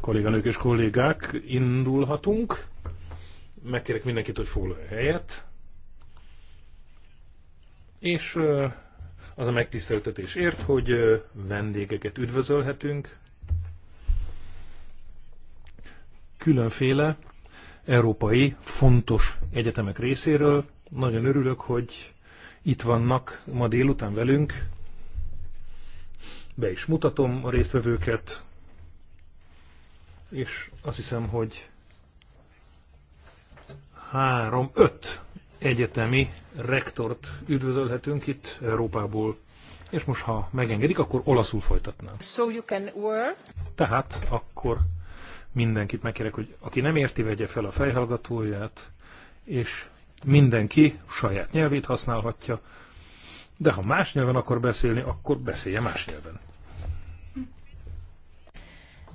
Kolléganők és kollégák, indulhatunk. Megkérek mindenkit, hogy foglalja helyet. És az a megtiszteltetés ért, hogy vendégeket üdvözölhetünk. Különféle európai fontos egyetemek részéről. Nagyon örülök, hogy itt vannak ma délután velünk be is mutatom a résztvevőket, és azt hiszem, hogy három, öt egyetemi rektort üdvözölhetünk itt Európából. És most, ha megengedik, akkor olaszul folytatnám. So you can work. Tehát akkor mindenkit megkérek, hogy aki nem érti, vegye fel a fejhallgatóját, és mindenki saját nyelvét használhatja, de ha más nyelven akar beszélni, akkor beszélje más nyelven.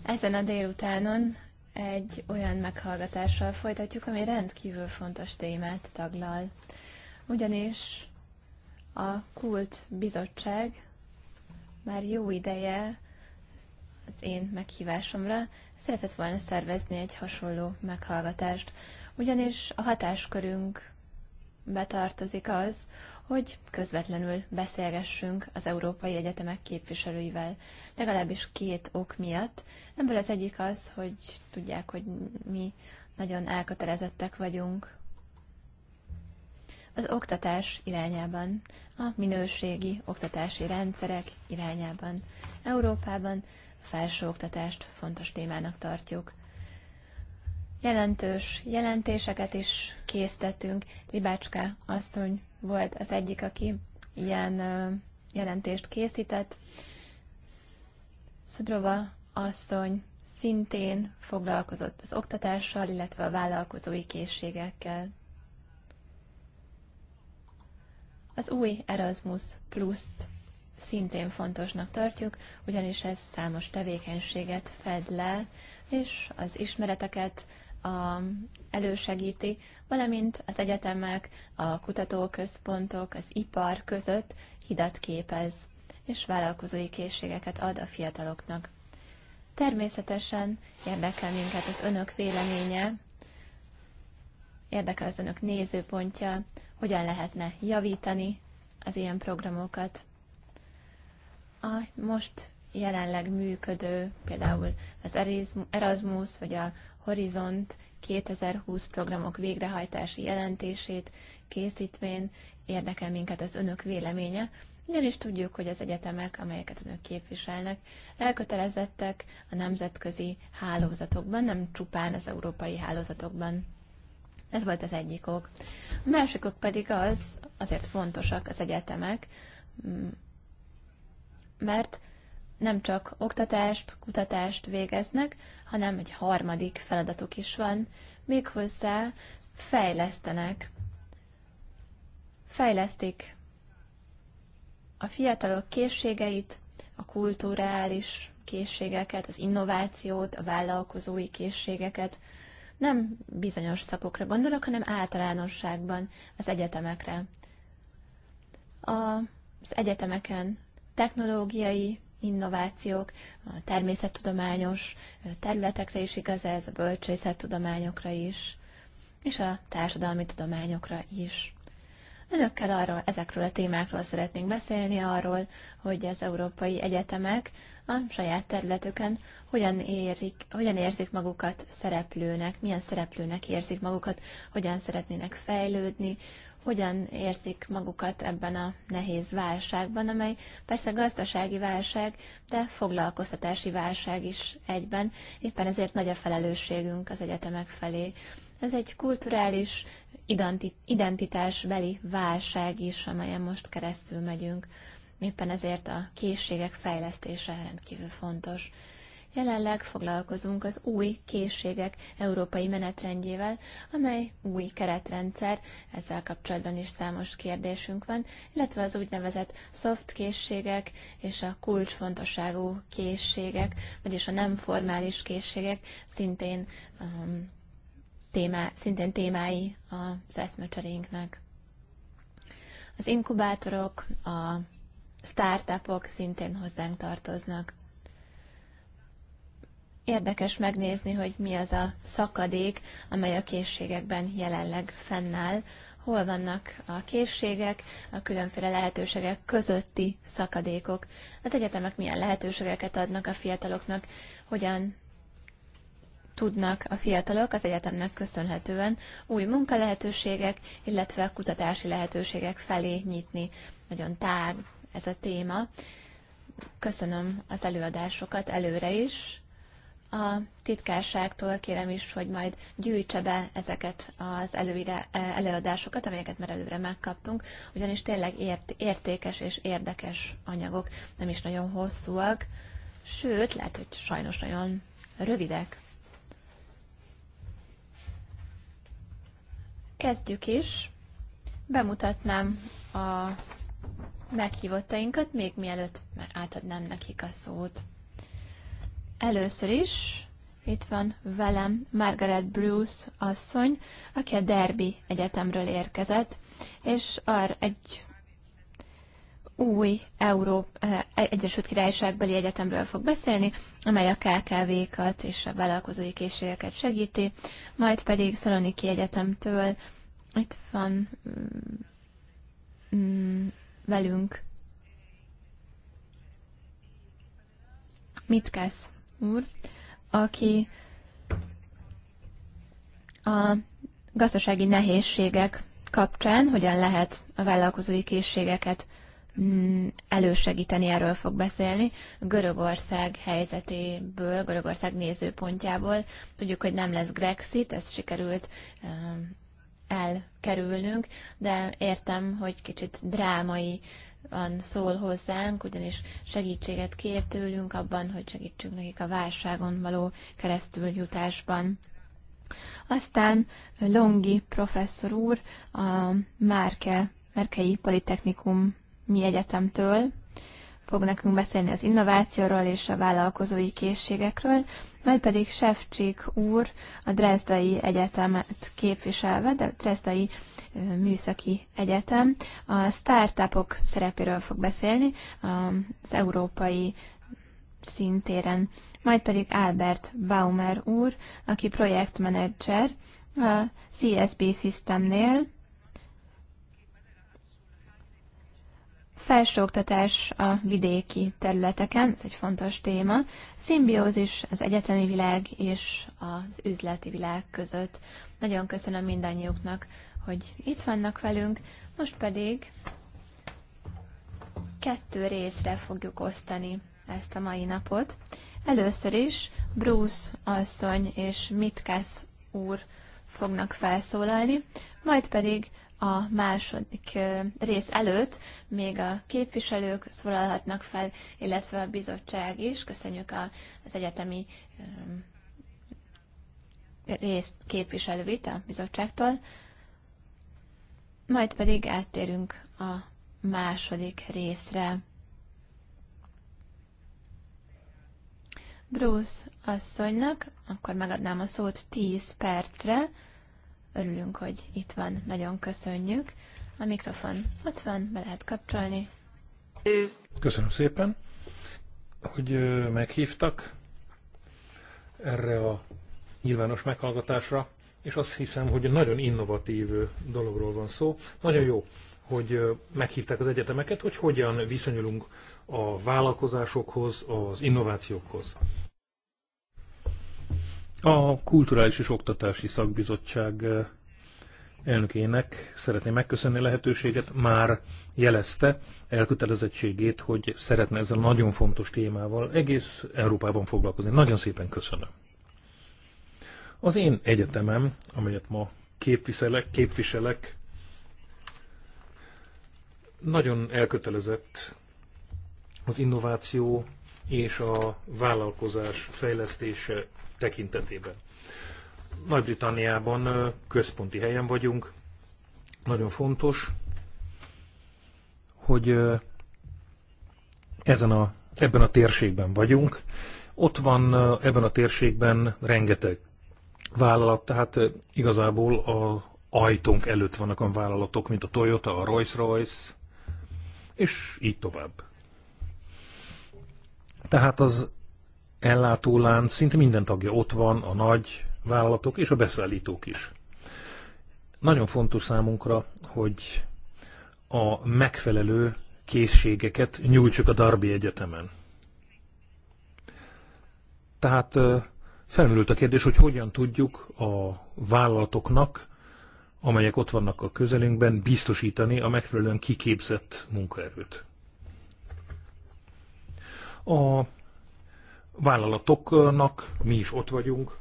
Ezen a délutánon egy olyan meghallgatással folytatjuk, ami rendkívül fontos témát taglal. Ugyanis a Kult Bizottság már jó ideje az én meghívásomra szeretett volna szervezni egy hasonló meghallgatást. Ugyanis a hatáskörünk betartozik az, hogy közvetlenül beszélgessünk az európai egyetemek képviselőivel, legalábbis két ok miatt. Ebből az egyik az, hogy tudják, hogy mi nagyon elkötelezettek vagyunk az oktatás irányában, a minőségi oktatási rendszerek irányában. Európában a felsőoktatást fontos témának tartjuk jelentős jelentéseket is készítettünk. Libácska asszony volt az egyik, aki ilyen jelentést készített. Szudrova asszony szintén foglalkozott az oktatással, illetve a vállalkozói készségekkel. Az új Erasmus Plus-t szintén fontosnak tartjuk, ugyanis ez számos tevékenységet fed le, és az ismereteket, a, elősegíti, valamint az egyetemek, a kutatóközpontok, az ipar között hidat képez, és vállalkozói készségeket ad a fiataloknak. Természetesen érdekel minket az önök véleménye, érdekel az önök nézőpontja, hogyan lehetne javítani az ilyen programokat. A most jelenleg működő, például az Erasmus vagy a Horizont 2020 programok végrehajtási jelentését készítvén érdekel minket az önök véleménye, ugyanis tudjuk, hogy az egyetemek, amelyeket önök képviselnek, elkötelezettek a nemzetközi hálózatokban, nem csupán az európai hálózatokban. Ez volt az egyik ok. A másik ok pedig az, azért fontosak az egyetemek, mert nem csak oktatást, kutatást végeznek, hanem egy harmadik feladatuk is van, méghozzá fejlesztenek. Fejlesztik a fiatalok készségeit, a kulturális készségeket, az innovációt, a vállalkozói készségeket. Nem bizonyos szakokra gondolok, hanem általánosságban az egyetemekre. Az egyetemeken technológiai innovációk, a természettudományos területekre is igaz ez, a bölcsészettudományokra is, és a társadalmi tudományokra is. Önökkel arról, ezekről a témákról szeretnénk beszélni, arról, hogy az európai egyetemek a saját területüken hogyan, érik, hogyan érzik magukat szereplőnek, milyen szereplőnek érzik magukat, hogyan szeretnének fejlődni, hogyan érzik magukat ebben a nehéz válságban, amely persze gazdasági válság, de foglalkoztatási válság is egyben, éppen ezért nagy a felelősségünk az egyetemek felé. Ez egy kulturális identitásbeli válság is, amelyen most keresztül megyünk. Éppen ezért a készségek fejlesztése rendkívül fontos. Jelenleg foglalkozunk az új készségek európai menetrendjével, amely új keretrendszer, ezzel kapcsolatban is számos kérdésünk van, illetve az úgynevezett soft készségek és a kulcsfontosságú készségek, vagyis a nem formális készségek szintén, um, témá, szintén témái az eszmecserénknek. Az inkubátorok, a startupok szintén hozzánk tartoznak érdekes megnézni, hogy mi az a szakadék, amely a készségekben jelenleg fennáll, hol vannak a készségek, a különféle lehetőségek közötti szakadékok. Az egyetemek milyen lehetőségeket adnak a fiataloknak, hogyan tudnak a fiatalok az egyetemnek köszönhetően új munkalehetőségek, illetve a kutatási lehetőségek felé nyitni. Nagyon tág ez a téma. Köszönöm az előadásokat előre is a titkárságtól kérem is, hogy majd gyűjtse be ezeket az előide, e, előadásokat, amelyeket már előre megkaptunk, ugyanis tényleg ért, értékes és érdekes anyagok, nem is nagyon hosszúak, sőt, lehet, hogy sajnos nagyon rövidek. Kezdjük is. Bemutatnám a meghívottainkat, még mielőtt átadnám nekik a szót. Először is itt van velem Margaret Bruce asszony, aki a Derby Egyetemről érkezett, és ar egy új Euró, eh, Egyesült Királyságbeli Egyetemről fog beszélni, amely a KKV-kat és a vállalkozói készségeket segíti, majd pedig Szaloniki Egyetemtől itt van mm, mm velünk kezd? úr, aki a gazdasági nehézségek kapcsán hogyan lehet a vállalkozói készségeket mm, elősegíteni, erről fog beszélni. Görögország helyzetéből, Görögország nézőpontjából tudjuk, hogy nem lesz Grexit, ezt sikerült elkerülnünk, de értem, hogy kicsit drámai szól hozzánk, ugyanis segítséget kér tőlünk abban, hogy segítsünk nekik a válságon való keresztüljutásban. Aztán Longi professzor úr a Márke, Merkei Politechnikum mi egyetemtől fog nekünk beszélni az innovációról és a vállalkozói készségekről, majd pedig Sefcsik úr a Dresdai Egyetemet képviselve, de Dresdai Műszaki Egyetem a startupok szerepéről fog beszélni az európai szintéren, majd pedig Albert Baumer úr, aki projektmenedzser a CSB Systemnél, Felsőoktatás a vidéki területeken, ez egy fontos téma. Szimbiózis az egyetemi világ és az üzleti világ között. Nagyon köszönöm mindannyiuknak, hogy itt vannak velünk, most pedig kettő részre fogjuk osztani ezt a mai napot. Először is Bruce asszony és Mitkász úr fognak felszólalni, majd pedig a második rész előtt még a képviselők szólalhatnak fel, illetve a bizottság is. Köszönjük az egyetemi részt képviselőit a bizottságtól. Majd pedig áttérünk a második részre. Bruce asszonynak, akkor megadnám a szót 10 percre. Örülünk, hogy itt van, nagyon köszönjük. A mikrofon ott van, be lehet kapcsolni. Köszönöm szépen, hogy meghívtak erre a nyilvános meghallgatásra és azt hiszem, hogy nagyon innovatív dologról van szó. Nagyon jó, hogy meghívták az egyetemeket, hogy hogyan viszonyulunk a vállalkozásokhoz, az innovációkhoz. A Kulturális és Oktatási Szakbizottság elnökének szeretném megköszönni a lehetőséget, már jelezte elkötelezettségét, hogy szeretne ezzel nagyon fontos témával egész Európában foglalkozni. Nagyon szépen köszönöm. Az én egyetemem, amelyet ma képviselek, képviselek nagyon elkötelezett az innováció és a vállalkozás fejlesztése tekintetében. Nagy-Britanniában központi helyen vagyunk. Nagyon fontos, hogy ezen a, ebben a térségben vagyunk. Ott van ebben a térségben rengeteg vállalat, tehát igazából a ajtónk előtt vannak a vállalatok, mint a Toyota, a Rolls-Royce, és így tovább. Tehát az ellátólánc szinte minden tagja ott van, a nagy vállalatok és a beszállítók is. Nagyon fontos számunkra, hogy a megfelelő készségeket nyújtsuk a Darby Egyetemen. Tehát Felmerült a kérdés, hogy hogyan tudjuk a vállalatoknak, amelyek ott vannak a közelünkben, biztosítani a megfelelően kiképzett munkaerőt. A vállalatoknak mi is ott vagyunk,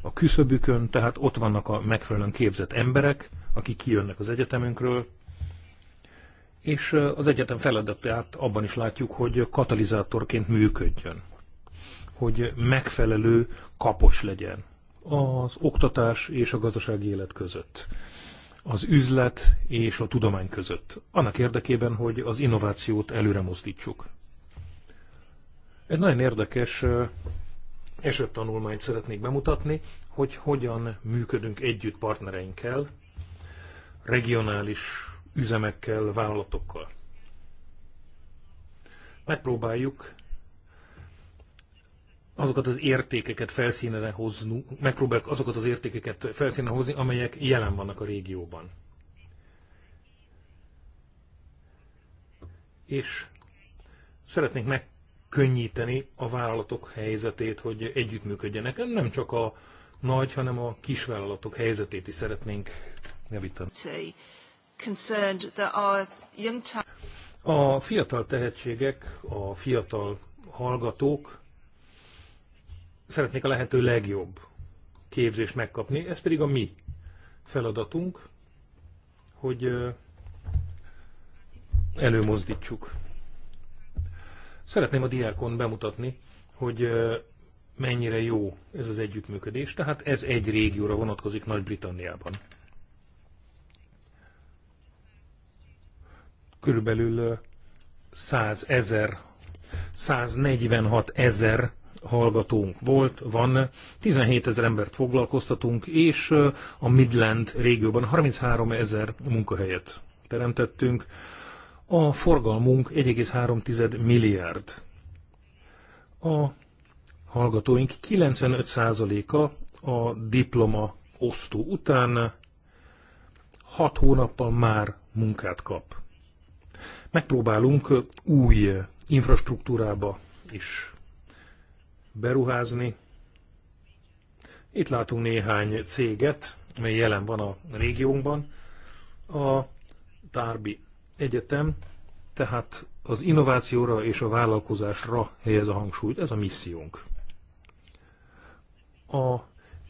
a küszöbükön, tehát ott vannak a megfelelően képzett emberek, akik kijönnek az egyetemünkről, és az egyetem feladatát abban is látjuk, hogy katalizátorként működjön hogy megfelelő kapos legyen az oktatás és a gazdasági élet között, az üzlet és a tudomány között, annak érdekében, hogy az innovációt előre mozdítsuk. Egy nagyon érdekes esettanulmányt szeretnék bemutatni, hogy hogyan működünk együtt partnereinkkel, regionális üzemekkel, vállalatokkal. Megpróbáljuk azokat az értékeket felszínre hozni, megpróbáljuk azokat az értékeket felszínre hozni, amelyek jelen vannak a régióban. És szeretnénk megkönnyíteni a vállalatok helyzetét, hogy együttműködjenek. Nem csak a nagy, hanem a kisvállalatok helyzetét is szeretnénk javítani. A fiatal tehetségek, a fiatal hallgatók szeretnék a lehető legjobb képzést megkapni. Ez pedig a mi feladatunk, hogy előmozdítsuk. Szeretném a diákon bemutatni, hogy mennyire jó ez az együttműködés. Tehát ez egy régióra vonatkozik Nagy-Britanniában. Körülbelül 100 ezer, 146 ezer hallgatónk volt, van, 17 ezer embert foglalkoztatunk, és a Midland régióban 33 ezer munkahelyet teremtettünk. A forgalmunk 1,3 milliárd. A hallgatóink 95%-a a diploma osztó után 6 hónappal már munkát kap. Megpróbálunk új infrastruktúrába is beruházni. Itt látunk néhány céget, mely jelen van a régiónkban. A Tárbi Egyetem tehát az innovációra és a vállalkozásra helyez a hangsúlyt, ez a missziónk. A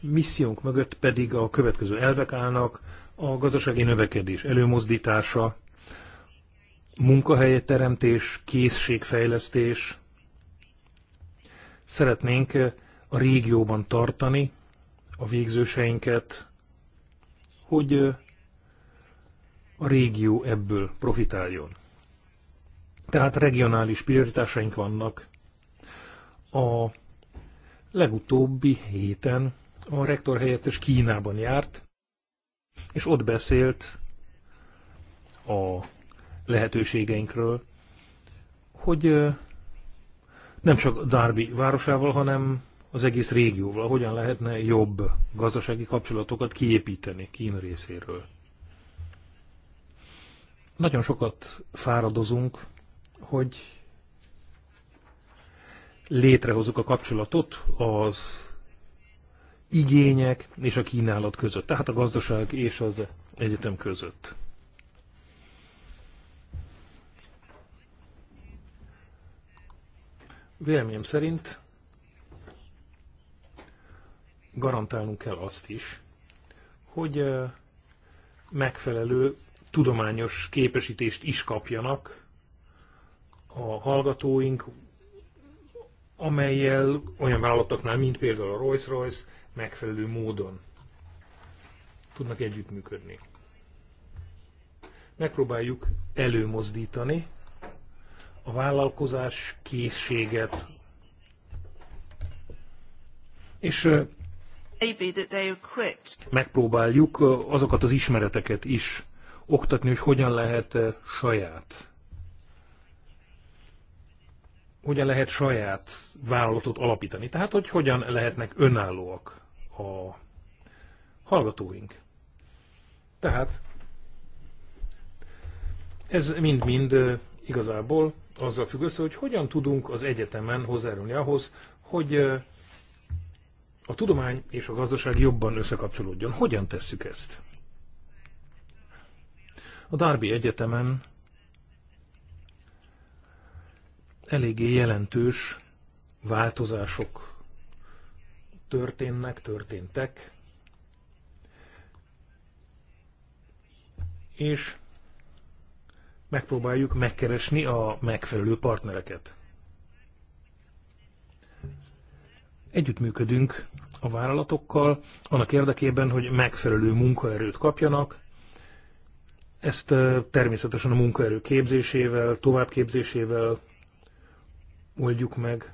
missziónk mögött pedig a következő elvek állnak, a gazdasági növekedés előmozdítása, munkahelyteremtés, készségfejlesztés, Szeretnénk eh, a régióban tartani a végzőseinket, hogy eh, a régió ebből profitáljon. Tehát regionális prioritásaink vannak. A legutóbbi héten a rektor helyettes Kínában járt, és ott beszélt a lehetőségeinkről, hogy eh, nem csak Darby városával, hanem az egész régióval, hogyan lehetne jobb gazdasági kapcsolatokat kiépíteni Kín részéről. Nagyon sokat fáradozunk, hogy létrehozzuk a kapcsolatot az igények és a kínálat között, tehát a gazdaság és az egyetem között. Véleményem szerint garantálnunk kell azt is, hogy megfelelő tudományos képesítést is kapjanak a hallgatóink, amelyel olyan vállalatoknál, mint például a Rolls-Royce, megfelelő módon tudnak együttműködni. Megpróbáljuk előmozdítani a vállalkozás készséget. És megpróbáljuk azokat az ismereteket is oktatni, hogy hogyan lehet saját hogyan lehet saját vállalatot alapítani. Tehát, hogy hogyan lehetnek önállóak a hallgatóink. Tehát ez mind-mind igazából azzal függ össze, hogy hogyan tudunk az egyetemen hozzájárulni ahhoz, hogy a tudomány és a gazdaság jobban összekapcsolódjon. Hogyan tesszük ezt? A Darby Egyetemen eléggé jelentős változások történnek, történtek, és megpróbáljuk megkeresni a megfelelő partnereket. Együttműködünk a vállalatokkal annak érdekében, hogy megfelelő munkaerőt kapjanak, ezt természetesen a munkaerő képzésével, továbbképzésével oldjuk meg.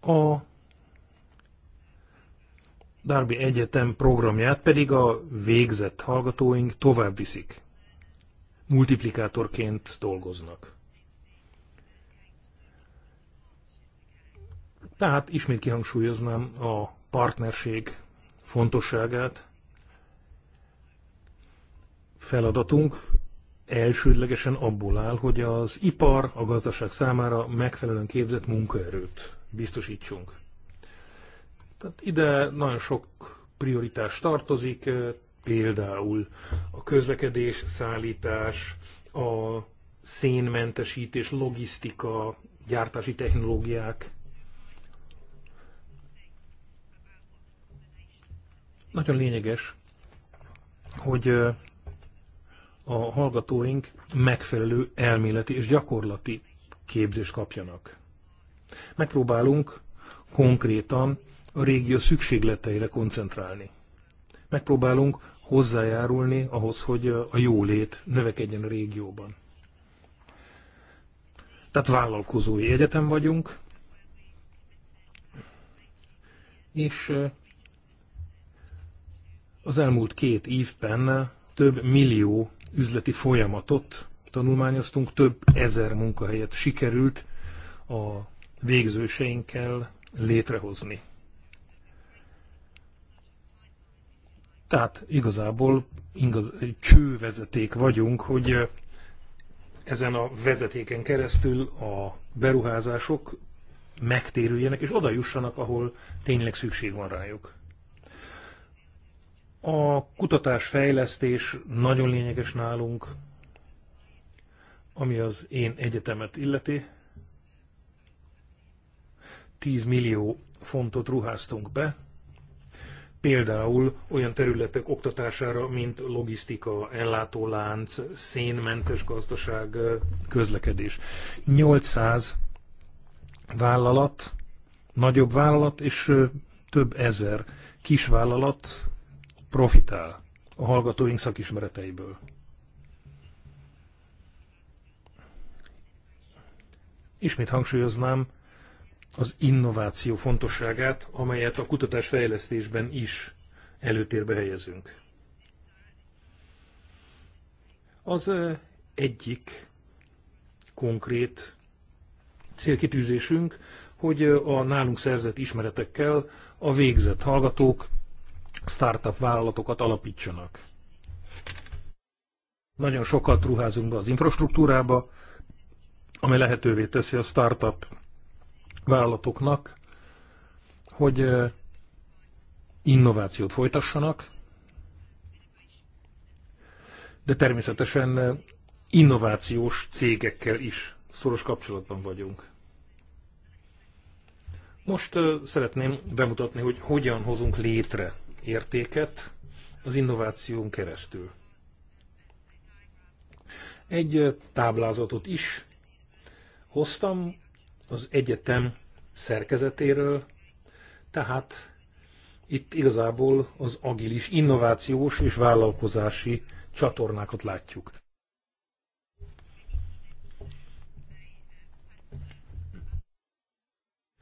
A Darby Egyetem programját pedig a végzett hallgatóink tovább viszik. Multiplikátorként dolgoznak. Tehát ismét kihangsúlyoznám a partnerség fontosságát. Feladatunk elsődlegesen abból áll, hogy az ipar a gazdaság számára megfelelően képzett munkaerőt biztosítsunk. Tehát ide nagyon sok prioritás tartozik, eh, például a közlekedés, szállítás, a szénmentesítés, logisztika, gyártási technológiák. Nagyon lényeges, hogy eh, a hallgatóink megfelelő elméleti és gyakorlati képzést kapjanak. Megpróbálunk konkrétan a régió szükségleteire koncentrálni. Megpróbálunk hozzájárulni ahhoz, hogy a jólét növekedjen a régióban. Tehát vállalkozói egyetem vagyunk, és az elmúlt két évben több millió üzleti folyamatot tanulmányoztunk, több ezer munkahelyet sikerült a végzőseinkkel létrehozni. Tehát igazából igaz, csővezeték vagyunk, hogy ezen a vezetéken keresztül a beruházások megtérüljenek, és oda jussanak, ahol tényleg szükség van rájuk. A kutatásfejlesztés nagyon lényeges nálunk, ami az én egyetemet illeti. 10 millió fontot ruháztunk be, például olyan területek oktatására, mint logisztika, ellátólánc, szénmentes gazdaság, közlekedés. 800 vállalat, nagyobb vállalat és több ezer kisvállalat profitál a hallgatóink szakismereteiből. Ismét hangsúlyoznám, az innováció fontosságát, amelyet a kutatásfejlesztésben is előtérbe helyezünk. Az egyik konkrét célkitűzésünk, hogy a nálunk szerzett ismeretekkel a végzett hallgatók startup vállalatokat alapítsanak. Nagyon sokat ruházunk be az infrastruktúrába, ami lehetővé teszi a startup vállalatoknak, hogy innovációt folytassanak, de természetesen innovációs cégekkel is szoros kapcsolatban vagyunk. Most szeretném bemutatni, hogy hogyan hozunk létre értéket az innováción keresztül. Egy táblázatot is hoztam, az egyetem szerkezetéről, tehát itt igazából az agilis innovációs és vállalkozási csatornákat látjuk.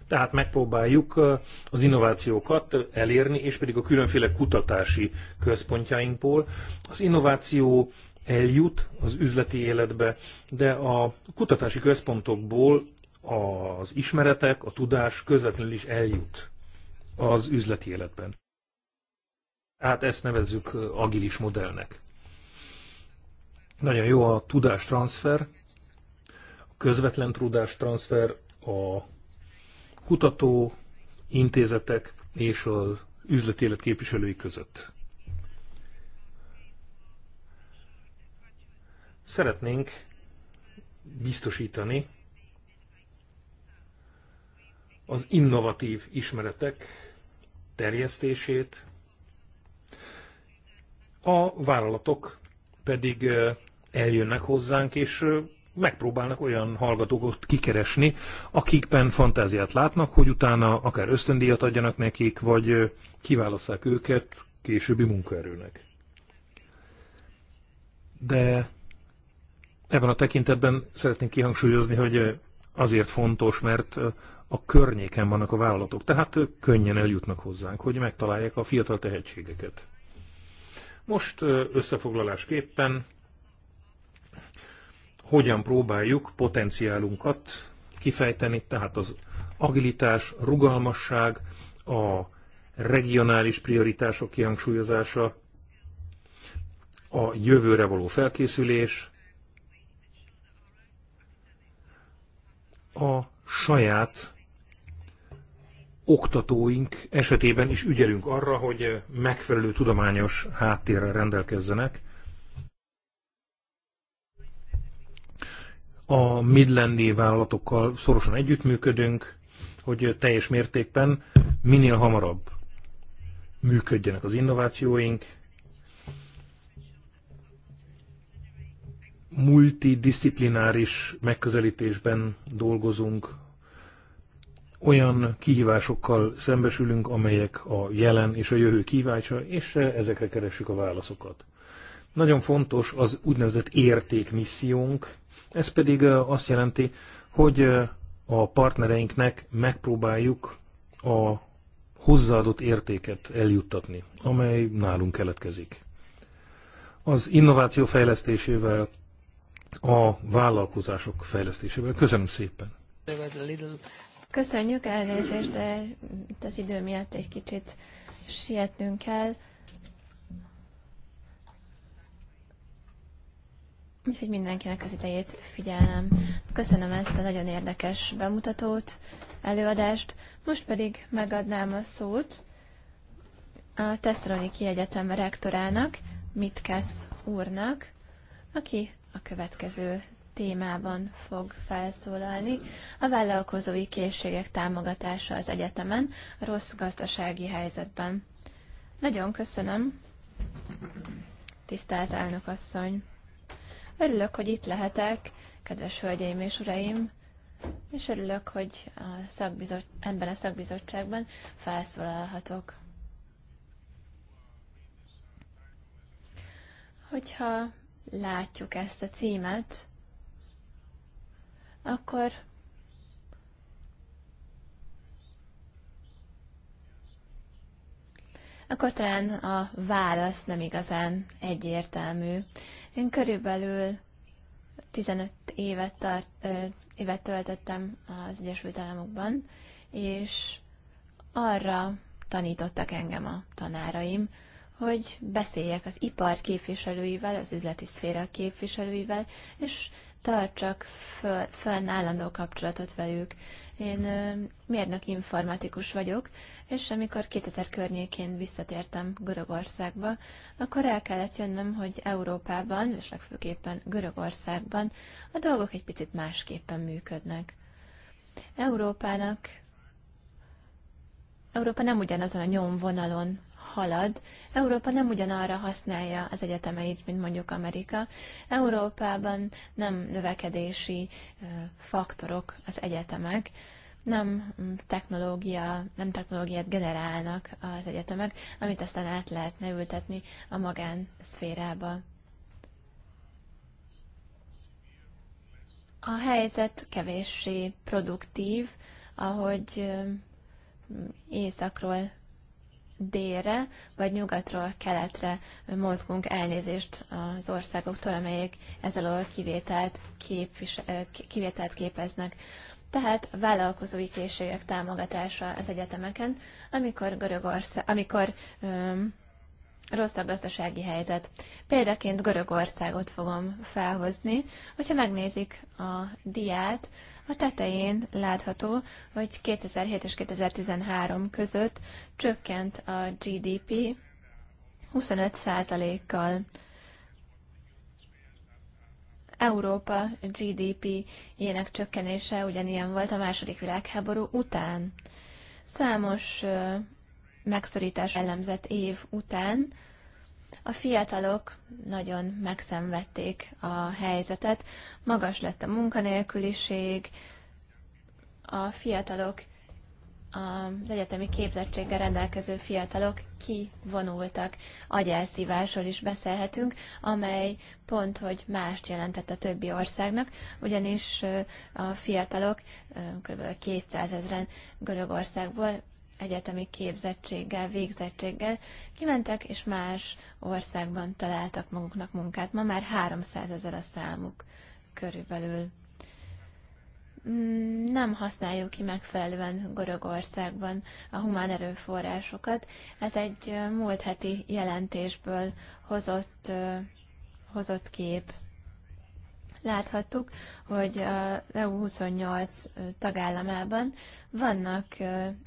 Tehát megpróbáljuk az innovációkat elérni, és pedig a különféle kutatási központjainkból. Az innováció eljut az üzleti életbe, de a kutatási központokból az ismeretek, a tudás közvetlenül is eljut az üzleti életben. Hát ezt nevezzük agilis modellnek. Nagyon jó a tudás transfer, a közvetlen tudás transfer a kutató intézetek és az üzleti élet képviselői között. Szeretnénk biztosítani, az innovatív ismeretek terjesztését, a vállalatok pedig eljönnek hozzánk, és megpróbálnak olyan hallgatókat kikeresni, akikben fantáziát látnak, hogy utána akár ösztöndíjat adjanak nekik, vagy kiválasszák őket későbbi munkaerőnek. De ebben a tekintetben szeretném kihangsúlyozni, hogy azért fontos, mert a környéken vannak a vállalatok, tehát ők könnyen eljutnak hozzánk, hogy megtalálják a fiatal tehetségeket. Most összefoglalásképpen hogyan próbáljuk potenciálunkat kifejteni, tehát az agilitás, rugalmasság, a regionális prioritások kihangsúlyozása, a jövőre való felkészülés, a saját oktatóink esetében is ügyelünk arra, hogy megfelelő tudományos háttérrel rendelkezzenek. A midlandi vállalatokkal szorosan együttműködünk, hogy teljes mértékben minél hamarabb működjenek az innovációink, multidisziplináris megközelítésben dolgozunk olyan kihívásokkal szembesülünk, amelyek a jelen és a jövő kívánsa, és eh, ezekre keressük a válaszokat. Nagyon fontos az úgynevezett értékmissziónk, ez pedig eh, azt jelenti, hogy eh, a partnereinknek megpróbáljuk a hozzáadott értéket eljuttatni, amely nálunk keletkezik. Az innováció fejlesztésével, a vállalkozások fejlesztésével. Köszönöm szépen! Köszönjük, elnézést, de itt az idő miatt egy kicsit sietnünk kell. Úgyhogy mindenkinek az idejét figyelem. Köszönöm ezt a nagyon érdekes bemutatót, előadást. Most pedig megadnám a szót a Tesszaloniki Egyetem rektorának, Mitkász úrnak, aki a következő témában fog felszólalni. A vállalkozói készségek támogatása az egyetemen, a rossz gazdasági helyzetben. Nagyon köszönöm, tisztelt elnökasszony. Örülök, hogy itt lehetek, kedves hölgyeim és uraim, és örülök, hogy a ebben a szakbizottságban felszólalhatok. Hogyha látjuk ezt a címet, akkor akkor talán a válasz nem igazán egyértelmű. Én körülbelül 15 évet, tart, ö, évet töltöttem az Egyesült Államokban, és arra tanítottak engem a tanáraim, hogy beszéljek az ipar képviselőivel, az üzleti szféra képviselőivel, és tartsak föl, állandó kapcsolatot velük. Én ö, mérnök informatikus vagyok, és amikor 2000 környékén visszatértem Görögországba, akkor el kellett jönnöm, hogy Európában, és legfőképpen Görögországban a dolgok egy picit másképpen működnek. Európának Európa nem ugyanazon a nyomvonalon halad, Európa nem ugyanarra használja az egyetemeit, mint mondjuk Amerika. Európában nem növekedési faktorok az egyetemek, nem technológia, nem technológiát generálnak az egyetemek, amit aztán át lehetne ültetni a magánszférába. A helyzet kevéssé produktív, ahogy északról délre, vagy nyugatról keletre mozgunk elnézést az országoktól, amelyek ezzel alól kivételt, képvis, kivételt képeznek. Tehát vállalkozói készségek támogatása az egyetemeken, amikor Görögország, amikor öm, rossz a gazdasági helyzet. Példaként Görögországot fogom felhozni. Hogyha megnézik a diát, a tetején látható, hogy 2007 és 2013 között csökkent a GDP 25%-kal. Európa GDP-jének csökkenése ugyanilyen volt a második világháború után. Számos megszorítás ellenzett év után a fiatalok nagyon megszenvedték a helyzetet, magas lett a munkanélküliség, a fiatalok, az egyetemi képzettséggel rendelkező fiatalok kivonultak. Agyelszívásról is beszélhetünk, amely pont, hogy mást jelentett a többi országnak, ugyanis a fiatalok kb. 200 ezeren Görögországból egyetemi képzettséggel, végzettséggel kimentek, és más országban találtak maguknak munkát. Ma már 300 ezer a számuk körülbelül. Mm, nem használjuk ki megfelelően Görögországban a humán erőforrásokat. Ez egy múlt heti jelentésből hozott, hozott kép láthattuk, hogy az EU28 tagállamában vannak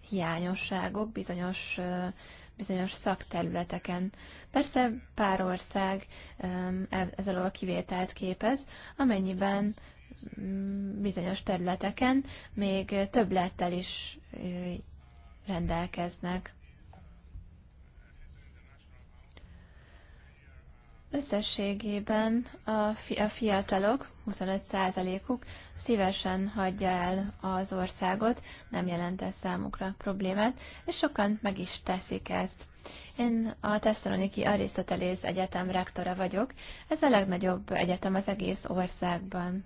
hiányosságok bizonyos bizonyos szakterületeken. Persze pár ország e, ezzel a kivételt képez, amennyiben mm, bizonyos területeken még többlettel is rendelkeznek. Összességében a, fi- a fiatalok, 25%-uk szívesen hagyja el az országot, nem jelent ez számukra problémát, és sokan meg is teszik ezt. Én a Tesszaloniki Arisztotelész Egyetem rektora vagyok, ez a legnagyobb egyetem az egész országban.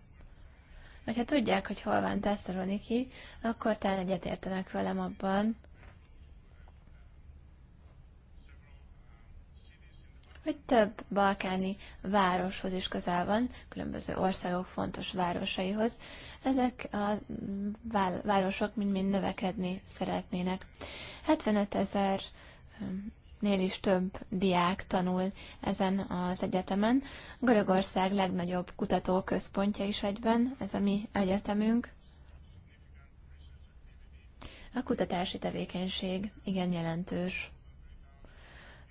Ha tudják, hogy hol van Tesszaloniki, akkor talán egyetértenek velem abban, hogy több balkáni városhoz is közel van, különböző országok fontos városaihoz. Ezek a városok mind-mind növekedni szeretnének. 75 ezer nél is több diák tanul ezen az egyetemen. Görögország legnagyobb kutatóközpontja is egyben, ez a mi egyetemünk. A kutatási tevékenység igen jelentős.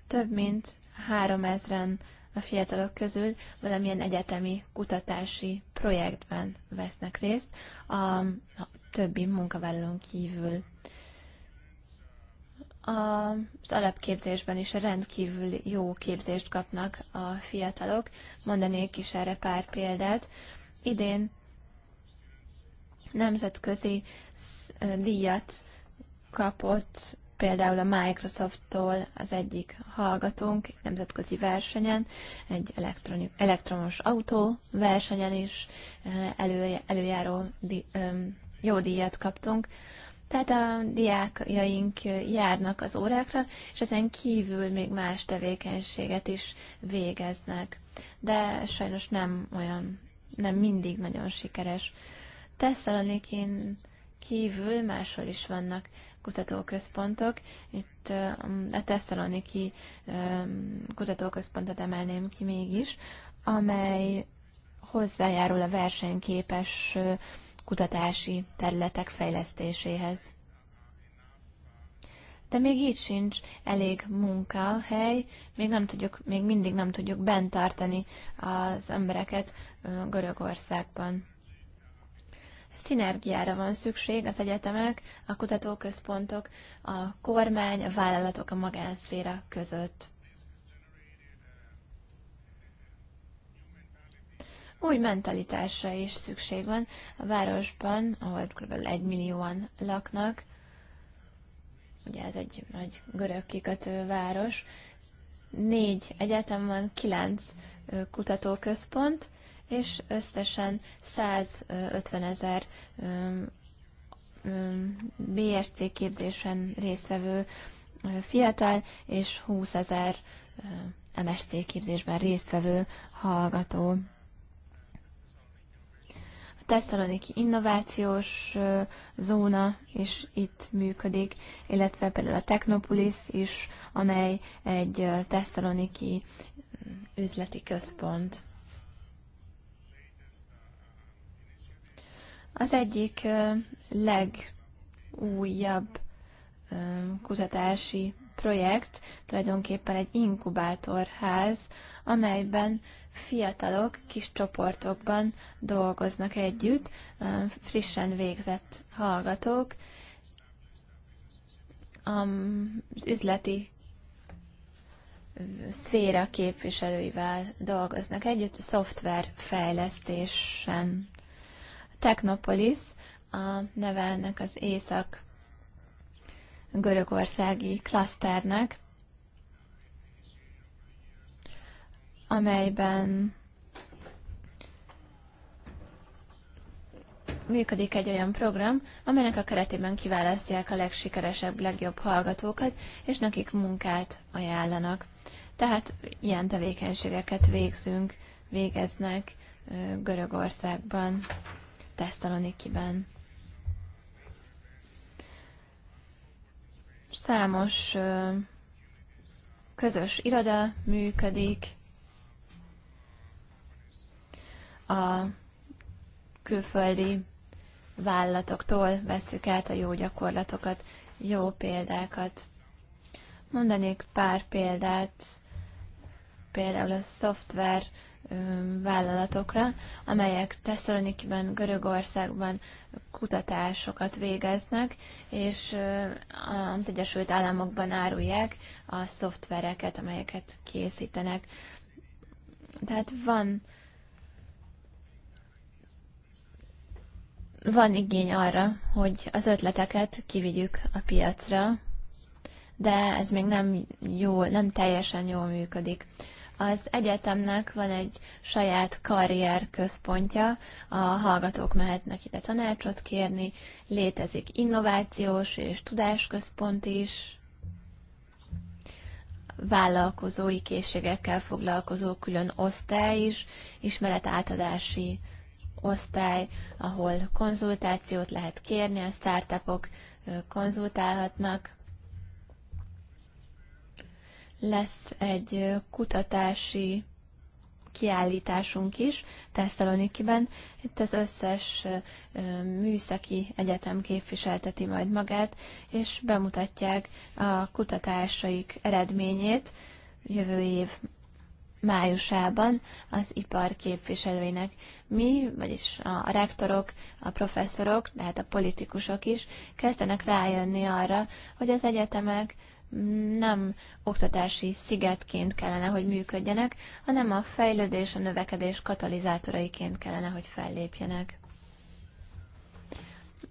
Több mint 3000 ezren a fiatalok közül valamilyen egyetemi kutatási projektben vesznek részt a, a többi munkavállalón kívül. Az alapképzésben is rendkívül jó képzést kapnak a fiatalok. Mondanék is erre pár példát. Idén nemzetközi díjat kapott például a Microsoft-tól az egyik hallgatónk nemzetközi versenyen, egy elektromos autó versenyen is eh, elő, előjáró di, jó díjat kaptunk. Tehát a diákjaink járnak az órákra, és ezen kívül még más tevékenységet is végeznek. De sajnos nem olyan, nem mindig nagyon sikeres. Tesszalonikin kívül máshol is vannak kutatóközpontok. Itt eh, a Tesszaloniki eh, kutatóközpontot emelném ki mégis, amely hozzájárul a versenyképes eh, kutatási területek fejlesztéséhez. De még így sincs elég munkahely, még, nem tudjuk, még mindig nem tudjuk bent tartani az embereket Görögországban. Szinergiára van szükség az egyetemek, a kutatóközpontok, a kormány, a vállalatok, a magánszféra között. Új mentalitásra is szükség van. A városban, ahol kb. 1 millióan laknak, ugye ez egy nagy görög kikötő város, négy egyetem van, kilenc kutatóközpont, és összesen 150 ezer BSC képzésen résztvevő fiatal, és 20 ezer MST képzésben résztvevő hallgató. A Tesszaloniki Innovációs Zóna is itt működik, illetve például a Technopolis is, amely egy tesszaloniki üzleti központ. Az egyik legújabb kutatási projekt tulajdonképpen egy inkubátorház, amelyben fiatalok kis csoportokban dolgoznak együtt, frissen végzett hallgatók, az üzleti szféra képviselőivel dolgoznak együtt a szoftver fejlesztésen Technopolis a neve ennek az észak görögországi klaszternek, amelyben működik egy olyan program, amelynek a keretében kiválasztják a legsikeresebb, legjobb hallgatókat, és nekik munkát ajánlanak. Tehát ilyen tevékenységeket végzünk, végeznek Görögországban. Tesztalonikiben. Számos közös iroda működik, a külföldi vállalatoktól veszük át a jó gyakorlatokat, jó példákat. Mondanék pár példát, például a szoftver vállalatokra, amelyek Tesszalonikiben, Görögországban kutatásokat végeznek, és az Egyesült Államokban árulják a szoftvereket, amelyeket készítenek. Tehát van van igény arra, hogy az ötleteket kivigyük a piacra, de ez még nem jó, nem teljesen jól működik. Az egyetemnek van egy saját karrier központja, a hallgatók mehetnek ide tanácsot kérni, létezik innovációs és tudásközpont is, vállalkozói készségekkel foglalkozó külön osztály is, ismeretátadási osztály, ahol konzultációt lehet kérni, a startupok konzultálhatnak, lesz egy kutatási kiállításunk is Tesszalonikiben. Itt az összes műszaki egyetem képviselteti majd magát, és bemutatják a kutatásaik eredményét jövő év májusában az ipar képviselőinek. Mi, vagyis a rektorok, a professzorok, tehát a politikusok is kezdenek rájönni arra, hogy az egyetemek nem oktatási szigetként kellene, hogy működjenek, hanem a fejlődés, a növekedés katalizátoraiként kellene, hogy fellépjenek.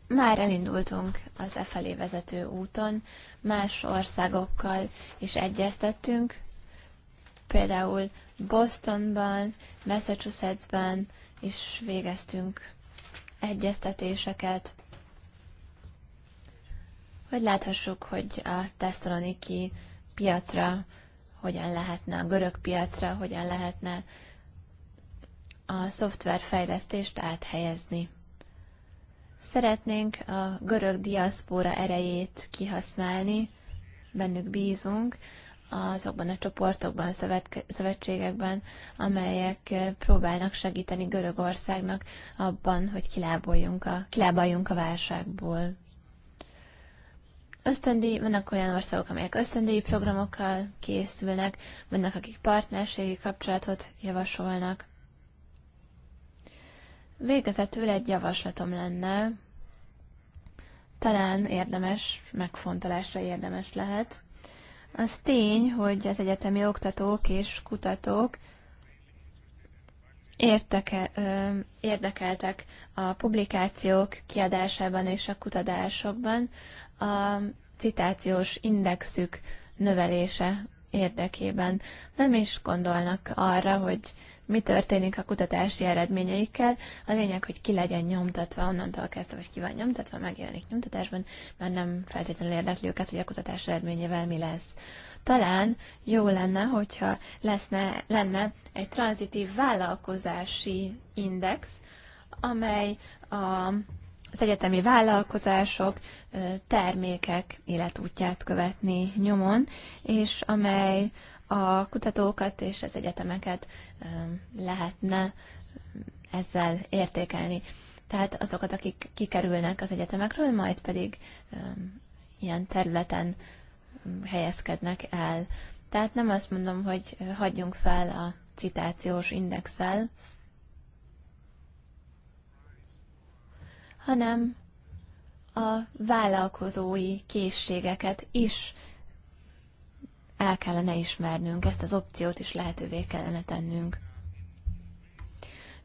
Már elindultunk az e felé vezető úton, más országokkal is egyeztettünk, például Bostonban, Massachusettsben is végeztünk egyeztetéseket, hogy láthassuk, hogy a tesztaloniki piacra hogyan lehetne, a görög piacra hogyan lehetne a szoftverfejlesztést áthelyezni. Szeretnénk a görög diaszpóra erejét kihasználni, bennük bízunk, azokban a csoportokban, szövetségekben, amelyek eh, próbálnak segíteni Görögországnak abban, hogy kilábaljunk a, kilábaljunk a válságból ösztöndíj, vannak olyan országok, amelyek ösztöndíj programokkal készülnek, vannak, akik partnerségi kapcsolatot javasolnak. Végezetül egy javaslatom lenne, talán érdemes, megfontolásra érdemes lehet. Az tény, hogy az egyetemi oktatók és kutatók érteke, ö, érdekeltek a publikációk kiadásában és a kutatásokban, a citációs indexük növelése érdekében. Nem is gondolnak arra, hogy mi történik a kutatási eredményeikkel. A lényeg, hogy ki legyen nyomtatva, onnantól kezdve, hogy ki van nyomtatva, megjelenik nyomtatásban, mert nem feltétlenül érdekli őket, hogy a kutatás eredményével mi lesz. Talán jó lenne, hogyha leszne, lenne egy tranzitív vállalkozási index, amely a az egyetemi vállalkozások, termékek életútját követni nyomon, és amely a kutatókat és az egyetemeket lehetne ezzel értékelni. Tehát azokat, akik kikerülnek az egyetemekről, majd pedig ilyen területen helyezkednek el. Tehát nem azt mondom, hogy hagyjunk fel a citációs indexel, hanem a vállalkozói készségeket is el kellene ismernünk, ezt az opciót is lehetővé kellene tennünk.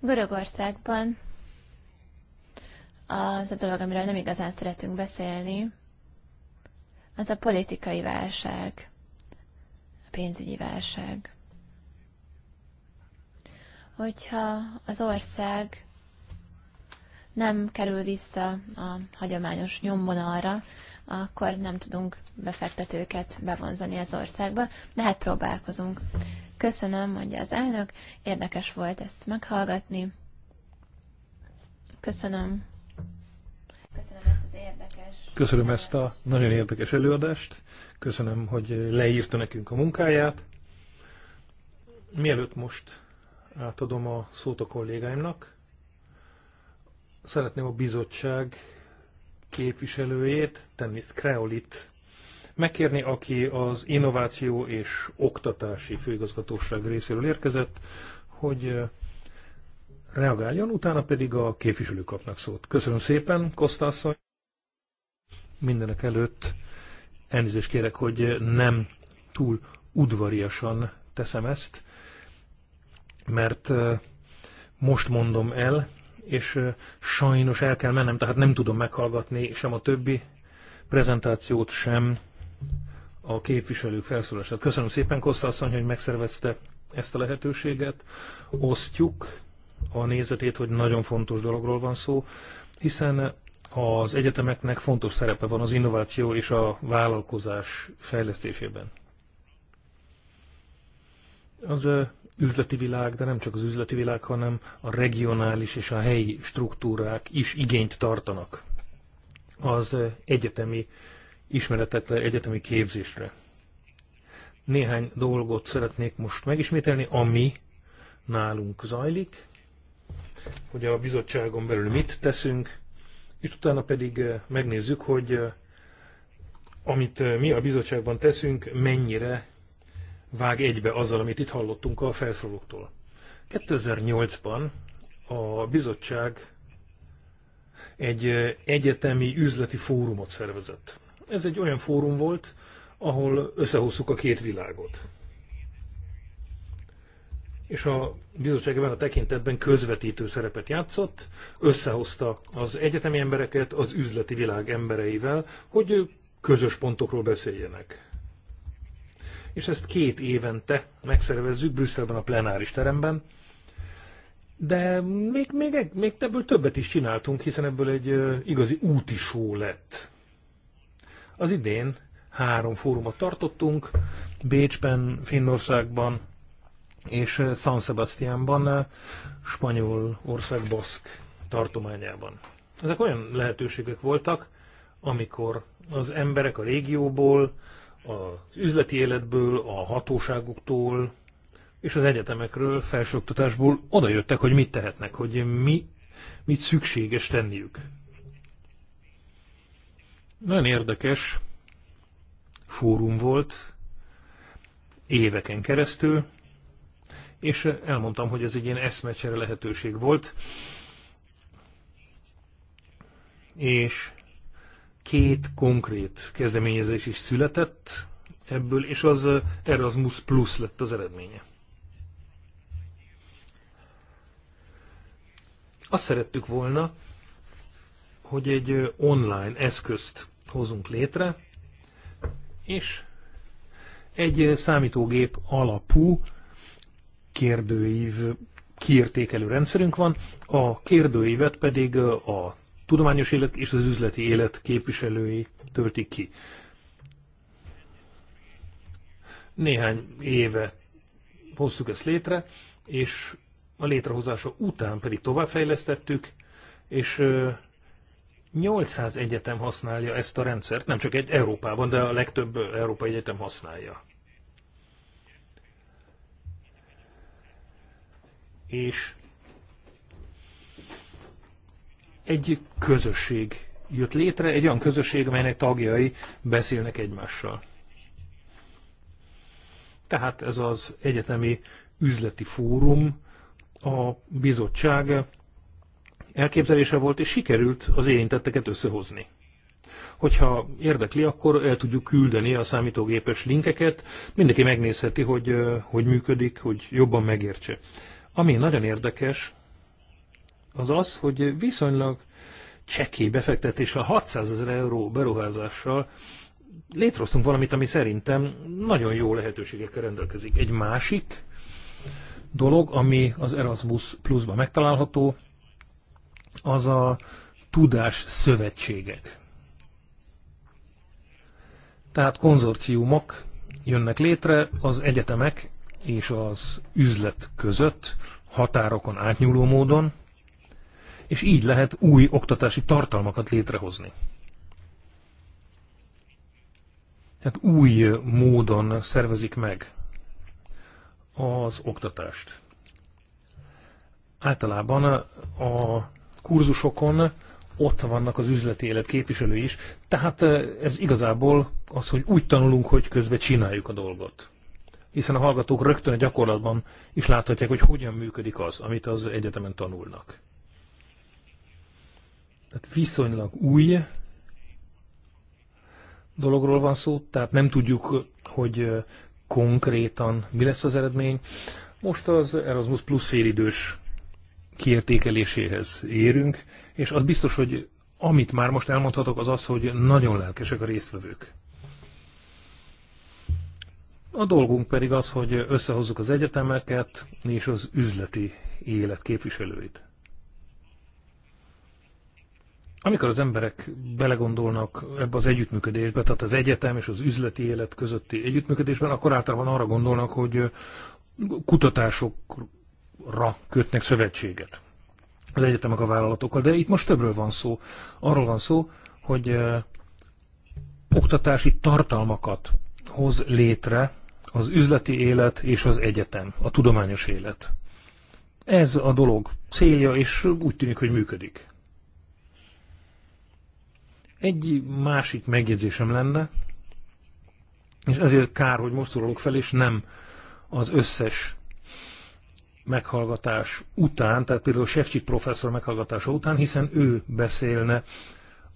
Görögországban az a dolog, amiről nem igazán szeretünk beszélni, az a politikai válság, a pénzügyi válság. Hogyha az ország nem kerül vissza a hagyományos nyomvonalra, akkor nem tudunk befektetőket bevonzani az országba, de hát próbálkozunk. Köszönöm, mondja az elnök, érdekes volt ezt meghallgatni. Köszönöm. Köszönöm ezt az érdekes... Köszönöm ezt a nagyon érdekes előadást. Köszönöm, hogy leírta nekünk a munkáját. Mielőtt most átadom a szót a kollégáimnak, Szeretném a bizottság képviselőjét, Tennis Kreolit megkérni, aki az Innováció és Oktatási Főigazgatóság részéről érkezett, hogy reagáljon, utána pedig a képviselő kapnak szót. Köszönöm szépen, Kosztászony. Mindenek előtt elnézést kérek, hogy nem túl udvariasan teszem ezt, mert most mondom el, és sajnos el kell mennem, tehát nem tudom meghallgatni sem a többi prezentációt, sem a képviselők felszólását. Köszönöm szépen, Kossza asszony, hogy megszervezte ezt a lehetőséget. Osztjuk a nézetét, hogy nagyon fontos dologról van szó, hiszen az egyetemeknek fontos szerepe van az innováció és a vállalkozás fejlesztésében az üzleti világ, de nem csak az üzleti világ, hanem a regionális és a helyi struktúrák is igényt tartanak az egyetemi ismeretekre, egyetemi képzésre. Néhány dolgot szeretnék most megismételni, ami nálunk zajlik, hogy a bizottságon belül mit teszünk, és utána pedig megnézzük, hogy amit mi a bizottságban teszünk, mennyire vág egybe azzal, amit itt hallottunk a felszólóktól. 2008-ban a bizottság egy egyetemi üzleti fórumot szervezett. Ez egy olyan fórum volt, ahol összehoztuk a két világot. És a bizottság ebben a tekintetben közvetítő szerepet játszott, összehozta az egyetemi embereket az üzleti világ embereivel, hogy közös pontokról beszéljenek és ezt két évente megszervezzük Brüsszelben a plenáris teremben, de még, még, még ebből többet is csináltunk, hiszen ebből egy igazi úti só lett. Az idén három fórumot tartottunk, Bécsben, Finnországban és San Sebastiánban, ország Baszk tartományában. Ezek olyan lehetőségek voltak, amikor az emberek a régióból, az üzleti életből, a hatóságoktól és az egyetemekről, felsőoktatásból oda jöttek, hogy mit tehetnek, hogy mi, mit szükséges tenniük. Nagyon érdekes fórum volt éveken keresztül, és elmondtam, hogy ez egy ilyen eszmecsere lehetőség volt, és két konkrét kezdeményezés is született ebből, és az Erasmus Plus lett az eredménye. Azt szerettük volna, hogy egy online eszközt hozunk létre, és egy számítógép alapú kérdőív kiértékelő rendszerünk van, a kérdőívet pedig a tudományos élet és az üzleti élet képviselői töltik ki. Néhány éve hoztuk ezt létre, és a létrehozása után pedig továbbfejlesztettük, és 800 egyetem használja ezt a rendszert, nem csak egy Európában, de a legtöbb európai egyetem használja. És egy közösség jött létre, egy olyan közösség, amelynek tagjai beszélnek egymással. Tehát ez az egyetemi üzleti fórum, a bizottság elképzelése volt, és sikerült az érintetteket összehozni. Hogyha érdekli, akkor el tudjuk küldeni a számítógépes linkeket, mindenki megnézheti, hogy hogy működik, hogy jobban megértse. Ami nagyon érdekes, az az, hogy viszonylag csekély befektetéssel, 600 ezer euró beruházással létrehoztunk valamit, ami szerintem nagyon jó lehetőségekkel rendelkezik. Egy másik dolog, ami az Erasmus Plus-ban megtalálható, az a tudás szövetségek. Tehát konzorciumok jönnek létre az egyetemek és az üzlet között határokon átnyúló módon, és így lehet új oktatási tartalmakat létrehozni. Tehát új módon szervezik meg az oktatást. Általában a kurzusokon ott vannak az üzleti élet képviselői is, tehát eh, ez igazából az, hogy úgy tanulunk, hogy közben csináljuk a dolgot. Hiszen a hallgatók rögtön a gyakorlatban is láthatják, hogy hogyan működik az, amit az egyetemen tanulnak. Tehát viszonylag új dologról van szó, tehát nem tudjuk, hogy konkrétan mi lesz az eredmény. Most az Erasmus Plus félidős kiértékeléséhez érünk, és az biztos, hogy amit már most elmondhatok, az az, hogy nagyon lelkesek a résztvevők. A dolgunk pedig az, hogy összehozzuk az egyetemeket és az üzleti élet képviselőit. Amikor az emberek belegondolnak ebbe az együttműködésbe, tehát az egyetem és az üzleti élet közötti együttműködésben, akkor általában arra gondolnak, hogy kutatásokra kötnek szövetséget az egyetemek a vállalatokkal. De itt most többről van szó. Arról van szó, hogy oktatási tartalmakat hoz létre az üzleti élet és az egyetem, a tudományos élet. Ez a dolog célja, és úgy tűnik, hogy működik. Egy másik megjegyzésem lenne, és ezért kár, hogy most szólalok fel, és nem az összes meghallgatás után, tehát például Sefcsik professzor meghallgatása után, hiszen ő beszélne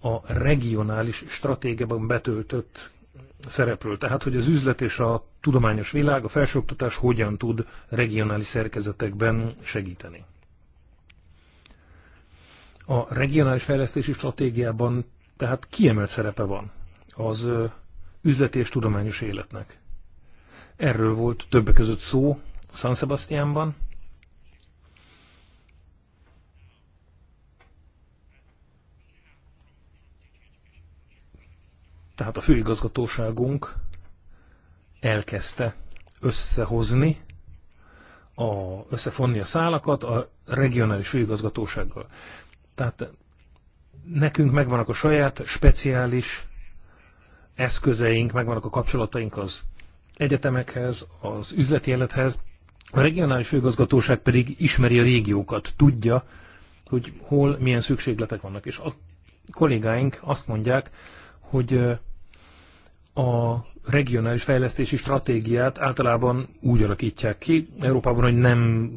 a regionális stratégiában betöltött szerepről. Tehát, hogy az üzlet és a tudományos világ, a felsőoktatás hogyan tud regionális szerkezetekben segíteni. A regionális fejlesztési stratégiában tehát kiemelt szerepe van az üzleti és tudományos életnek. Erről volt többek között szó San Sebastianban. Tehát a főigazgatóságunk elkezdte összehozni, a, összefonni a szálakat a regionális főigazgatósággal. Tehát nekünk megvannak a saját speciális eszközeink, megvannak a kapcsolataink az egyetemekhez, az üzleti élethez, a regionális főgazgatóság pedig ismeri a régiókat, tudja, hogy hol milyen szükségletek vannak. És a kollégáink azt mondják, hogy a regionális fejlesztési stratégiát általában úgy alakítják ki Európában, hogy nem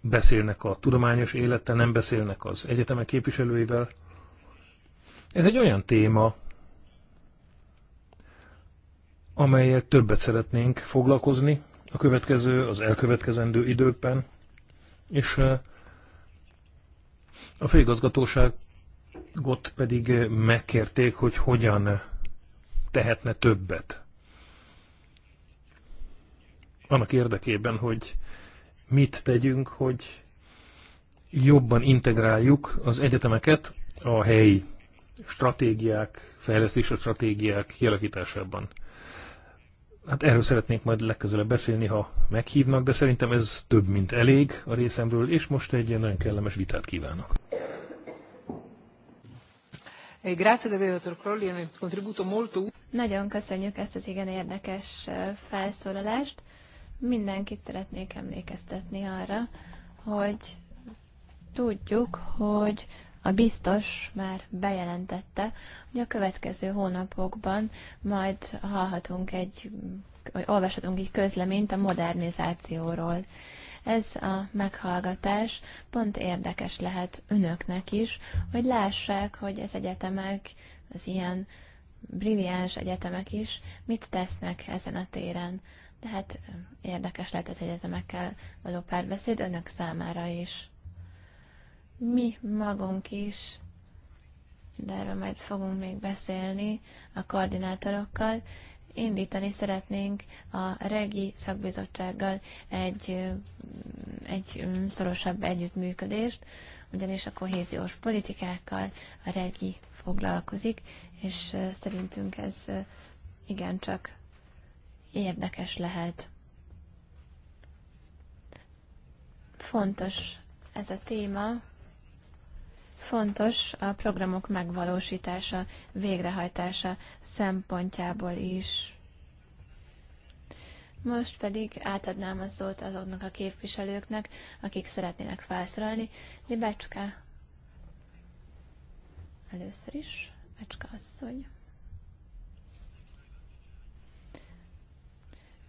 beszélnek a tudományos élettel, nem beszélnek az egyetemek képviselőivel, ez egy olyan téma, amelyet többet szeretnénk foglalkozni a következő, az elkövetkezendő időkben, és eh, a főigazgatóságot pedig megkérték, hogy hogyan tehetne többet. Annak érdekében, hogy mit tegyünk, hogy jobban integráljuk az egyetemeket a helyi stratégiák, fejlesztési stratégiák kialakításában. Hát erről szeretnék majd legközelebb beszélni, ha meghívnak, de szerintem ez több, mint elég a részemről, és most egy ilyen nagyon kellemes vitát kívánok. Eh, nagyon köszönjük ezt az igen érdekes eh, felszólalást. Mindenkit szeretnék emlékeztetni arra, hogy tudjuk, hogy a biztos már bejelentette, hogy a következő hónapokban majd hallhatunk egy, vagy olvashatunk egy közleményt a modernizációról. Ez a meghallgatás pont érdekes lehet önöknek is, hogy lássák, hogy az egyetemek, az ilyen brilliáns egyetemek is mit tesznek ezen a téren. Tehát érdekes lehet az egyetemekkel való párbeszéd önök számára is mi magunk is, de erről majd fogunk még beszélni a koordinátorokkal, indítani szeretnénk a Regi Szakbizottsággal egy, egy szorosabb együttműködést, ugyanis a kohéziós politikákkal a Regi foglalkozik, és szerintünk ez igencsak érdekes lehet. Fontos ez a téma, Fontos a programok megvalósítása, végrehajtása szempontjából is. Most pedig átadnám a szót azoknak a képviselőknek, akik szeretnének felszólalni. Libácska először is, Becska asszony.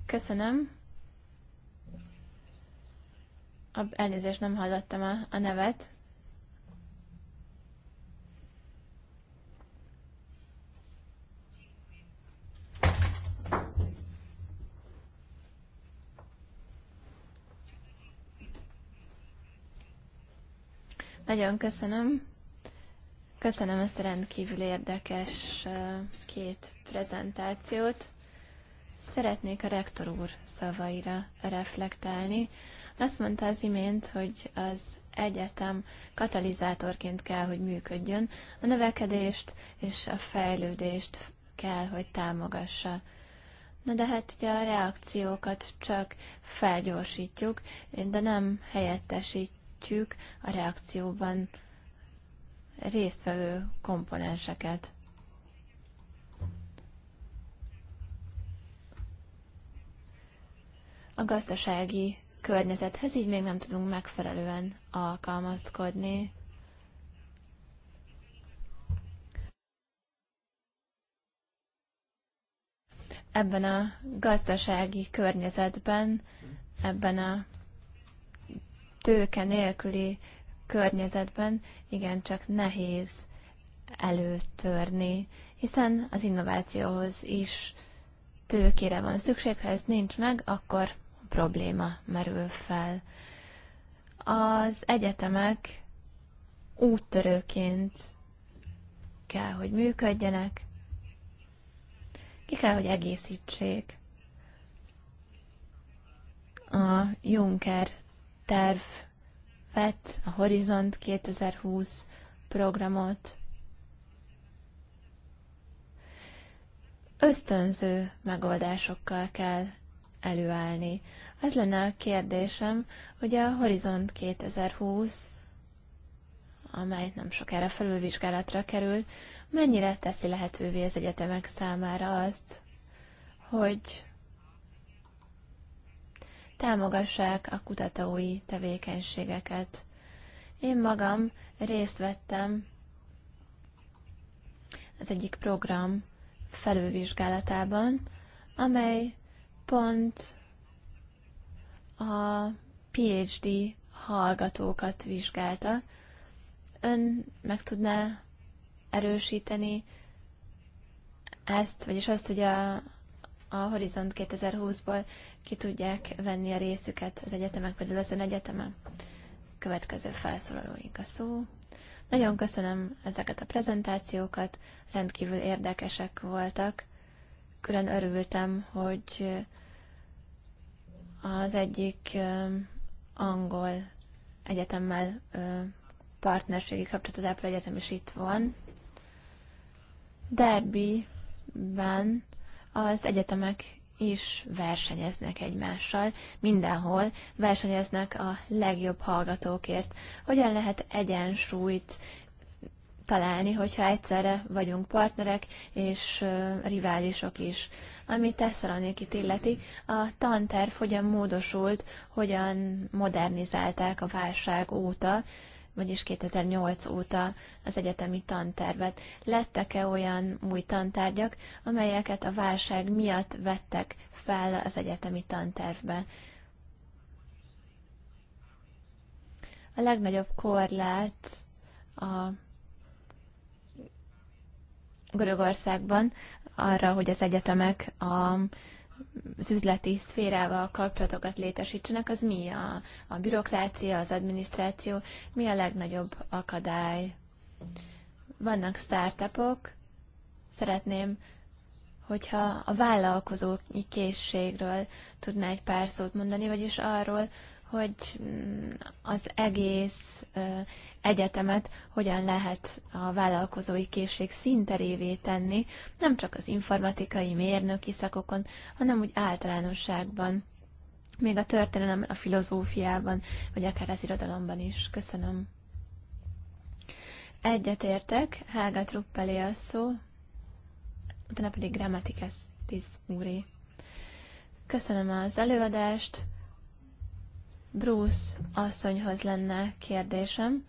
Köszönöm. A, elnézést, nem hallottam a, a nevet. Nagyon köszönöm. Köszönöm ezt a rendkívül érdekes két prezentációt. Szeretnék a rektor úr szavaira reflektálni. Azt mondta az imént, hogy az egyetem katalizátorként kell, hogy működjön, a növekedést és a fejlődést kell, hogy támogassa. Na de hát ugye a reakciókat csak felgyorsítjuk, de nem helyettesít, segítjük a reakcióban résztvevő komponenseket. A gazdasági környezethez így még nem tudunk megfelelően alkalmazkodni. Ebben a gazdasági környezetben, ebben a tőke nélküli környezetben igencsak nehéz előtörni, hiszen az innovációhoz is tőkére van szükség, ha ez nincs meg, akkor probléma merül fel. Az egyetemek úttörőként kell, hogy működjenek, ki kell, hogy egészítsék a Juncker tervet, a Horizont 2020 programot. Ösztönző megoldásokkal kell előállni. Az lenne a kérdésem, hogy a Horizont 2020, amely nem sokára felülvizsgálatra kerül, mennyire teszi lehetővé az egyetemek számára azt, hogy támogassák a kutatói tevékenységeket. Én magam részt vettem az egyik program felülvizsgálatában, amely pont a PhD hallgatókat vizsgálta. Ön meg tudná erősíteni ezt, vagyis azt, hogy a, a Horizont 2020-ból ki tudják venni a részüket az egyetemek, például az ön egyeteme. Következő felszólalóink a szó. Nagyon köszönöm ezeket a prezentációkat, rendkívül érdekesek voltak. Külön örültem, hogy az egyik angol egyetemmel partnerségi kapcsolatot ápoló egyetem is itt van. Derbyben az egyetemek is versenyeznek egymással, mindenhol versenyeznek a legjobb hallgatókért. Hogyan lehet egyensúlyt találni, hogyha egyszerre vagyunk partnerek és riválisok is. Ami Tesszalonikit illeti, a tanterv hogyan módosult, hogyan modernizálták a válság óta, vagyis 2008 óta az egyetemi tantervet. Lettek-e olyan új tantárgyak, amelyeket a válság miatt vettek fel az egyetemi tantervbe? A legnagyobb korlát a Görögországban arra, hogy az egyetemek a az üzleti szférával kapcsolatokat létesítsenek, az mi a, a bürokrácia, az adminisztráció, mi a legnagyobb akadály? Vannak startupok, szeretném, hogyha a vállalkozói készségről tudná egy pár szót mondani, vagyis arról, hogy mm, az egész egyetemet hogyan lehet a vállalkozói készség szinterévé tenni, nem csak az informatikai, mérnöki szakokon, hanem úgy általánosságban, még a történelem, a filozófiában, vagy akár az irodalomban is. Köszönöm. Egyetértek, Helga Truppelé a szó, utána pedig Grammatikes Tiszmúri. Köszönöm az előadást, Bruce asszonyhoz lenne kérdésem,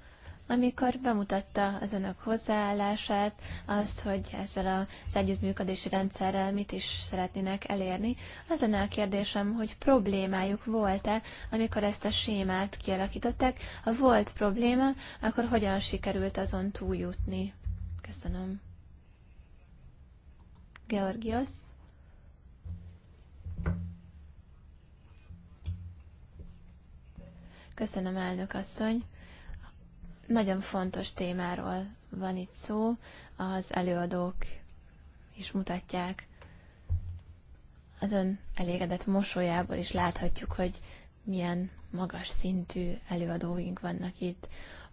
amikor bemutatta az önök hozzáállását, azt, hogy ezzel az együttműködési rendszerrel mit is szeretnének elérni. Az lenne a kérdésem, hogy problémájuk volt-e, amikor ezt a sémát kialakították. Ha volt probléma, akkor hogyan sikerült azon túljutni? Köszönöm. Georgios? Köszönöm, elnök asszony. Nagyon fontos témáról van itt szó, az előadók is mutatják. Az ön elégedett mosolyából is láthatjuk, hogy milyen magas szintű előadóink vannak itt.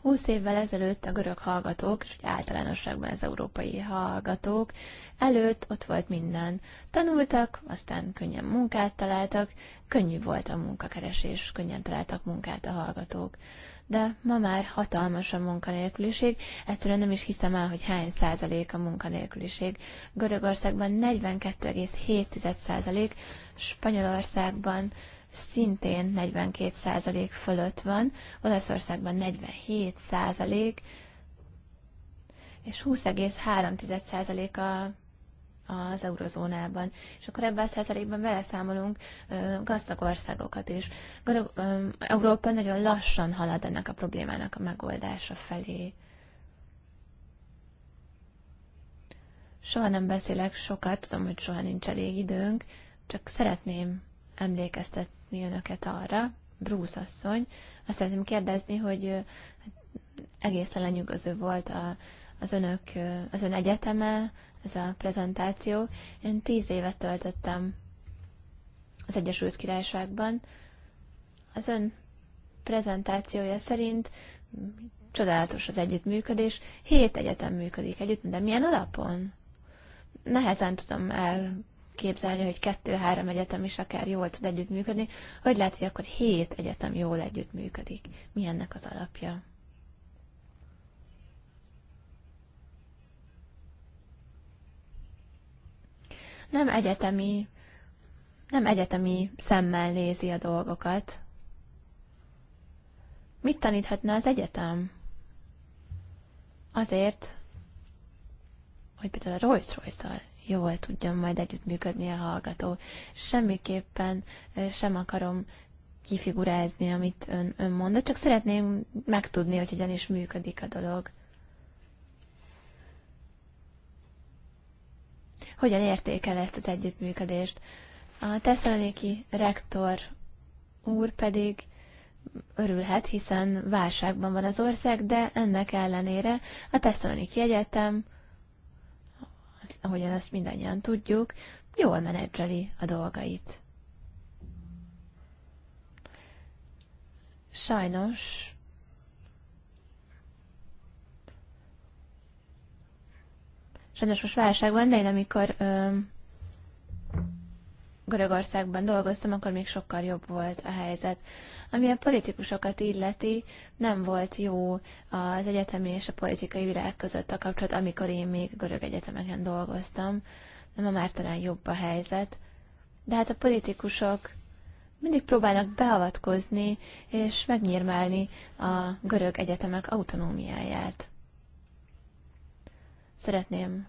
20 évvel ezelőtt a görög hallgatók, és úgy általánosságban az európai hallgatók, előtt ott volt minden. Tanultak, aztán könnyen munkát találtak, könnyű volt a munkakeresés, könnyen találtak munkát a hallgatók. De ma már hatalmas a munkanélküliség, egyszerűen nem is hiszem el, hogy hány százalék a munkanélküliség. Görögországban 42,7 százalék, Spanyolországban szintén 42% fölött van, Olaszországban 47%, és 20,3% a az eurozónában. És akkor ebben a százalékban beleszámolunk ö, gazdag országokat is. Gar- ö, Európa nagyon lassan halad ennek a problémának a megoldása felé. Soha nem beszélek sokat, tudom, hogy soha nincs elég időnk, csak szeretném emlékeztetni rávezetni önöket arra, Bruce asszony, azt szeretném kérdezni, hogy egészen lenyűgöző volt a, az önök, az ön egyeteme, ez a prezentáció. Én tíz évet töltöttem az Egyesült Királyságban. Az ön prezentációja szerint csodálatos az együttműködés. Hét egyetem működik együtt, de milyen alapon? Nehezen tudom el képzelni, hogy kettő-három egyetem is akár jól tud együttműködni, hogy lehet, hogy akkor hét egyetem jól együttműködik. Mi ennek az alapja? Nem egyetemi, nem egyetemi szemmel nézi a dolgokat. Mit taníthatna az egyetem? Azért, hogy például a Rolls-Royce-szal jól tudjon majd együttműködni a hallgató. Semmiképpen sem akarom kifigurázni, amit ön, ön mondott, csak szeretném megtudni, hogy hogyan is működik a dolog. Hogyan értékel ezt az együttműködést? A tesszalonéki rektor úr pedig örülhet, hiszen válságban van az ország, de ennek ellenére a Tesszaloniki Egyetem ahogyan ezt mindannyian tudjuk, jól menedzseli a dolgait. Sajnos sajnos most válság van, de én amikor ö, Görögországban dolgoztam, akkor még sokkal jobb volt a helyzet. Ami a politikusokat illeti, nem volt jó az egyetemi és a politikai világ között a kapcsolat, amikor én még görög egyetemeken dolgoztam. Nem, ma már talán jobb a helyzet. De hát a politikusok mindig próbálnak beavatkozni és megnyírmálni a görög egyetemek autonómiáját. Szeretném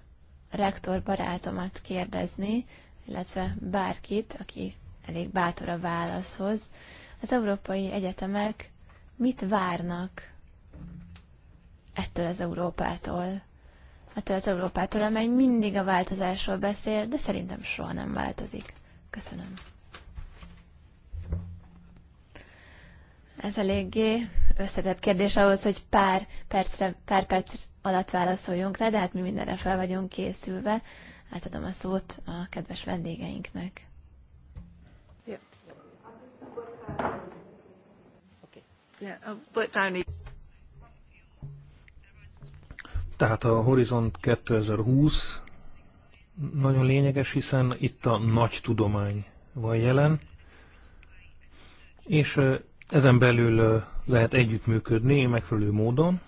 rektor barátomat kérdezni, illetve bárkit, aki elég bátor a válaszhoz, az európai egyetemek mit várnak ettől az Európától? Ettől az Európától, amely mindig a változásról beszél, de szerintem soha nem változik. Köszönöm. Ez eléggé összetett kérdés ahhoz, hogy pár, percre, pár perc alatt válaszoljunk rá, de hát mi mindenre fel vagyunk készülve átadom a szót a kedves vendégeinknek. Tehát a Horizont 2020 nagyon lényeges, hiszen itt a nagy tudomány van jelen, és ezen belül lehet együttműködni megfelelő módon,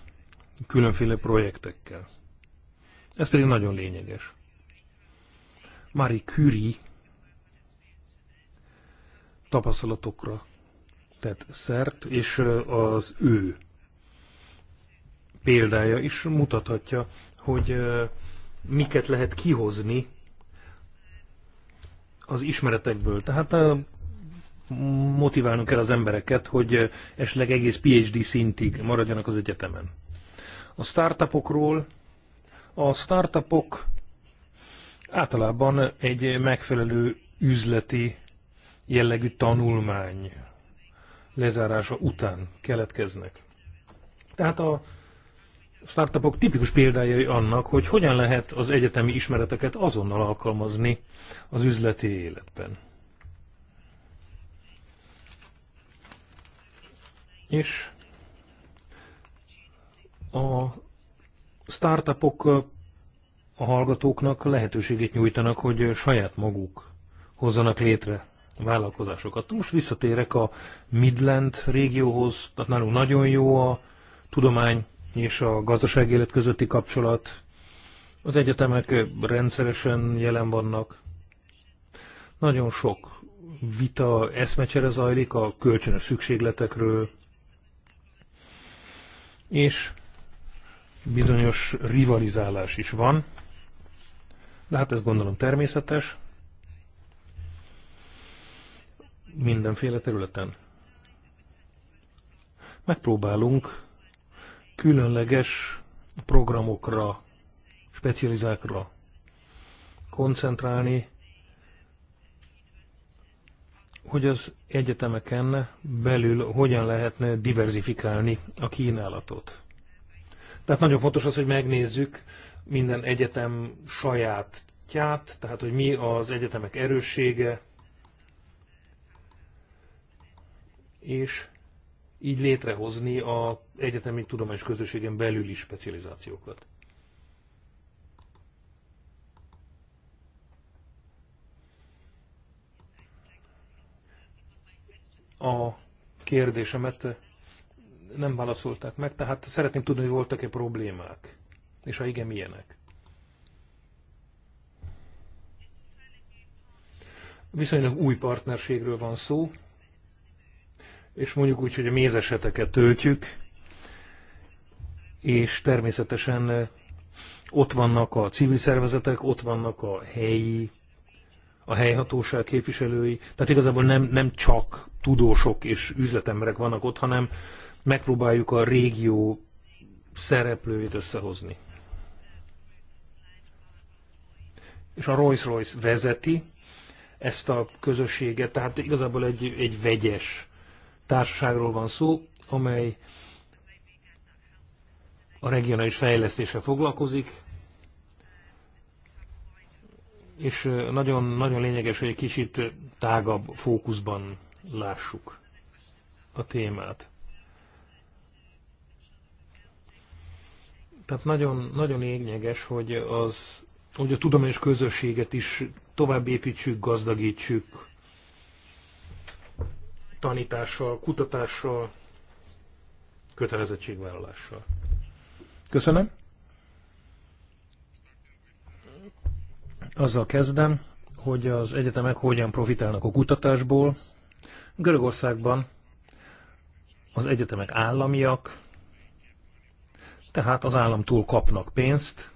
különféle projektekkel. Ez pedig nagyon lényeges. Marie Curie tapasztalatokra tett szert, és az ő példája is mutathatja, hogy miket lehet kihozni az ismeretekből. Tehát motiválnunk kell az embereket, hogy esetleg egész PhD szintig maradjanak az egyetemen. A startupokról, a startupok Általában egy megfelelő üzleti jellegű tanulmány lezárása után keletkeznek. Tehát a startupok tipikus példájai annak, hogy hogyan lehet az egyetemi ismereteket azonnal alkalmazni az üzleti életben. És a startupok a hallgatóknak lehetőséget nyújtanak, hogy saját maguk hozzanak létre vállalkozásokat. Most visszatérek a Midland régióhoz, tehát nálunk nagyon jó a tudomány és a gazdaság élet közötti kapcsolat. Az egyetemek rendszeresen jelen vannak. Nagyon sok vita, eszmecsere zajlik a kölcsönös szükségletekről, és bizonyos rivalizálás is van. De hát ez gondolom természetes mindenféle területen. Megpróbálunk különleges programokra, specializákra koncentrálni, hogy az egyetemeken belül hogyan lehetne diversifikálni a kínálatot. Tehát nagyon fontos az, hogy megnézzük, minden egyetem sajátját, tehát hogy mi az egyetemek erőssége, és így létrehozni a egyetemi tudományos közösségen belüli specializációkat. A kérdésemet nem válaszolták meg, tehát szeretném tudni, hogy voltak-e problémák. És ha igen, milyenek? Viszonylag új partnerségről van szó, és mondjuk úgy, hogy a mézeseteket töltjük, és természetesen ott vannak a civil szervezetek, ott vannak a helyi, a helyhatóság képviselői, tehát igazából nem, nem csak tudósok és üzletemberek vannak ott, hanem megpróbáljuk a régió szereplőit összehozni. és a Rolls-Royce vezeti ezt a közösséget, tehát igazából egy, egy vegyes társaságról van szó, amely a regionális fejlesztéssel foglalkozik, és nagyon, nagyon lényeges, hogy egy kicsit tágabb fókuszban lássuk a témát. Tehát nagyon, nagyon lényeges, hogy az hogy a tudományos közösséget is tovább építsük, gazdagítsük tanítással, kutatással, kötelezettségvállalással. Köszönöm. Azzal kezdem, hogy az egyetemek hogyan profitálnak a kutatásból. Görögországban az egyetemek államiak, tehát az államtól kapnak pénzt,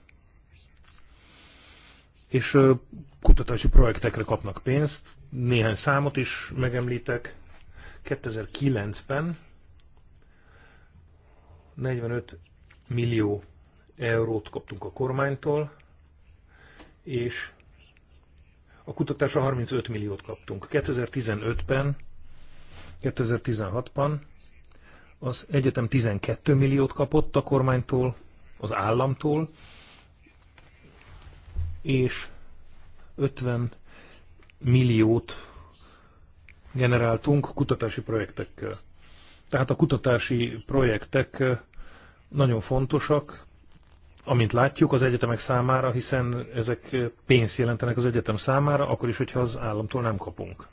és kutatási projektekre kapnak pénzt. Néhány számot is megemlítek. 2009-ben 45 millió eurót kaptunk a kormánytól, és a kutatásra 35 milliót kaptunk. 2015-ben, 2016-ban az egyetem 12 milliót kapott a kormánytól, az államtól, és 50 milliót generáltunk kutatási projektekkel. Tehát a kutatási projektek nagyon fontosak, amint látjuk az egyetemek számára, hiszen ezek pénzt jelentenek az egyetem számára, akkor is, hogyha az államtól nem kapunk.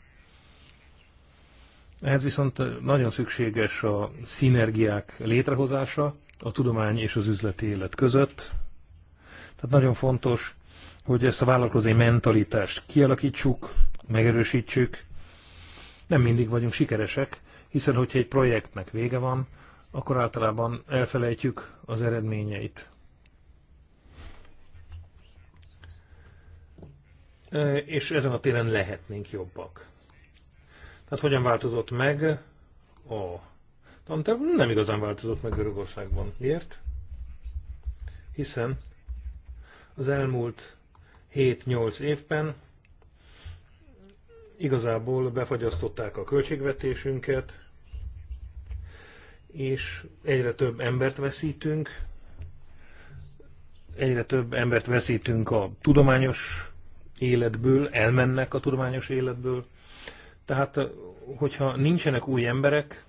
Ehhez viszont nagyon szükséges a szinergiák létrehozása a tudomány és az üzleti élet között. Tehát nagyon fontos hogy ezt a vállalkozói mentalitást kialakítsuk, megerősítsük. Nem mindig vagyunk sikeresek, hiszen hogyha egy projektnek vége van, akkor általában elfelejtjük az eredményeit. E, és ezen a téren lehetnénk jobbak. Tehát hogyan változott meg a tanterv? Nem igazán változott meg Görögországban. Miért? Hiszen az elmúlt 7-8 évben igazából befagyasztották a költségvetésünket, és egyre több embert veszítünk, egyre több embert veszítünk a tudományos életből, elmennek a tudományos életből. Tehát, hogyha nincsenek új emberek,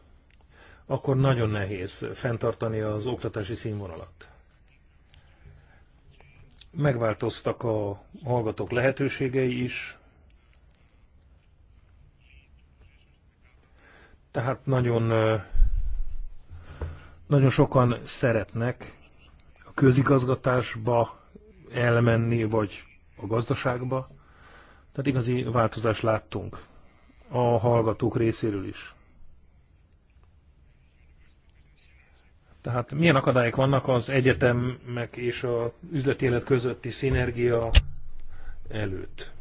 akkor nagyon nehéz fenntartani az oktatási színvonalat. Megváltoztak a hallgatók lehetőségei is. Tehát nagyon, nagyon sokan szeretnek a közigazgatásba elmenni, vagy a gazdaságba. Tehát igazi változást láttunk a hallgatók részéről is. Tehát milyen akadályok vannak az egyetemek és az üzleti élet közötti szinergia előtt?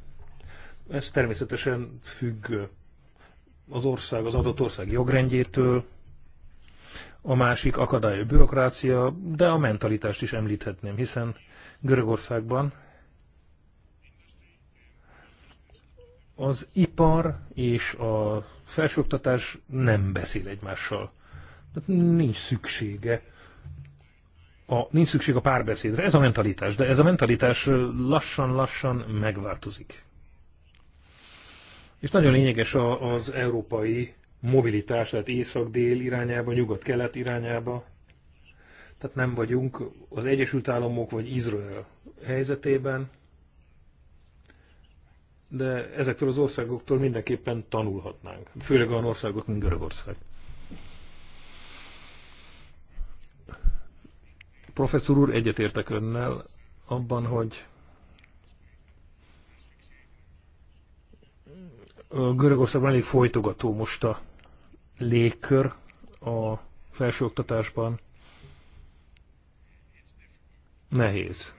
Ez természetesen függ az ország, az adott ország jogrendjétől, a másik akadály a bürokrácia, de a mentalitást is említhetném, hiszen Görögországban az ipar és a felsőoktatás nem beszél egymással nincs szüksége a, nincs szükség a párbeszédre. Ez a mentalitás, de ez a mentalitás lassan-lassan megváltozik. És nagyon lényeges az európai mobilitás, tehát észak-dél irányába, nyugat-kelet irányába. Tehát nem vagyunk az Egyesült Államok vagy Izrael helyzetében, de ezektől az országoktól mindenképpen tanulhatnánk. Főleg olyan országok, mint Görögország. Professzor úr, egyetértek önnel abban, hogy Görögországban elég folytogató most a légkör a felsőoktatásban. Nehéz.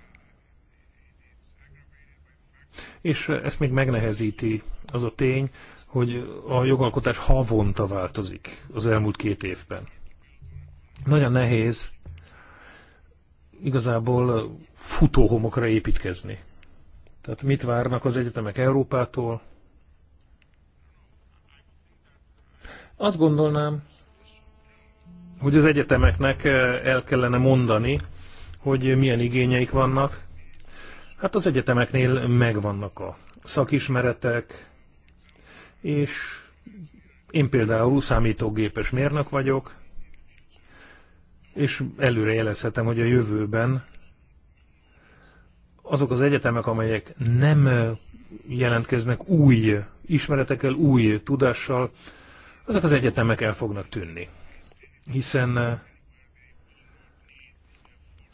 És ezt még megnehezíti az a tény, hogy a jogalkotás havonta változik az elmúlt két évben. Nagyon nehéz igazából futóhomokra építkezni. Tehát mit várnak az egyetemek Európától? Azt gondolnám, hogy az egyetemeknek el kellene mondani, hogy milyen igényeik vannak. Hát az egyetemeknél megvannak a szakismeretek, és én például számítógépes mérnök vagyok, és előre jelezhetem, hogy a jövőben azok az egyetemek, amelyek nem jelentkeznek új ismeretekkel, új tudással, azok az egyetemek el fognak tűnni. Hiszen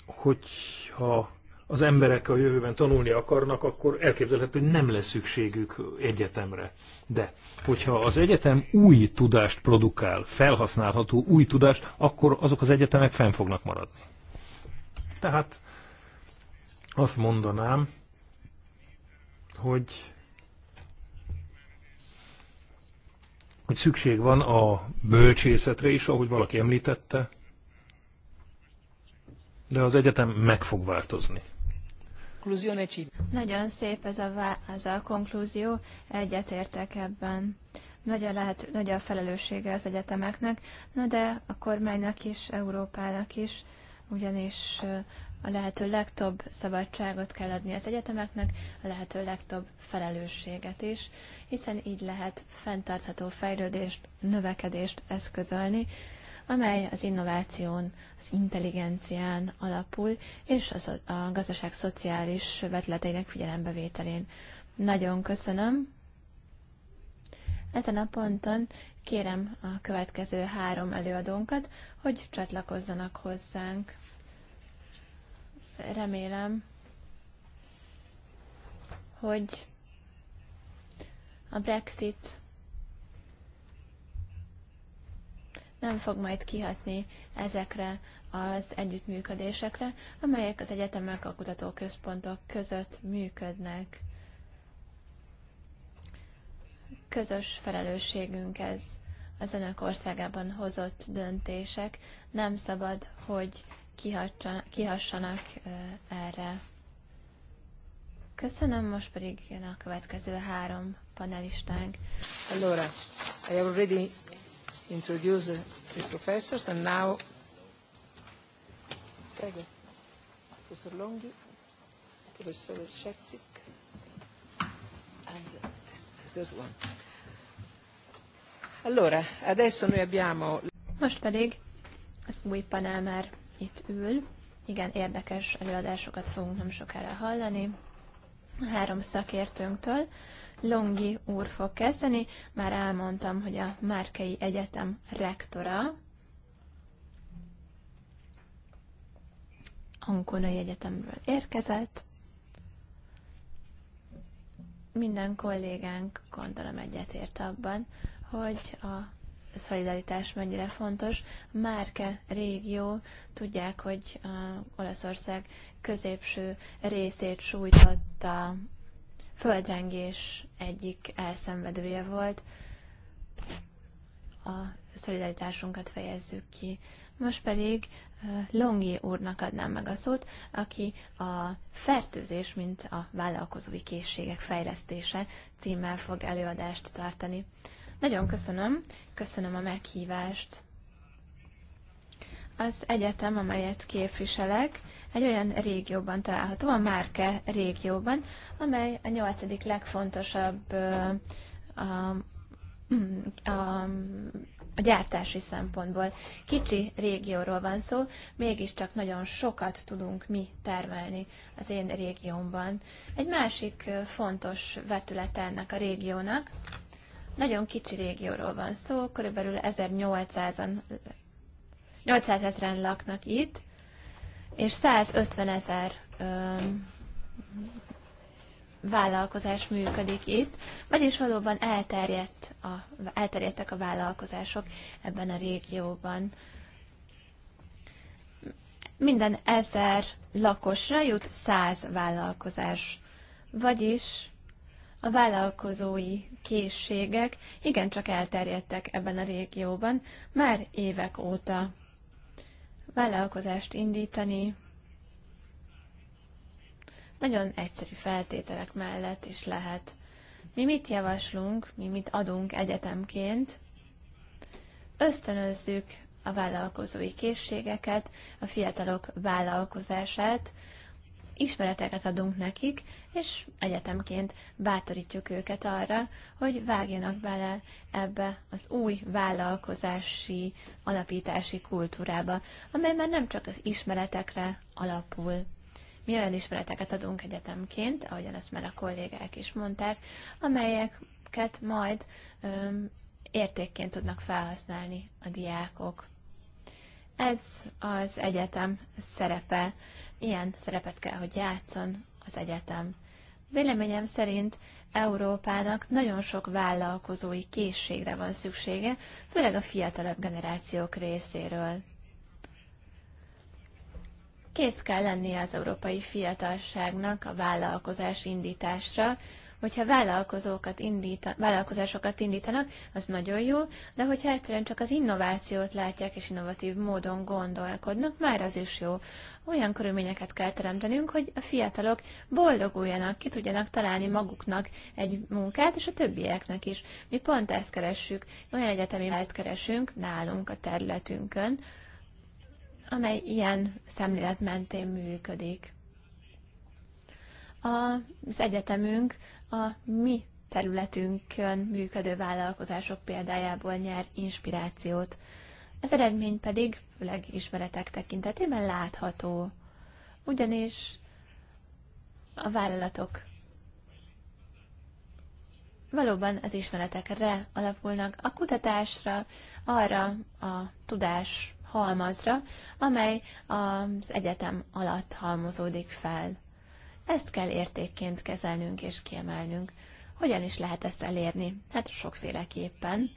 hogyha az emberek a jövőben tanulni akarnak, akkor elképzelhető, hogy nem lesz szükségük egyetemre. De hogyha az egyetem új tudást produkál, felhasználható új tudást, akkor azok az egyetemek fenn fognak maradni. Tehát azt mondanám, hogy, hogy szükség van a bölcsészetre is, ahogy valaki említette, de az egyetem meg fog változni. Nagyon szép ez a, vá- ez a konklúzió, egyetértek ebben. Nagy a, lehet, nagy a felelőssége az egyetemeknek, na de a kormánynak is, Európának is, ugyanis a lehető legtöbb szabadságot kell adni az egyetemeknek, a lehető legtöbb felelősséget is, hiszen így lehet fenntartható fejlődést, növekedést eszközölni, amely az innováción, az intelligencián alapul, és az a, gazdaság szociális vetleteinek figyelembevételén. Nagyon köszönöm. Ezen a ponton kérem a következő három előadónkat, hogy csatlakozzanak hozzánk. Remélem, hogy a Brexit nem fog majd kihatni ezekre az együttműködésekre, amelyek az egyetemek a kutatóközpontok között működnek. Közös felelősségünk ez az önök országában hozott döntések. Nem szabad, hogy kihassanak erre. Köszönöm, most pedig jön a következő három panelistánk. Allora, I already introduce the professors. And now, prego, Professor Longhi, Professor Shevzik, and this, this one. Allora, adesso noi abbiamo... Most pedig az új panel már itt ül. Igen, érdekes előadásokat fogunk nem sokára hallani. Három szakértőnktől, Longi úr fog kezdeni. Már elmondtam, hogy a Márkei Egyetem rektora, Ankonai Egyetemről érkezett. Minden kollégánk gondolom egyetért abban, hogy a szolidaritás mennyire fontos. Márke régió, tudják, hogy uh, Olaszország középső részét sújtotta földrengés egyik elszenvedője volt. A szolidaritásunkat fejezzük ki. Most pedig Longi úrnak adnám meg a szót, aki a fertőzés, mint a vállalkozói készségek fejlesztése címmel fog előadást tartani. Nagyon köszönöm, köszönöm a meghívást. Az egyetem, amelyet képviselek, egy olyan régióban található, a Márke régióban, amely a nyolcadik legfontosabb a, a, a gyártási szempontból. Kicsi régióról van szó, mégiscsak nagyon sokat tudunk mi termelni az én régiómban. Egy másik fontos vetület ennek a régiónak, nagyon kicsi régióról van szó, körülbelül 1800-an 800 ezeren laknak itt, és 150 ezer vállalkozás működik itt, vagyis valóban elterjedt a, elterjedtek a vállalkozások ebben a régióban. Minden ezer lakosra jut 100 vállalkozás, vagyis a vállalkozói készségek igencsak elterjedtek ebben a régióban már évek óta vállalkozást indítani, nagyon egyszerű feltételek mellett is lehet. Mi mit javaslunk, mi mit adunk egyetemként? Ösztönözzük a vállalkozói készségeket, a fiatalok vállalkozását, ismereteket adunk nekik, és egyetemként bátorítjuk őket arra, hogy vágjanak bele ebbe az új vállalkozási, alapítási kultúrába, amely már nem csak az ismeretekre alapul. Mi olyan ismereteket adunk egyetemként, ahogyan ezt már a kollégák is mondták, amelyeket majd öm, értékként tudnak felhasználni a diákok. Ez az egyetem szerepe ilyen szerepet kell, hogy játszon az egyetem. Véleményem szerint Európának nagyon sok vállalkozói készségre van szüksége, főleg a fiatalabb generációk részéről. Kész kell lennie az európai fiatalságnak a vállalkozás indításra, Hogyha vállalkozókat indíta, vállalkozásokat indítanak, az nagyon jó, de hogyha egyszerűen csak az innovációt látják és innovatív módon gondolkodnak, már az is jó. Olyan körülményeket kell teremtenünk, hogy a fiatalok boldoguljanak, ki tudjanak találni maguknak egy munkát, és a többieknek is. Mi pont ezt keressük, olyan egyetemi keresünk nálunk a területünkön, amely ilyen szemlélet mentén működik. Az egyetemünk a mi területünkön működő vállalkozások példájából nyer inspirációt. Az eredmény pedig, főleg ismeretek tekintetében látható, ugyanis a vállalatok valóban az ismeretekre alapulnak, a kutatásra, arra a tudás halmazra, amely az egyetem alatt halmozódik fel. Ezt kell értékként kezelnünk és kiemelnünk. Hogyan is lehet ezt elérni? Hát sokféleképpen.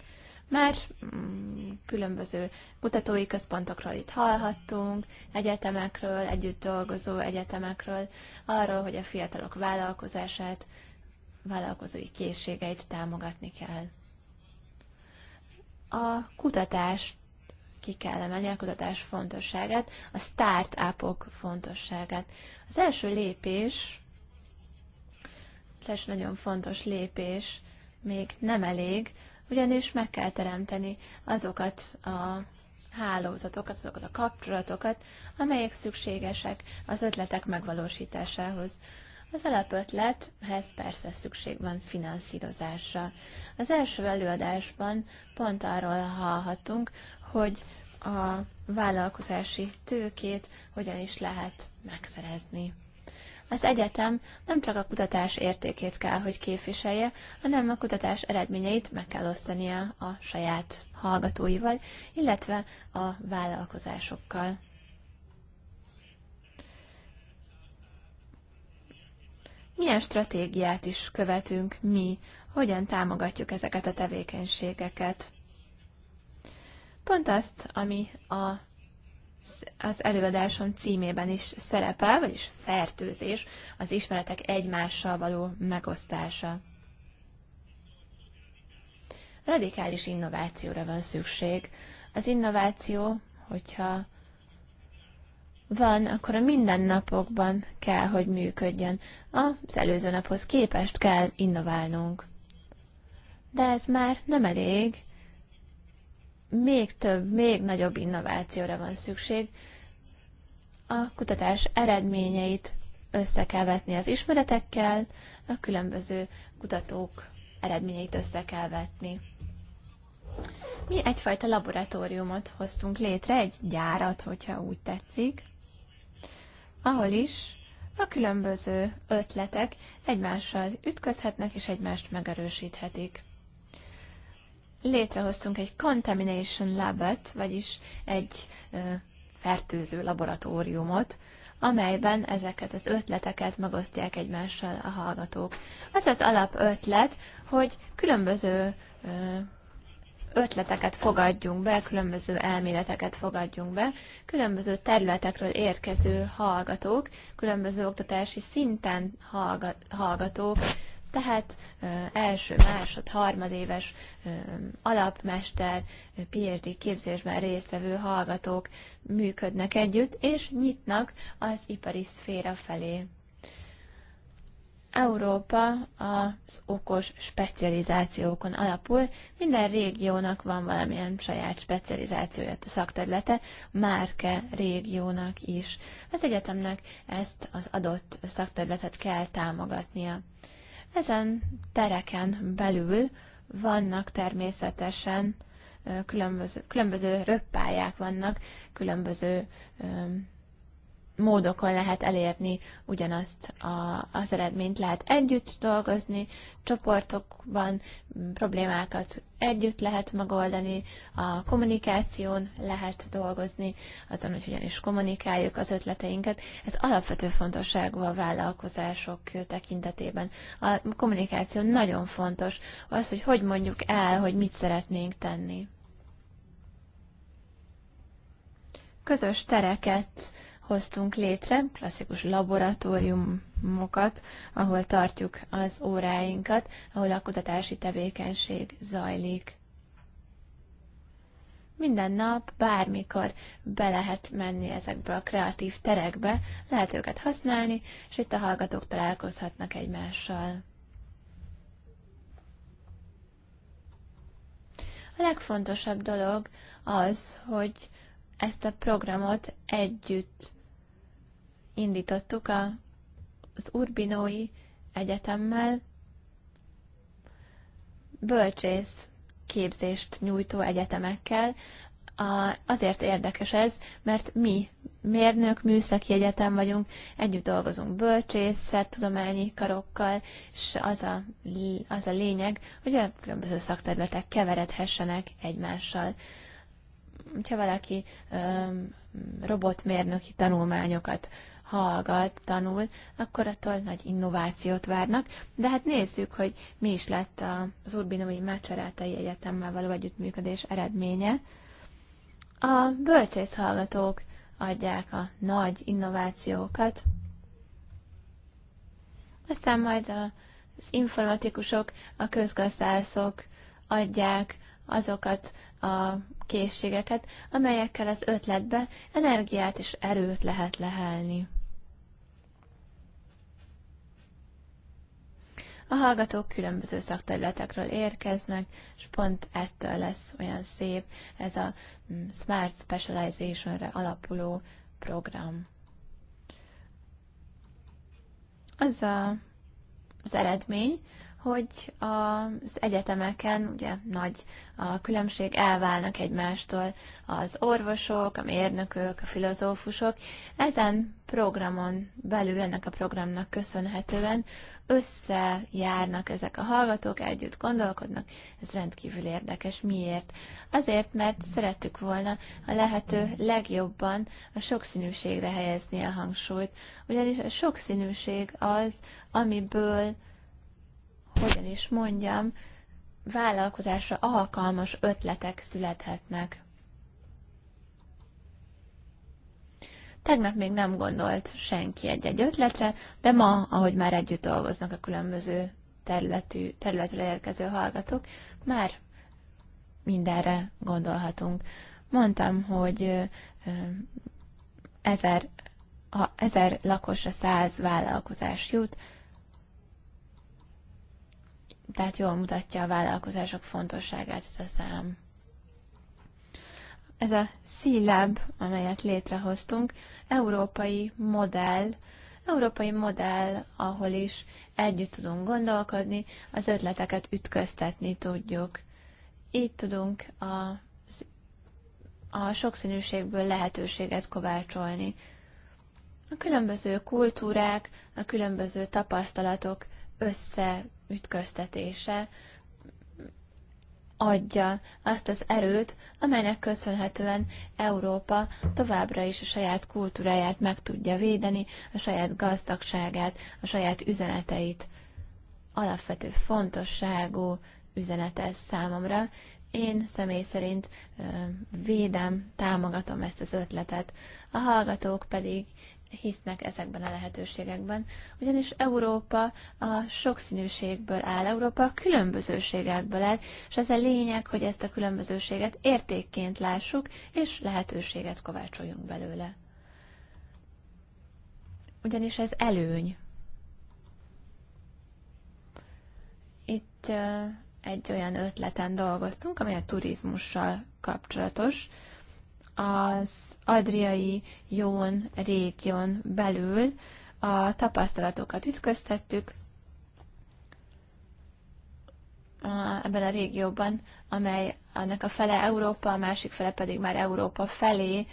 Már mm, különböző kutatói központokról itt hallhattunk, egyetemekről, együtt dolgozó egyetemekről, arról, hogy a fiatalok vállalkozását, vállalkozói készségeit támogatni kell. A kutatást ki kell emelni a kutatás fontosságát, a start-upok fontosságát. Az első lépés, ez nagyon fontos lépés, még nem elég, ugyanis meg kell teremteni azokat a hálózatokat, azokat a kapcsolatokat, amelyek szükségesek az ötletek megvalósításához. Az alapötlethez persze szükség van finanszírozásra. Az első előadásban pont arról hallhatunk, hogy a vállalkozási tőkét hogyan is lehet megszerezni. Az egyetem nem csak a kutatás értékét kell, hogy képviselje, hanem a kutatás eredményeit meg kell osztania a saját hallgatóival, illetve a vállalkozásokkal. Milyen stratégiát is követünk mi, hogyan támogatjuk ezeket a tevékenységeket? pont azt, ami a az előadásom címében is szerepel, vagyis fertőzés, az ismeretek egymással való megosztása. Radikális innovációra van szükség. Az innováció, hogyha van, akkor a mindennapokban kell, hogy működjön. Az előző naphoz képest kell innoválnunk. De ez már nem elég, még több, még nagyobb innovációra van szükség. A kutatás eredményeit össze kell vetni az ismeretekkel, a különböző kutatók eredményeit össze kell vetni. Mi egyfajta laboratóriumot hoztunk létre, egy gyárat, hogyha úgy tetszik, ahol is a különböző ötletek egymással ütközhetnek és egymást megerősíthetik létrehoztunk egy contamination labet, vagyis egy fertőző laboratóriumot, amelyben ezeket az ötleteket megosztják egymással a hallgatók. Az az alapötlet, hogy különböző ötleteket fogadjunk be, különböző elméleteket fogadjunk be, különböző területekről érkező hallgatók, különböző oktatási szinten hallgatók tehát első, másod, harmadéves alapmester, PhD képzésben résztvevő hallgatók működnek együtt, és nyitnak az ipari szféra felé. Európa az okos specializációkon alapul, minden régiónak van valamilyen saját specializációja, a szakterülete, márke régiónak is. Az egyetemnek ezt az adott szakterületet kell támogatnia. Ezen tereken belül vannak természetesen különböző, különböző röppályák vannak, különböző módokon lehet elérni ugyanazt a, az eredményt. Lehet együtt dolgozni, csoportokban problémákat együtt lehet megoldani, a kommunikáción lehet dolgozni, azon, hogy ugyanis kommunikáljuk az ötleteinket. Ez alapvető fontosságú a vállalkozások tekintetében. A kommunikáció nagyon fontos, az, hogy hogy mondjuk el, hogy mit szeretnénk tenni. Közös tereket hoztunk létre, klasszikus laboratóriumokat, ahol tartjuk az óráinkat, ahol a kutatási tevékenység zajlik. Minden nap, bármikor be lehet menni ezekbe a kreatív terekbe, lehet őket használni, és itt a hallgatók találkozhatnak egymással. A legfontosabb dolog az, hogy ezt a programot együtt indítottuk a, az Urbinói Egyetemmel bölcsész képzést nyújtó egyetemekkel. A, azért érdekes ez, mert mi mérnök, műszaki egyetem vagyunk, együtt dolgozunk bölcsészet, tudományi karokkal, és az a, az a lényeg, hogy a különböző szakterületek keveredhessenek egymással. Ha valaki robotmérnöki tanulmányokat hallgat, tanul, akkor attól nagy innovációt várnak. De hát nézzük, hogy mi is lett az Urbinomi Mácsarátai Egyetemmel való együttműködés eredménye. A bölcsész hallgatók adják a nagy innovációkat, aztán majd az informatikusok, a közgazdászok adják azokat a készségeket, amelyekkel az ötletbe energiát és erőt lehet lehelni. A hallgatók különböző szakterületekről érkeznek, és pont ettől lesz olyan szép ez a mm, Smart Specializationre alapuló program. Az a, az eredmény, hogy az egyetemeken ugye nagy a különbség, elválnak egymástól az orvosok, a mérnökök, a filozófusok. Ezen programon belül, ennek a programnak köszönhetően összejárnak ezek a hallgatók, együtt gondolkodnak, ez rendkívül érdekes. Miért? Azért, mert szerettük volna a lehető legjobban a sokszínűségre helyezni a hangsúlyt, ugyanis a sokszínűség az, amiből hogyan is mondjam, vállalkozásra alkalmas ötletek születhetnek. Tegnap még nem gondolt senki egy-egy ötletre, de ma, ahogy már együtt dolgoznak a különböző területű, területről érkező hallgatók, már mindenre gondolhatunk. Mondtam, hogy ezer, ha ezer lakosra száz vállalkozás jut, tehát jól mutatja a vállalkozások fontosságát ez a szám. Ez a C-Lab, amelyet létrehoztunk, európai modell, európai modell, ahol is együtt tudunk gondolkodni, az ötleteket ütköztetni tudjuk. Így tudunk a, a sokszínűségből lehetőséget kovácsolni. A különböző kultúrák, a különböző tapasztalatok összeütköztetése adja azt az erőt, amelynek köszönhetően Európa továbbra is a saját kultúráját meg tudja védeni, a saját gazdagságát, a saját üzeneteit. Alapvető fontosságú üzenet ez számomra. Én személy szerint védem, támogatom ezt az ötletet. A hallgatók pedig hisznek ezekben a lehetőségekben, ugyanis Európa a sokszínűségből áll, Európa a különbözőségekből áll, és az a lényeg, hogy ezt a különbözőséget értékként lássuk, és lehetőséget kovácsoljunk belőle. Ugyanis ez előny. Itt egy olyan ötleten dolgoztunk, amely a turizmussal kapcsolatos, az adriai jón régión belül a tapasztalatokat ütköztettük ebben a régióban, amely annak a fele Európa, a másik fele pedig már Európa felé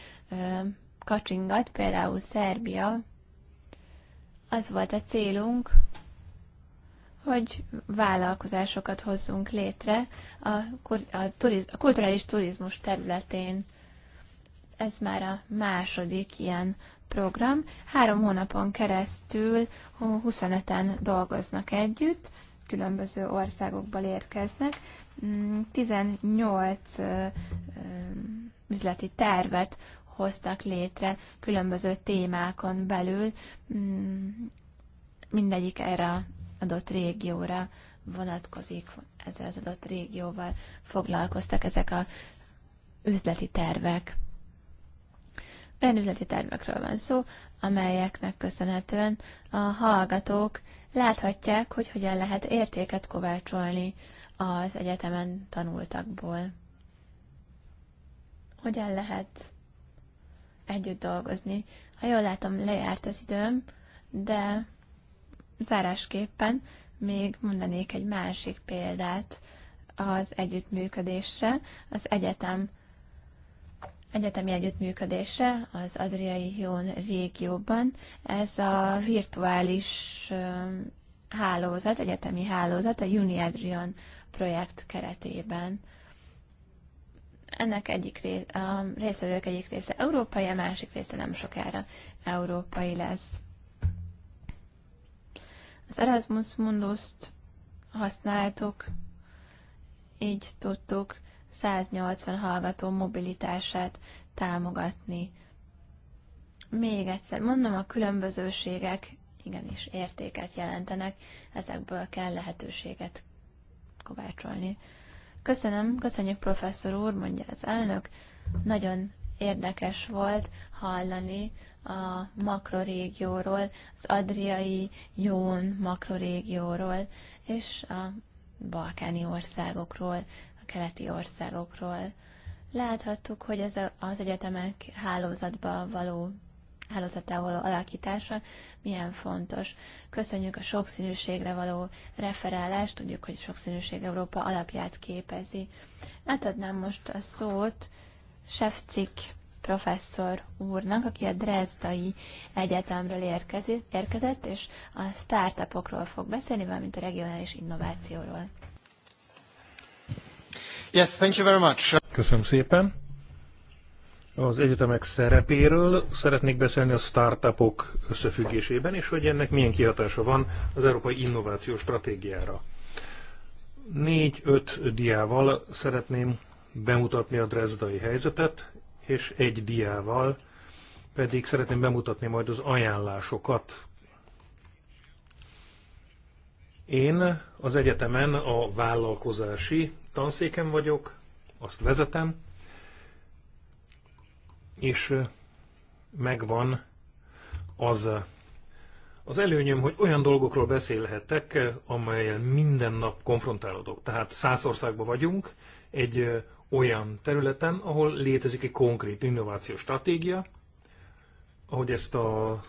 kacsingat, például Szerbia. Az volt a célunk, hogy vállalkozásokat hozzunk létre a, a, turiz, a kulturális turizmus területén ez már a második ilyen program. Három hónapon keresztül 25-en dolgoznak együtt, különböző országokból érkeznek. 18 mm, üzleti tervet hoztak létre különböző témákon belül, mm, mindegyik erre adott régióra vonatkozik, ezzel az adott régióval foglalkoztak ezek a üzleti tervek. Olyan üzleti tervekről van szó, amelyeknek köszönhetően a hallgatók láthatják, hogy hogyan lehet értéket kovácsolni az egyetemen tanultakból. Hogyan lehet együtt dolgozni. Ha jól látom, lejárt az időm, de zárásképpen még mondanék egy másik példát az együttműködésre az egyetem egyetemi együttműködése az Adriai Jón régióban. Ez a virtuális hálózat, egyetemi hálózat a Uni Adrian projekt keretében. Ennek egyik rész, a részvevők egyik része európai, a másik része nem sokára európai lesz. Az Erasmus Mundust használtuk, így tudtuk 180 hallgató mobilitását támogatni. Még egyszer mondom, a különbözőségek igenis értéket jelentenek, ezekből kell lehetőséget kovácsolni. Köszönöm, köszönjük professzor úr, mondja az elnök. Nagyon érdekes volt hallani a makrorégióról, az adriai jón makrorégióról és a balkáni országokról keleti országokról. Láthattuk, hogy ez az egyetemek hálózatba való hálózatával való alakítása milyen fontos. Köszönjük a sokszínűségre való referálást, tudjuk, hogy a sokszínűség Európa alapját képezi. Átadnám most a szót Sefcik professzor úrnak, aki a Dresdai Egyetemről érkezett, és a startupokról fog beszélni, valamint a regionális innovációról. Yes, thank you very much. Köszönöm szépen. Az egyetemek szerepéről szeretnék beszélni a startupok összefüggésében, és hogy ennek milyen kihatása van az Európai Innováció Stratégiára. Négy-öt diával szeretném bemutatni a drezdai helyzetet, és egy diával pedig szeretném bemutatni majd az ajánlásokat. Én az egyetemen a vállalkozási tanszéken vagyok, azt vezetem, és megvan az az előnyöm, hogy olyan dolgokról beszélhetek, amelyel minden nap konfrontálódok. Tehát száz országban vagyunk, egy olyan területen, ahol létezik egy konkrét innovációs stratégia, ahogy ezt a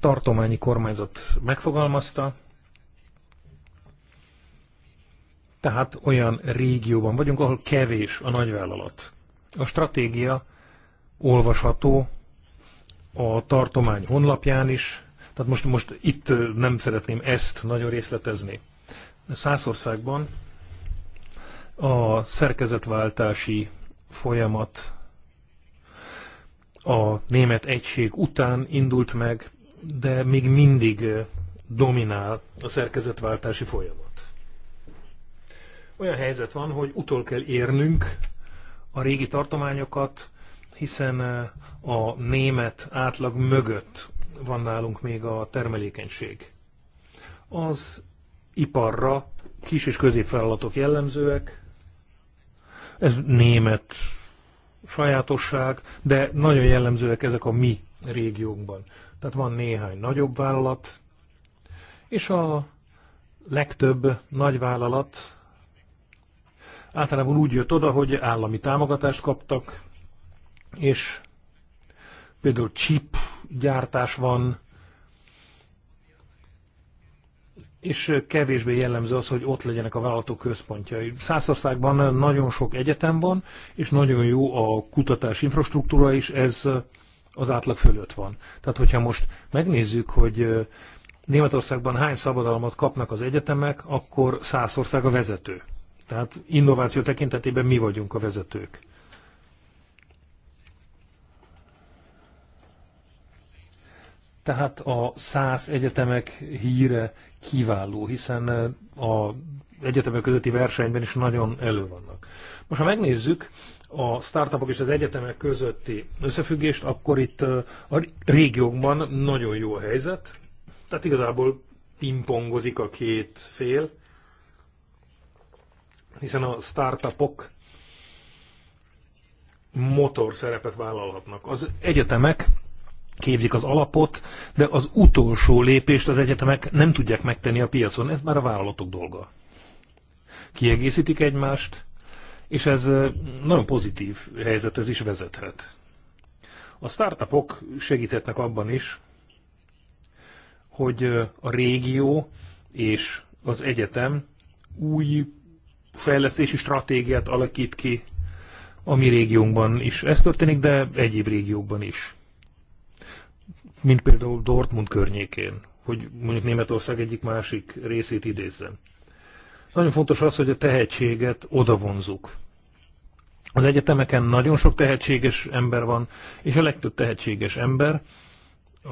tartományi kormányzat megfogalmazta, Tehát olyan régióban vagyunk, ahol kevés a nagyvállalat. A stratégia olvasható a tartomány honlapján is, tehát most, most itt nem szeretném ezt nagyon részletezni. Százországban a szerkezetváltási folyamat a német egység után indult meg, de még mindig dominál a szerkezetváltási folyamat olyan helyzet van, hogy utol kell érnünk a régi tartományokat, hiszen eh, a német átlag mögött van nálunk még a termelékenység. Az iparra kis és középfeladatok jellemzőek, ez német sajátosság, de nagyon jellemzőek ezek a mi régiókban. Tehát van néhány nagyobb vállalat, és a legtöbb nagy vállalat általában úgy jött oda, hogy állami támogatást kaptak, és például chip gyártás van, és kevésbé jellemző az, hogy ott legyenek a vállalatok központjai. Szászországban nagyon sok egyetem van, és nagyon jó a kutatás infrastruktúra is, ez az átlag fölött van. Tehát, hogyha most megnézzük, hogy Németországban hány szabadalmat kapnak az egyetemek, akkor Szászország a vezető. Tehát innováció tekintetében mi vagyunk a vezetők. Tehát a száz egyetemek híre kiváló, hiszen eh, a egyetemek közötti versenyben is nagyon elő vannak. Most ha megnézzük a startupok és az egyetemek közötti összefüggést, akkor itt eh, a régiókban nagyon jó a helyzet, tehát igazából pingpongozik a két fél, hiszen a startupok motor szerepet vállalhatnak. Az egyetemek képzik az alapot, de az utolsó lépést az egyetemek nem tudják megtenni a piacon. Ez már a vállalatok dolga. Kiegészítik egymást, és ez nagyon pozitív helyzethez is vezethet. A startupok segíthetnek abban is, hogy a régió és az egyetem új fejlesztési stratégiát alakít ki a mi régiónkban is. Ez történik, de egyéb régiókban is. Mint például Dortmund környékén, hogy mondjuk Németország egyik másik részét idézzem. Nagyon fontos az, hogy a tehetséget odavonzuk. Az egyetemeken nagyon sok tehetséges ember van, és a legtöbb tehetséges ember,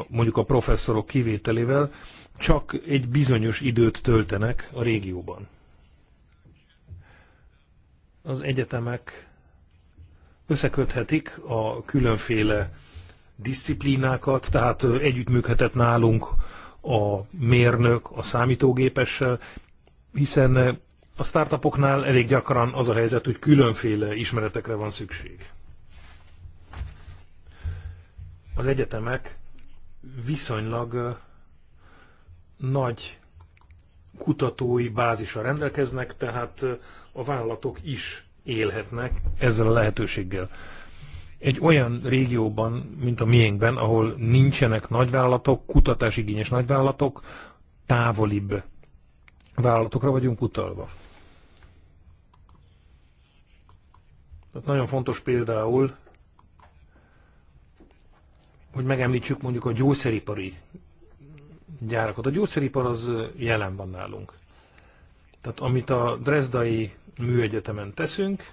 mondjuk a professzorok kivételével, csak egy bizonyos időt töltenek a régióban az egyetemek összeköthetik a különféle disziplinákat, tehát együttműködhetett nálunk a mérnök a számítógépessel, hiszen a startupoknál elég gyakran az a helyzet, hogy különféle ismeretekre van szükség. Az egyetemek viszonylag nagy kutatói bázisra rendelkeznek, tehát a vállalatok is élhetnek ezzel a lehetőséggel. Egy olyan régióban, mint a miénkben, ahol nincsenek nagyvállalatok, kutatásigényes nagyvállalatok, távolibb vállalatokra vagyunk utalva. Tehát nagyon fontos például, hogy megemlítsük mondjuk a gyógyszeripari gyárakat. A gyógyszeripar az jelen van nálunk. Tehát amit a drezdai műegyetemen teszünk,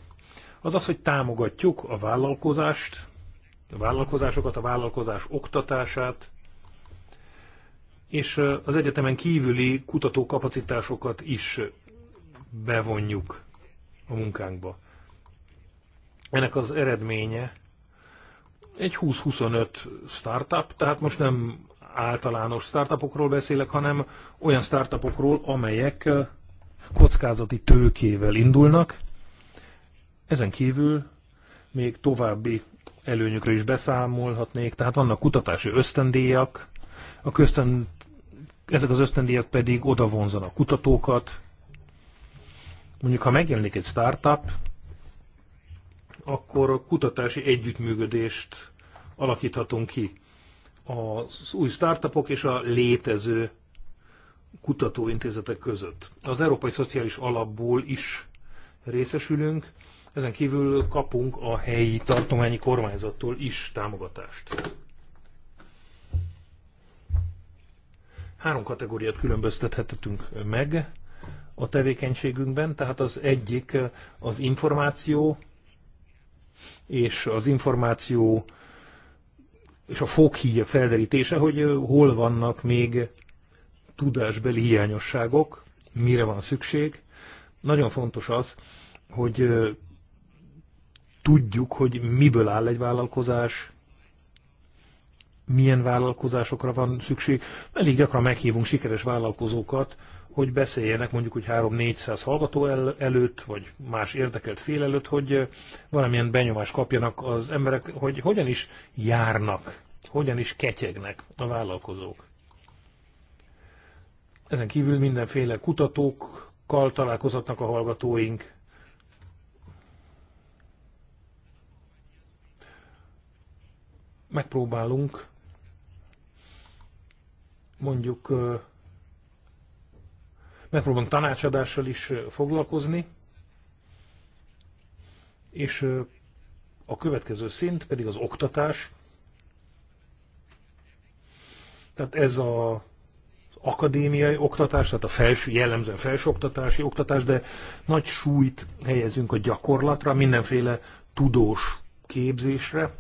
az az, hogy támogatjuk a vállalkozást, a vállalkozásokat, a vállalkozás oktatását, és az egyetemen kívüli kutatókapacitásokat is bevonjuk a munkánkba. Ennek az eredménye egy 20-25 startup, tehát most nem általános startupokról beszélek, hanem olyan startupokról, amelyek kockázati tőkével indulnak. Ezen kívül még további előnyökről is beszámolhatnék, tehát vannak kutatási ösztendíjak, a köztön, ezek az ösztendíjak pedig odavonzanak kutatókat. Mondjuk, ha megjelenik egy startup, akkor a kutatási együttműködést alakíthatunk ki az új startupok és a létező kutatóintézetek között. Az Európai Szociális Alapból is részesülünk, ezen kívül kapunk a helyi tartományi kormányzattól is támogatást. Három kategóriát különböztethetünk meg a tevékenységünkben, tehát az egyik az információ, és az információ és a foghíj felderítése, hogy hol vannak még tudásbeli hiányosságok, mire van szükség. Nagyon fontos az, hogy tudjuk, hogy miből áll egy vállalkozás, milyen vállalkozásokra van szükség. Elég gyakran meghívunk sikeres vállalkozókat, hogy beszéljenek mondjuk, hogy 3-400 hallgató el, előtt, vagy más érdekelt fél előtt, hogy valamilyen benyomást kapjanak az emberek, hogy hogyan is járnak, hogyan is ketyegnek a vállalkozók. Ezen kívül mindenféle kutatókkal találkozhatnak a hallgatóink. Megpróbálunk mondjuk megpróbálunk tanácsadással is foglalkozni, és a következő szint pedig az oktatás. Tehát ez a akadémiai oktatás, tehát a felső, jellemzően felsőoktatási oktatás, de nagy súlyt helyezünk a gyakorlatra, mindenféle tudós képzésre,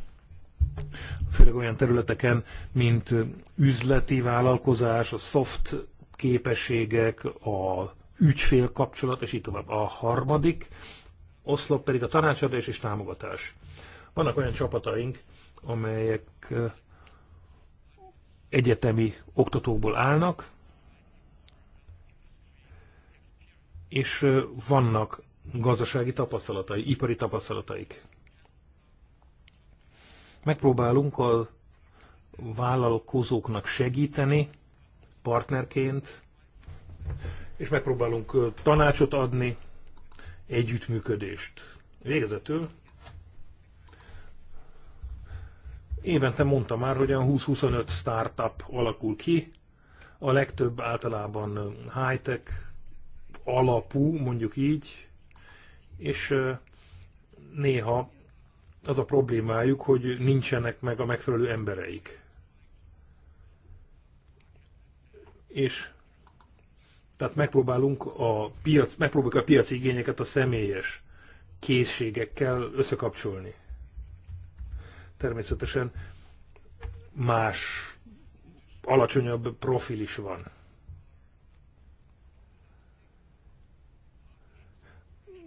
főleg olyan területeken, mint üzleti vállalkozás, a soft képességek, a ügyfélkapcsolat, és így tovább. A harmadik oszlop pedig a tanácsadás és támogatás. Vannak olyan csapataink, amelyek egyetemi oktatókból állnak, és vannak gazdasági tapasztalatai, ipari tapasztalataik. Megpróbálunk a vállalkozóknak segíteni partnerként, és megpróbálunk tanácsot adni, együttműködést. Végezetül Évente mondta már, hogy olyan 20-25 startup alakul ki, a legtöbb általában high-tech alapú, mondjuk így, és néha az a problémájuk, hogy nincsenek meg a megfelelő embereik. És tehát megpróbálunk a piac, megpróbáljuk a piaci igényeket a személyes készségekkel összekapcsolni természetesen más, alacsonyabb profil is van.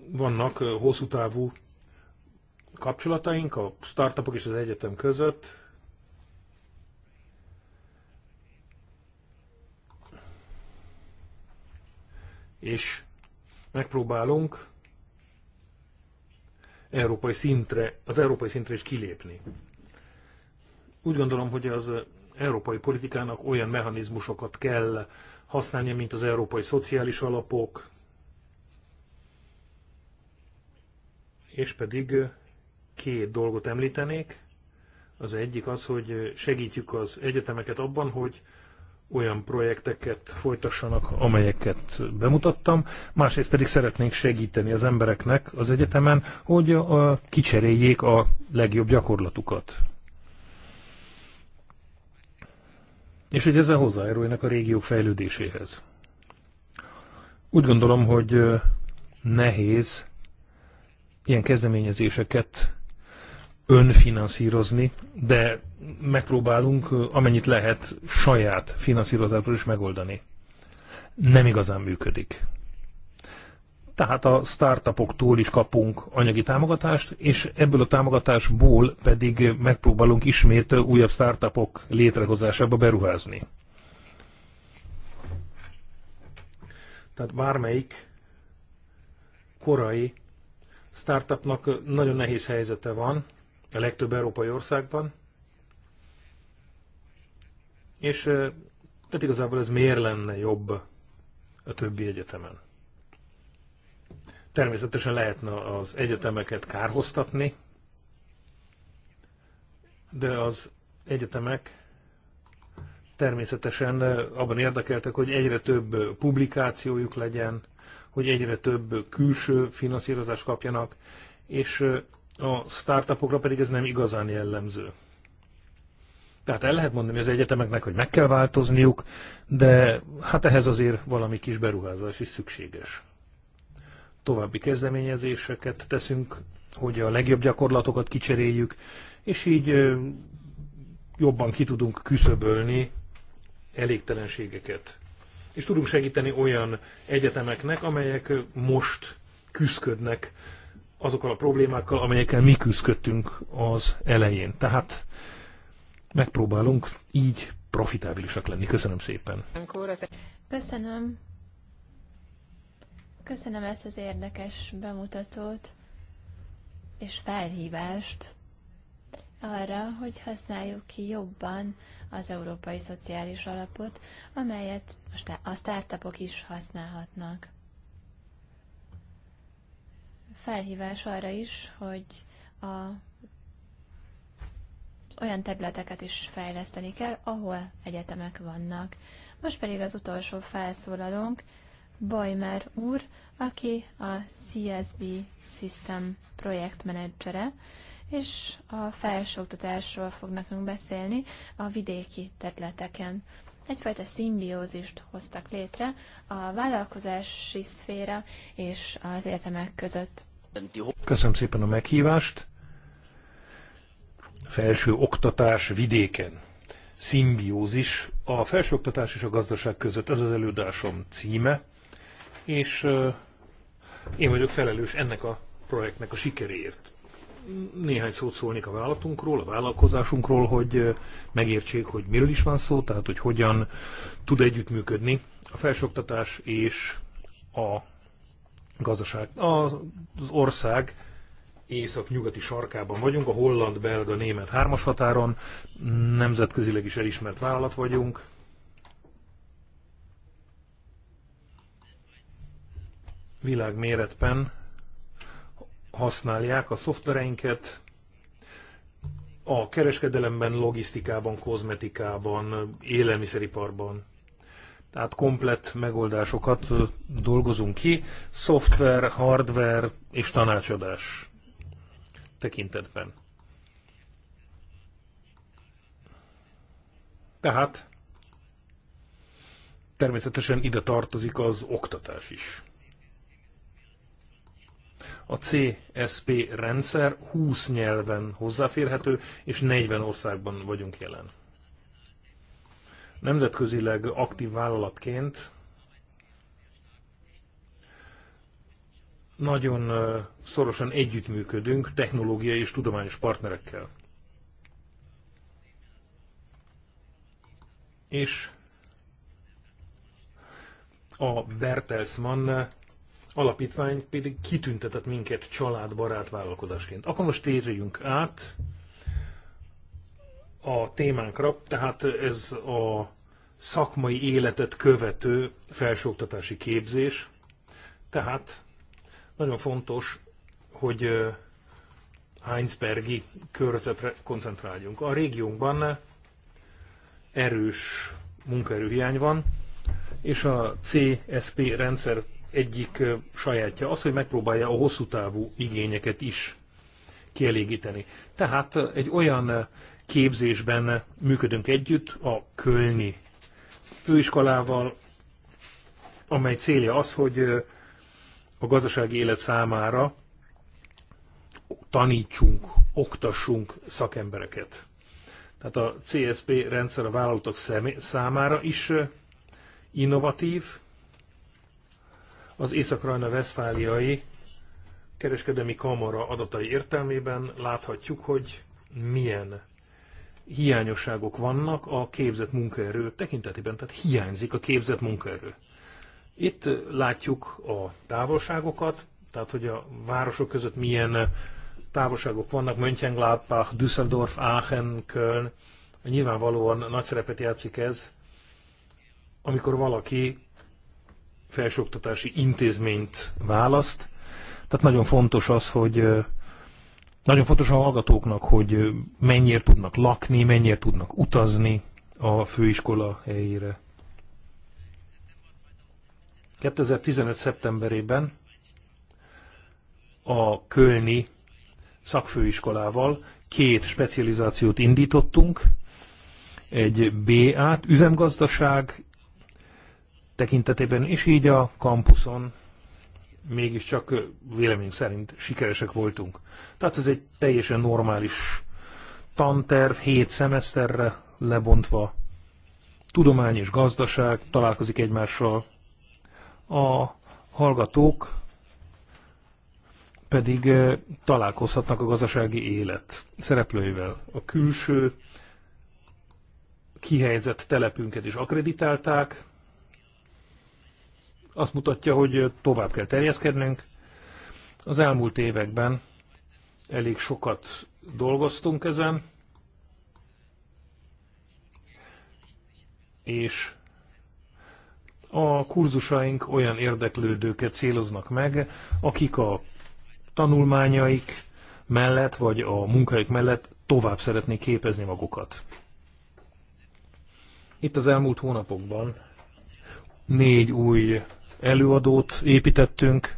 Vannak hosszú távú kapcsolataink a startupok és az egyetem között. És megpróbálunk európai szintre, az európai szintre is kilépni. Úgy gondolom, hogy az európai politikának olyan mechanizmusokat kell használnia, mint az európai szociális alapok, és pedig két dolgot említenék. Az egyik az, hogy segítjük az egyetemeket abban, hogy olyan projekteket folytassanak, amelyeket bemutattam, másrészt pedig szeretnénk segíteni az embereknek az egyetemen, hogy a, kicseréljék a legjobb gyakorlatukat. És hogy ezzel hozzájáruljanak a régiók fejlődéséhez. Úgy gondolom, hogy nehéz ilyen kezdeményezéseket önfinanszírozni, de megpróbálunk amennyit lehet saját finanszírozásról is megoldani. Nem igazán működik. Tehát a startupoktól is kapunk anyagi támogatást, és ebből a támogatásból pedig megpróbálunk ismét újabb startupok létrehozásába beruházni. Tehát bármelyik korai startupnak nagyon nehéz helyzete van, a legtöbb európai országban, és hát igazából ez miért lenne jobb a többi egyetemen? Természetesen lehetne az egyetemeket kárhoztatni, de az egyetemek természetesen abban érdekeltek, hogy egyre több publikációjuk legyen, hogy egyre több külső finanszírozást kapjanak, és a startupokra pedig ez nem igazán jellemző. Tehát el lehet mondani az egyetemeknek, hogy meg kell változniuk, de hát ehhez azért valami kis beruházás is szükséges. További kezdeményezéseket teszünk, hogy a legjobb gyakorlatokat kicseréljük, és így jobban ki tudunk küszöbölni elégtelenségeket. És tudunk segíteni olyan egyetemeknek, amelyek most küzdködnek azokkal a problémákkal, amelyekkel mi küzdködtünk az elején. Tehát megpróbálunk így profitábilisak lenni. Köszönöm szépen. Köszönöm. Köszönöm ezt az érdekes bemutatót és felhívást arra, hogy használjuk ki jobban az európai szociális alapot, amelyet a startupok is használhatnak felhívás arra is, hogy a olyan területeket is fejleszteni kell, ahol egyetemek vannak. Most pedig az utolsó felszólalónk, Bajmer úr, aki a CSB System projektmenedzsere, és a felsőoktatásról fog nekünk beszélni a vidéki területeken. Egyfajta szimbiózist hoztak létre a vállalkozási szféra és az egyetemek között. Köszönöm szépen a meghívást. Felső oktatás vidéken. Szimbiózis. A felsőoktatás és a gazdaság között ez az előadásom címe, és én vagyok felelős ennek a projektnek a sikeréért. Néhány szót szólnék a vállalatunkról, a vállalkozásunkról, hogy megértsék, hogy miről is van szó, tehát hogy hogyan tud együttműködni a felsőoktatás és a gazdaság. Az ország észak-nyugati sarkában vagyunk, a holland-belga-német hármas határon, nemzetközileg is elismert vállalat vagyunk. Világméretben használják a szoftvereinket, a kereskedelemben, logisztikában, kozmetikában, élelmiszeriparban tehát komplet megoldásokat dolgozunk ki, szoftver, hardware és tanácsadás tekintetben. Tehát természetesen ide tartozik az oktatás is. A CSP rendszer 20 nyelven hozzáférhető, és 40 országban vagyunk jelen. Nemzetközileg aktív vállalatként nagyon szorosan együttműködünk technológiai és tudományos partnerekkel. És a Bertelsmann alapítvány pedig kitüntetett minket családbarát vállalkozásként. Akkor most térjünk át a témánkra, tehát ez a szakmai életet követő felsőoktatási képzés. Tehát nagyon fontos, hogy Heinsbergi körzetre koncentráljunk. A régiónkban erős munkaerőhiány van, és a CSP rendszer egyik sajátja az, hogy megpróbálja a hosszú távú igényeket is kielégíteni. Tehát egy olyan képzésben működünk együtt a Kölni főiskolával, amely célja az, hogy a gazdasági élet számára tanítsunk, oktassunk szakembereket. Tehát a CSP rendszer a vállalatok számára is innovatív. Az Észak-Rajna-Veszfáliai kereskedelmi kamara adatai értelmében láthatjuk, hogy milyen hiányosságok vannak a képzett munkaerő tekintetében, tehát hiányzik a képzett munkaerő. Itt látjuk a távolságokat, tehát hogy a városok között milyen távolságok vannak, Mönchengladbach, Düsseldorf, Aachen, Köln. Nyilvánvalóan nagy szerepet játszik ez, amikor valaki felsőoktatási intézményt választ. Tehát nagyon fontos az, hogy nagyon fontos a hallgatóknak, hogy mennyire tudnak lakni, mennyire tudnak utazni a főiskola helyére. 2015. szeptemberében a Kölni szakfőiskolával két specializációt indítottunk, egy BA-t, üzemgazdaság tekintetében, és így a kampuszon mégiscsak vélemény szerint sikeresek voltunk. Tehát ez egy teljesen normális tanterv, hét szemeszterre lebontva, tudomány és gazdaság találkozik egymással, a hallgatók pedig találkozhatnak a gazdasági élet szereplőivel. A külső kihelyezett telepünket is akreditálták, azt mutatja, hogy tovább kell terjeszkednünk. Az elmúlt években elég sokat dolgoztunk ezen, és a kurzusaink olyan érdeklődőket céloznak meg, akik a tanulmányaik mellett, vagy a munkájuk mellett tovább szeretnék képezni magukat. Itt az elmúlt hónapokban négy új előadót építettünk,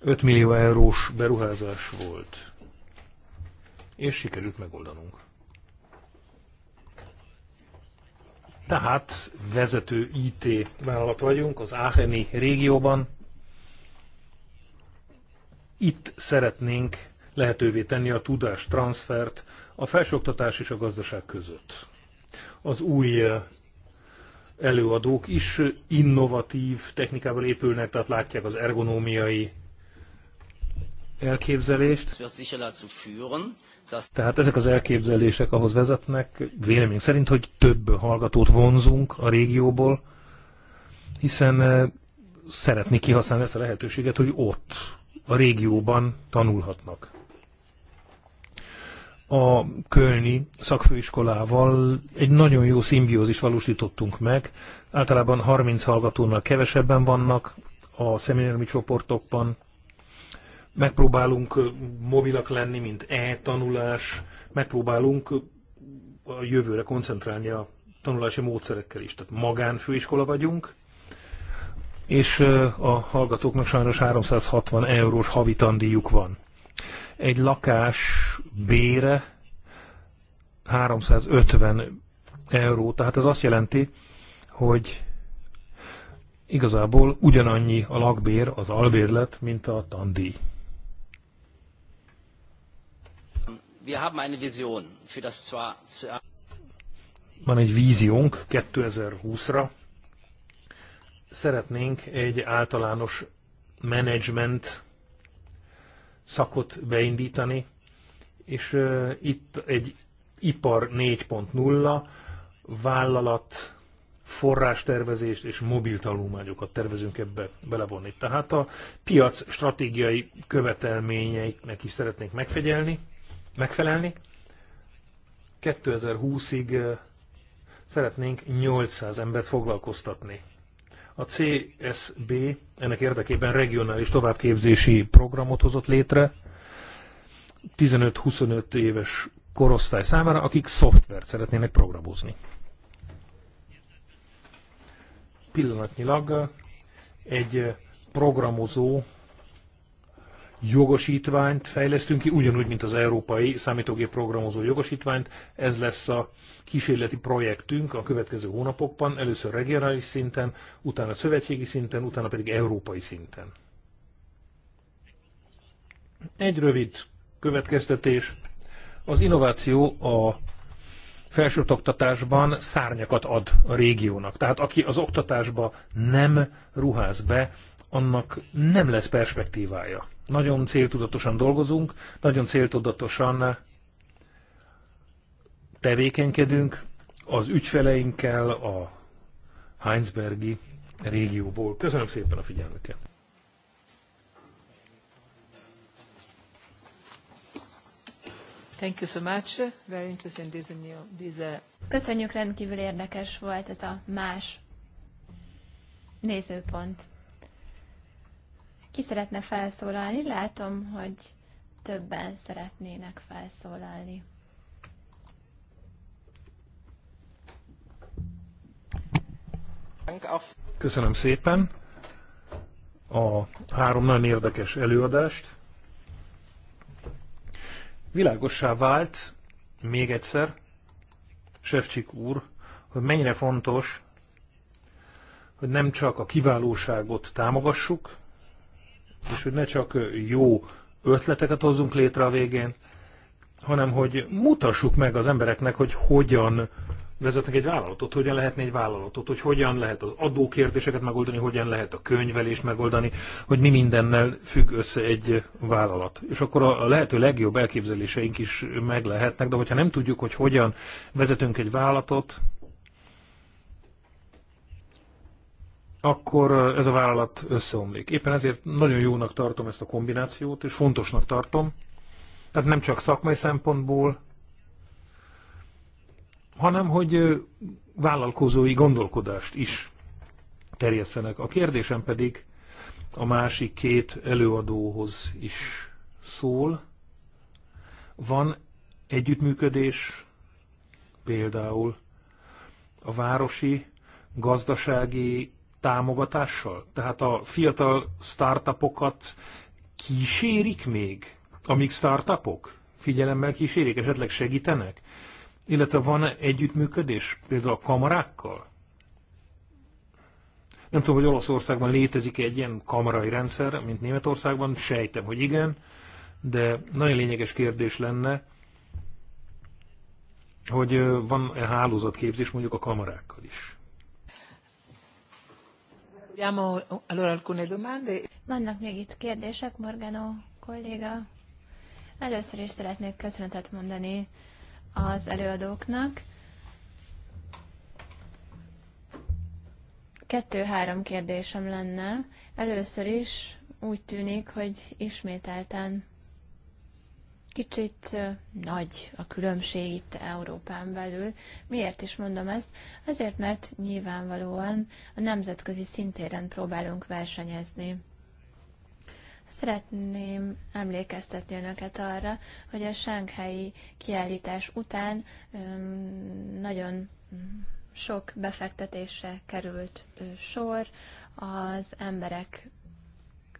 5 millió eurós beruházás volt, és sikerült megoldanunk. Tehát vezető IT vállalat vagyunk az Aacheni régióban. Itt szeretnénk lehetővé tenni a tudás transfert a felsőoktatás és a gazdaság között. Az új előadók is innovatív technikával épülnek, tehát látják az ergonómiai elképzelést. Tehát ezek az elképzelések ahhoz vezetnek, vélemény szerint, hogy több hallgatót vonzunk a régióból, hiszen eh, szeretnék kihasználni ezt a lehetőséget, hogy ott, a régióban tanulhatnak a Kölni szakfőiskolával egy nagyon jó szimbiózis valósítottunk meg. Általában 30 hallgatónál kevesebben vannak a szeminármi csoportokban. Megpróbálunk mobilak lenni, mint e-tanulás. Megpróbálunk a jövőre koncentrálni a tanulási módszerekkel is. Tehát magánfőiskola vagyunk, és a hallgatóknak sajnos 360 eurós havi tandíjuk van. Egy lakás bére 350 euró, tehát ez azt jelenti, hogy igazából ugyanannyi a lakbér, az albérlet, mint a tandíj. Wir haben eine Vision für das van egy víziónk 2020-ra. Szeretnénk egy általános menedzsment szakot beindítani, és itt egy ipar 4.0 vállalat forrástervezést és mobil tanulmányokat tervezünk ebbe belevonni. Tehát a piac stratégiai követelményeiknek is szeretnénk megfigyelni, megfelelni. 2020-ig szeretnénk 800 embert foglalkoztatni. A CSB ennek érdekében regionális továbbképzési programot hozott létre 15-25 éves korosztály számára, akik szoftvert szeretnének programozni. Pillanatnyilag egy programozó jogosítványt fejlesztünk ki, ugyanúgy, mint az Európai Számítógép Programozó jogosítványt. Ez lesz a kísérleti projektünk a következő hónapokban, először regionális szinten, utána szövetségi szinten, utána pedig európai szinten. Egy rövid következtetés. Az innováció a felsőt oktatásban szárnyakat ad a régiónak. Tehát aki az oktatásba nem ruház be, annak nem lesz perspektívája. Nagyon céltudatosan dolgozunk, nagyon céltudatosan tevékenykedünk az ügyfeleinkkel a Heinsbergi régióból. Köszönöm szépen a figyelmüket! Thank you so much. Very interesting this new, this, uh... Köszönjük, rendkívül érdekes volt ez a más nézőpont. Ki szeretne felszólalni? Látom, hogy többen szeretnének felszólalni. Köszönöm szépen a három nagyon érdekes előadást. Világossá vált még egyszer Sefcsik úr, hogy mennyire fontos, hogy nem csak a kiválóságot támogassuk, és hogy ne csak jó ötleteket hozzunk létre a végén, hanem hogy mutassuk meg az embereknek, hogy hogyan vezetnek egy vállalatot, hogyan lehetne egy vállalatot, hogy hogyan lehet az adókérdéseket megoldani, hogyan lehet a könyvelést megoldani, hogy mi mindennel függ össze egy vállalat. És akkor a lehető legjobb elképzeléseink is meg lehetnek, de hogyha nem tudjuk, hogy hogyan vezetünk egy vállalatot, akkor ez a vállalat összeomlik. Éppen ezért nagyon jónak tartom ezt a kombinációt, és fontosnak tartom. Tehát nem csak szakmai szempontból, hanem hogy vállalkozói gondolkodást is terjesztenek. A kérdésem pedig a másik két előadóhoz is szól. Van együttműködés például a városi gazdasági támogatással? Tehát a fiatal startupokat kísérik még? Amíg startupok figyelemmel kísérik, esetleg segítenek? Illetve van együttműködés például a kamarákkal? Nem tudom, hogy Olaszországban létezik -e egy ilyen kamarai rendszer, mint Németországban, sejtem, hogy igen, de nagyon lényeges kérdés lenne, hogy van-e hálózatképzés mondjuk a kamarákkal is. Vannak még itt kérdések, Morgano kolléga. Először is szeretnék köszönetet mondani az előadóknak. Kettő-három kérdésem lenne. Először is úgy tűnik, hogy ismételten Kicsit nagy a különbség itt Európán belül. Miért is mondom ezt? Azért, mert nyilvánvalóan a nemzetközi szintéren próbálunk versenyezni. Szeretném emlékeztetni önöket arra, hogy a sánkhelyi kiállítás után nagyon sok befektetésre került sor az emberek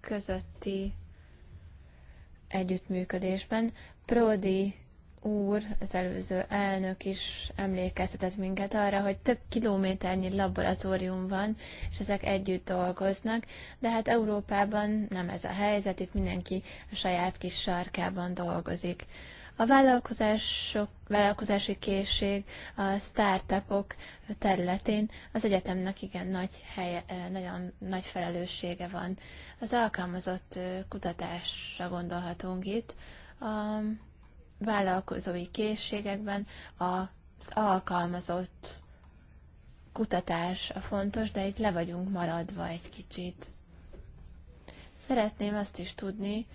közötti együttműködésben. Prodi úr, az előző elnök is emlékeztetett minket arra, hogy több kilométernyi laboratórium van, és ezek együtt dolgoznak, de hát Európában nem ez a helyzet, itt mindenki a saját kis sarkában dolgozik. A vállalkozások, vállalkozási készség a startupok területén az egyetemnek igen nagy helye, nagyon nagy felelőssége van. Az alkalmazott kutatásra gondolhatunk itt. A vállalkozói készségekben az alkalmazott kutatás a fontos, de itt le vagyunk maradva egy kicsit. Szeretném azt is tudni,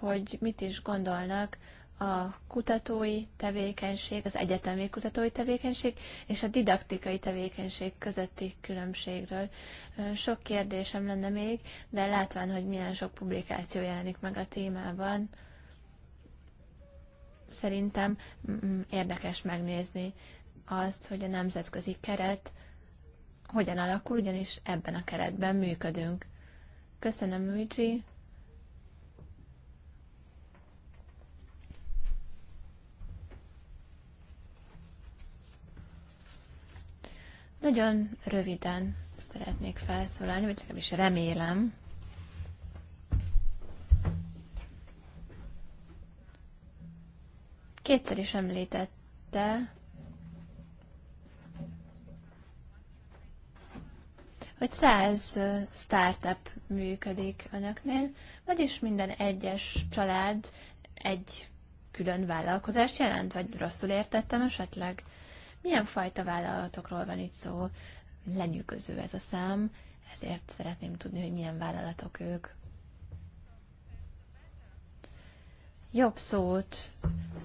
hogy mit is gondolnak a kutatói tevékenység, az egyetemi kutatói tevékenység és a didaktikai tevékenység közötti különbségről. Sok kérdésem lenne még, de látván, hogy milyen sok publikáció jelenik meg a témában, szerintem mm, mm, érdekes megnézni azt, hogy a nemzetközi keret hogyan alakul, ugyanis ebben a keretben működünk. Köszönöm, Luigi. Nagyon röviden szeretnék felszólalni, vagy legalábbis remélem. Kétszer is említette, hogy száz startup működik önöknél, vagyis minden egyes család egy külön vállalkozást jelent, vagy rosszul értettem esetleg? Milyen fajta vállalatokról van itt szó? Lenyűgöző ez a szám, ezért szeretném tudni, hogy milyen vállalatok ők. jobb szót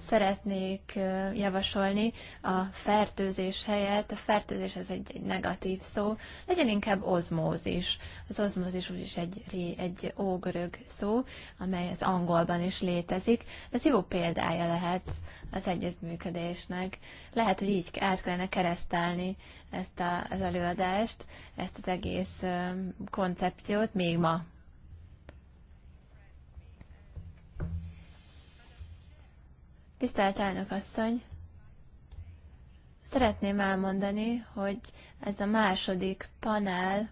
szeretnék javasolni a fertőzés helyett. A fertőzés ez egy, egy negatív szó. Legyen inkább ozmózis. Az ozmózis úgyis egy, egy ógörög szó, amely az angolban is létezik. Ez jó példája lehet az együttműködésnek. Lehet, hogy így át kellene keresztelni ezt a, az előadást, ezt az egész koncepciót még ma Tisztelt elnök asszony! Szeretném elmondani, hogy ez a második panel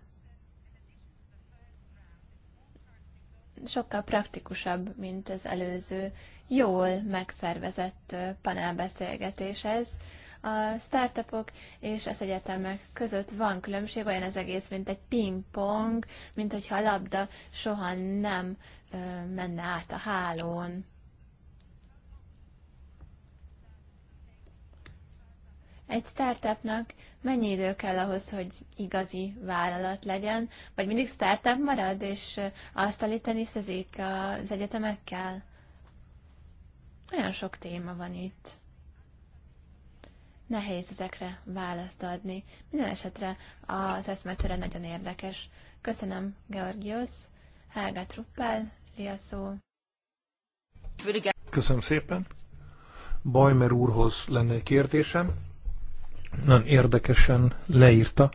sokkal praktikusabb, mint az előző, jól megszervezett panelbeszélgetés ez. A startupok és az egyetemek között van különbség, olyan az egész, mint egy ping-pong, mint hogyha a labda soha nem menne át a hálón. Egy startupnak mennyi idő kell ahhoz, hogy igazi vállalat legyen, vagy mindig startup marad, és azt asztali szezik az egyetemekkel? Olyan sok téma van itt. Nehéz ezekre választ adni. Minden esetre az eszmecsere nagyon érdekes. Köszönöm, Georgios, Helga Truppel, Liaszó. Köszönöm szépen. Bajmer úrhoz lenne egy kérdésem nagyon érdekesen leírta,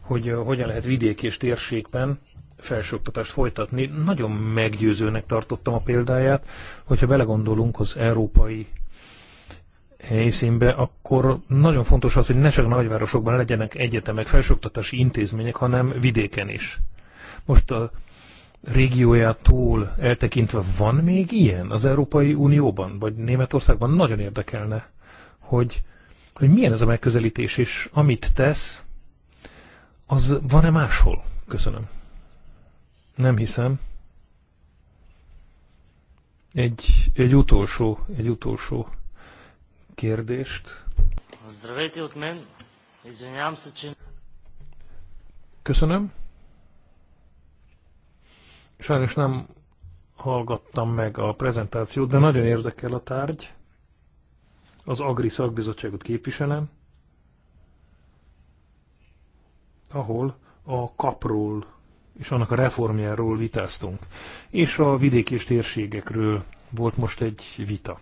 hogy hogyan lehet vidék és térségben felsőoktatást folytatni. Nagyon meggyőzőnek tartottam a példáját, hogyha belegondolunk az európai helyszínbe, akkor nagyon fontos az, hogy ne csak nagyvárosokban legyenek egyetemek, felsőoktatási intézmények, hanem vidéken is. Most a régiójától eltekintve van még ilyen az Európai Unióban, vagy Németországban? Nagyon érdekelne, hogy hogy milyen ez a megközelítés, és amit tesz, az van-e máshol? Köszönöm. Nem hiszem. Egy, egy utolsó, egy utolsó kérdést. Köszönöm. Sajnos nem hallgattam meg a prezentációt, de nagyon érdekel a tárgy az Agri szakbizottságot képviselem, ahol a kapról és annak a reformjáról vitáztunk. És a vidék és térségekről volt most egy vita.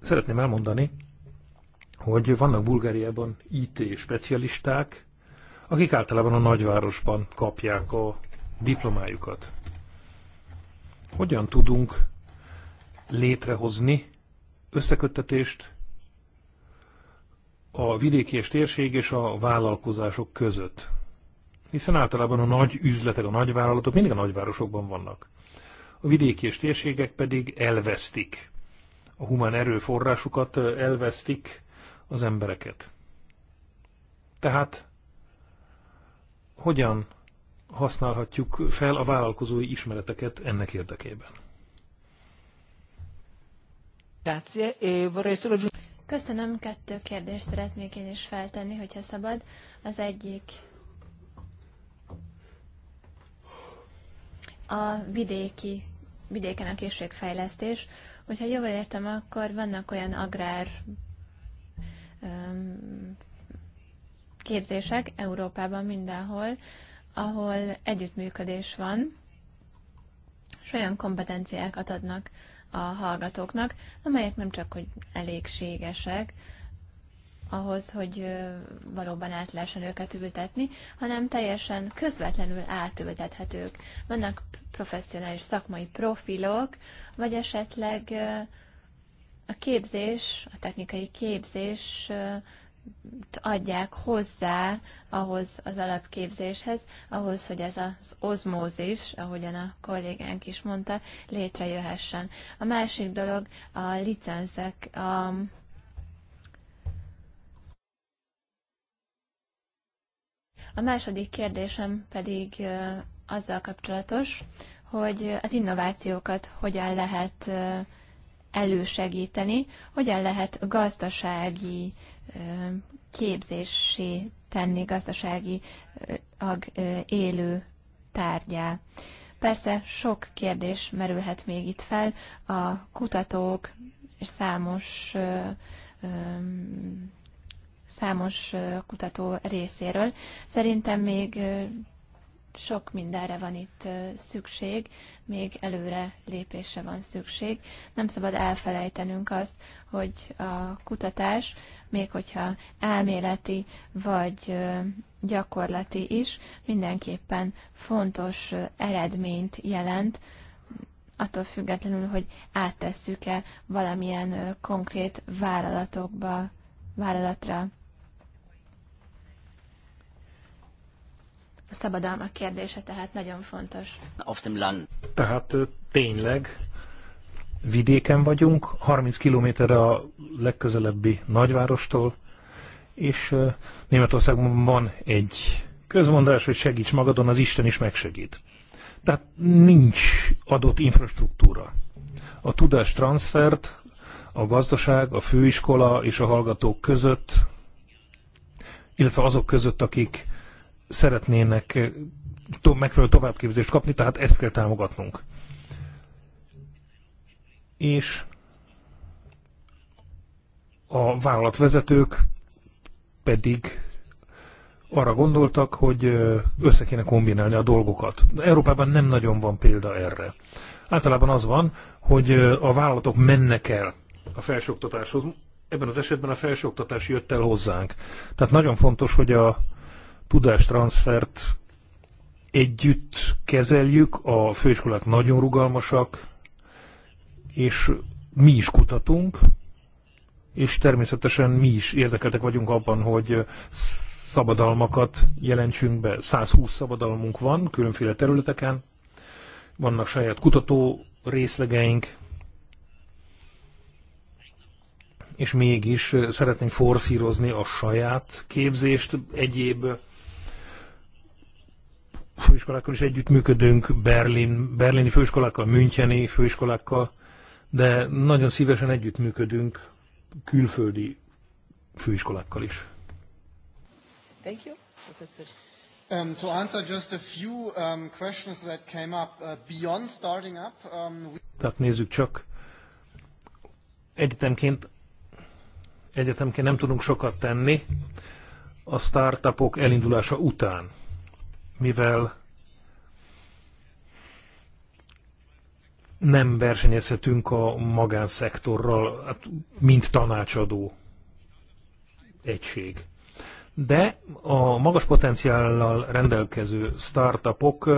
Szeretném elmondani, hogy vannak Bulgáriában IT specialisták, akik általában a nagyvárosban kapják a diplomájukat. Hogyan tudunk létrehozni összeköttetést a vidéki és térség és a vállalkozások között. Hiszen általában a nagy üzletek, a nagy vállalatok mindig a nagyvárosokban vannak. A vidéki és térségek pedig elvesztik a humán erőforrásukat, elvesztik az embereket. Tehát hogyan használhatjuk fel a vállalkozói ismereteket ennek érdekében? Grazie, e vorrei solo Köszönöm, kettő kérdést szeretnék én is feltenni, hogyha szabad. Az egyik a vidéki, vidéken a készségfejlesztés. Hogyha jól értem, akkor vannak olyan agrár um, képzések Európában mindenhol, ahol együttműködés van, és olyan kompetenciákat adnak a hallgatóknak, amelyek nem csak hogy elégségesek ahhoz, hogy valóban át lehessen őket ültetni, hanem teljesen közvetlenül átültethetők. Vannak professzionális szakmai profilok, vagy esetleg a képzés, a technikai képzés adják hozzá ahhoz az alapképzéshez, ahhoz, hogy ez az ozmózis, ahogyan a kollégánk is mondta, létrejöhessen. A másik dolog a licenszek, a A második kérdésem pedig azzal kapcsolatos, hogy az innovációkat hogyan lehet elősegíteni, hogyan lehet gazdasági képzési tenni gazdasági ag élő tárgyá. Persze sok kérdés merülhet még itt fel, a kutatók és számos számos kutató részéről. Szerintem még sok mindenre van itt szükség, még előre lépésre van szükség. Nem szabad elfelejtenünk azt, hogy a kutatás, még hogyha elméleti vagy gyakorlati is, mindenképpen fontos eredményt jelent, attól függetlenül, hogy áttesszük-e valamilyen konkrét vállalatokba, vállalatra A szabadalmak kérdése tehát nagyon fontos. Tehát tényleg vidéken vagyunk, 30 kilométerre a legközelebbi nagyvárostól, és Németországban van egy közmondás, hogy segíts magadon, az Isten is megsegít. Tehát nincs adott infrastruktúra. A tudás transfert, a gazdaság, a főiskola és a hallgatók között, illetve azok között, akik szeretnének eh, megfelelő továbbképzést kapni, tehát ezt kell támogatnunk. És a vállalatvezetők pedig arra gondoltak, hogy eh, össze kéne kombinálni a dolgokat. Európában nem nagyon van példa erre. Általában az van, hogy eh, a vállalatok mennek el a felsőoktatáshoz. Ebben az esetben a felsőoktatás jött el hozzánk. Tehát nagyon fontos, hogy a tudástranszfert együtt kezeljük, a főiskolák nagyon rugalmasak, és mi is kutatunk, és természetesen mi is érdekeltek vagyunk abban, hogy szabadalmakat jelentsünk be. 120 szabadalmunk van különféle területeken, vannak saját kutató részlegeink, és mégis szeretnénk forszírozni a saját képzést, egyéb főiskolákkal is együttműködünk, Berlin, berlini főiskolákkal, müncheni főiskolákkal, de nagyon szívesen együttműködünk külföldi főiskolákkal is. Thank you, professor. Um, to answer just a few um, questions that came up uh, beyond starting up. Um, we... Tehát nézzük csak. Egyetemként, egyetemként nem tudunk sokat tenni a startupok elindulása után mivel nem versenyezhetünk a magánszektorral, hát mint tanácsadó egység. De a magas potenciállal rendelkező startupok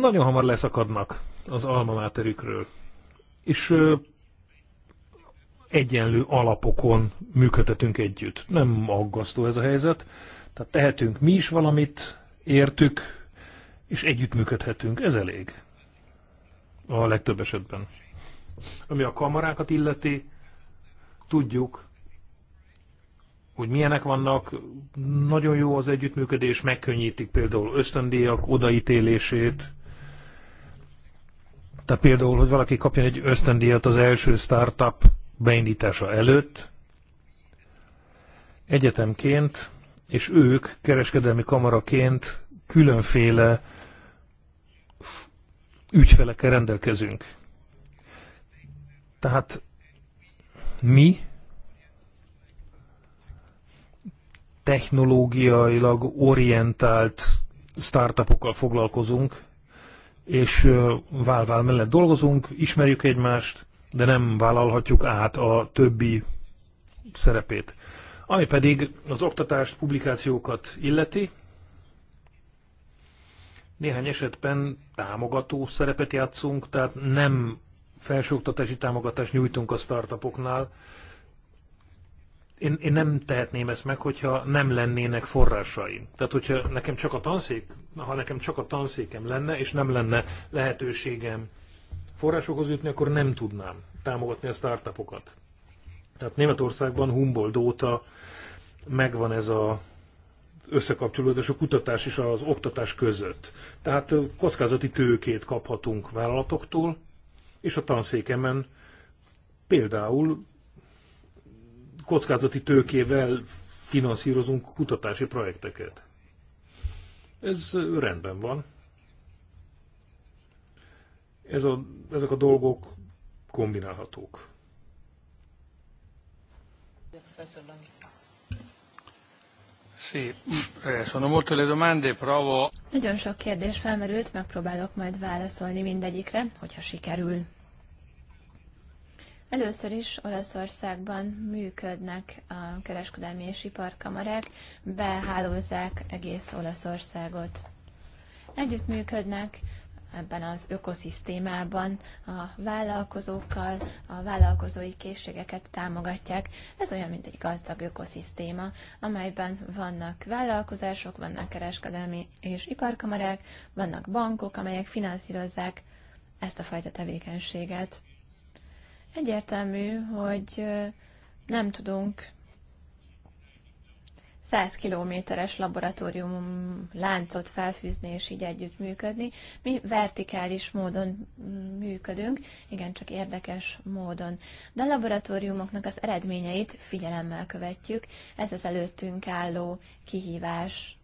nagyon hamar leszakadnak az alma máterükről, és egyenlő alapokon működtetünk együtt. Nem aggasztó ez a helyzet, tehát tehetünk mi is valamit, értük, és együttműködhetünk. Ez elég. A legtöbb esetben. Ami a kamarákat illeti, tudjuk, hogy milyenek vannak, nagyon jó az együttműködés, megkönnyítik például ösztöndíjak odaítélését, tehát például, hogy valaki kapjon egy ösztöndíjat az első startup beindítása előtt, egyetemként és ők kereskedelmi kamaraként különféle ügyfelekkel rendelkezünk. Tehát mi technológiailag orientált startupokkal foglalkozunk, és válvál mellett dolgozunk, ismerjük egymást, de nem vállalhatjuk át a többi szerepét. Ami pedig az oktatást, publikációkat illeti, néhány esetben támogató szerepet játszunk, tehát nem felsőoktatási támogatást nyújtunk a startupoknál. Én, én nem tehetném ezt meg, hogyha nem lennének forrásai. Tehát, hogyha nekem csak a tanszék, ha nekem csak a tanszékem lenne, és nem lenne lehetőségem forrásokhoz jutni, akkor nem tudnám támogatni a startupokat. Tehát Németországban Humboldt óta megvan ez a összekapcsolódás a kutatás és az oktatás között. Tehát kockázati tőkét kaphatunk vállalatoktól, és a tanszékemen például kockázati tőkével finanszírozunk kutatási projekteket. Ez rendben van. Ez a, ezek a dolgok kombinálhatók professor Longhi. Sì, eh, sono molte le domande, provo. Nagyon sok kérdés felmerült, megpróbálok majd válaszolni mindegyikre, hogyha sikerül. Először is Olaszországban működnek a kereskedelmi és iparkamarák, behálózzák egész Olaszországot. Együttműködnek ebben az ökoszisztémában a vállalkozókkal, a vállalkozói készségeket támogatják. Ez olyan, mint egy gazdag ökoszisztéma, amelyben vannak vállalkozások, vannak kereskedelmi és iparkamarák, vannak bankok, amelyek finanszírozzák ezt a fajta tevékenységet. Egyértelmű, hogy nem tudunk 100 kilométeres laboratórium láncot felfűzni és így együtt működni. Mi vertikális módon működünk, igen, csak érdekes módon. De a laboratóriumoknak az eredményeit figyelemmel követjük, ez az előttünk álló kihívás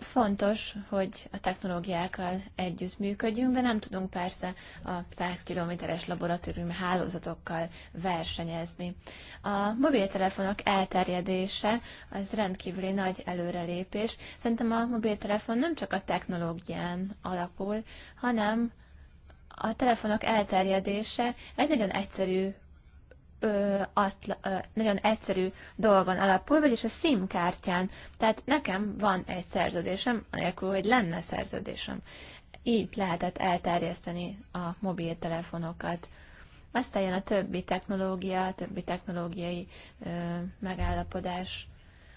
Fontos, hogy a technológiákkal együttműködjünk, de nem tudunk persze a 100 kilométeres laboratórium hálózatokkal versenyezni. A mobiltelefonok elterjedése az rendkívüli nagy előrelépés. Szerintem a mobiltelefon nem csak a technológián alapul, hanem a telefonok elterjedése egy nagyon egyszerű ö, atla, ö, nagyon egyszerű dolgon alapul, vagyis a SIM kártyán. Tehát nekem van egy szerződésem, anélkül, hogy lenne szerződésem. Így lehetett elterjeszteni a mobiltelefonokat. Aztán jön a többi technológia, a többi technológiai ö, megállapodás.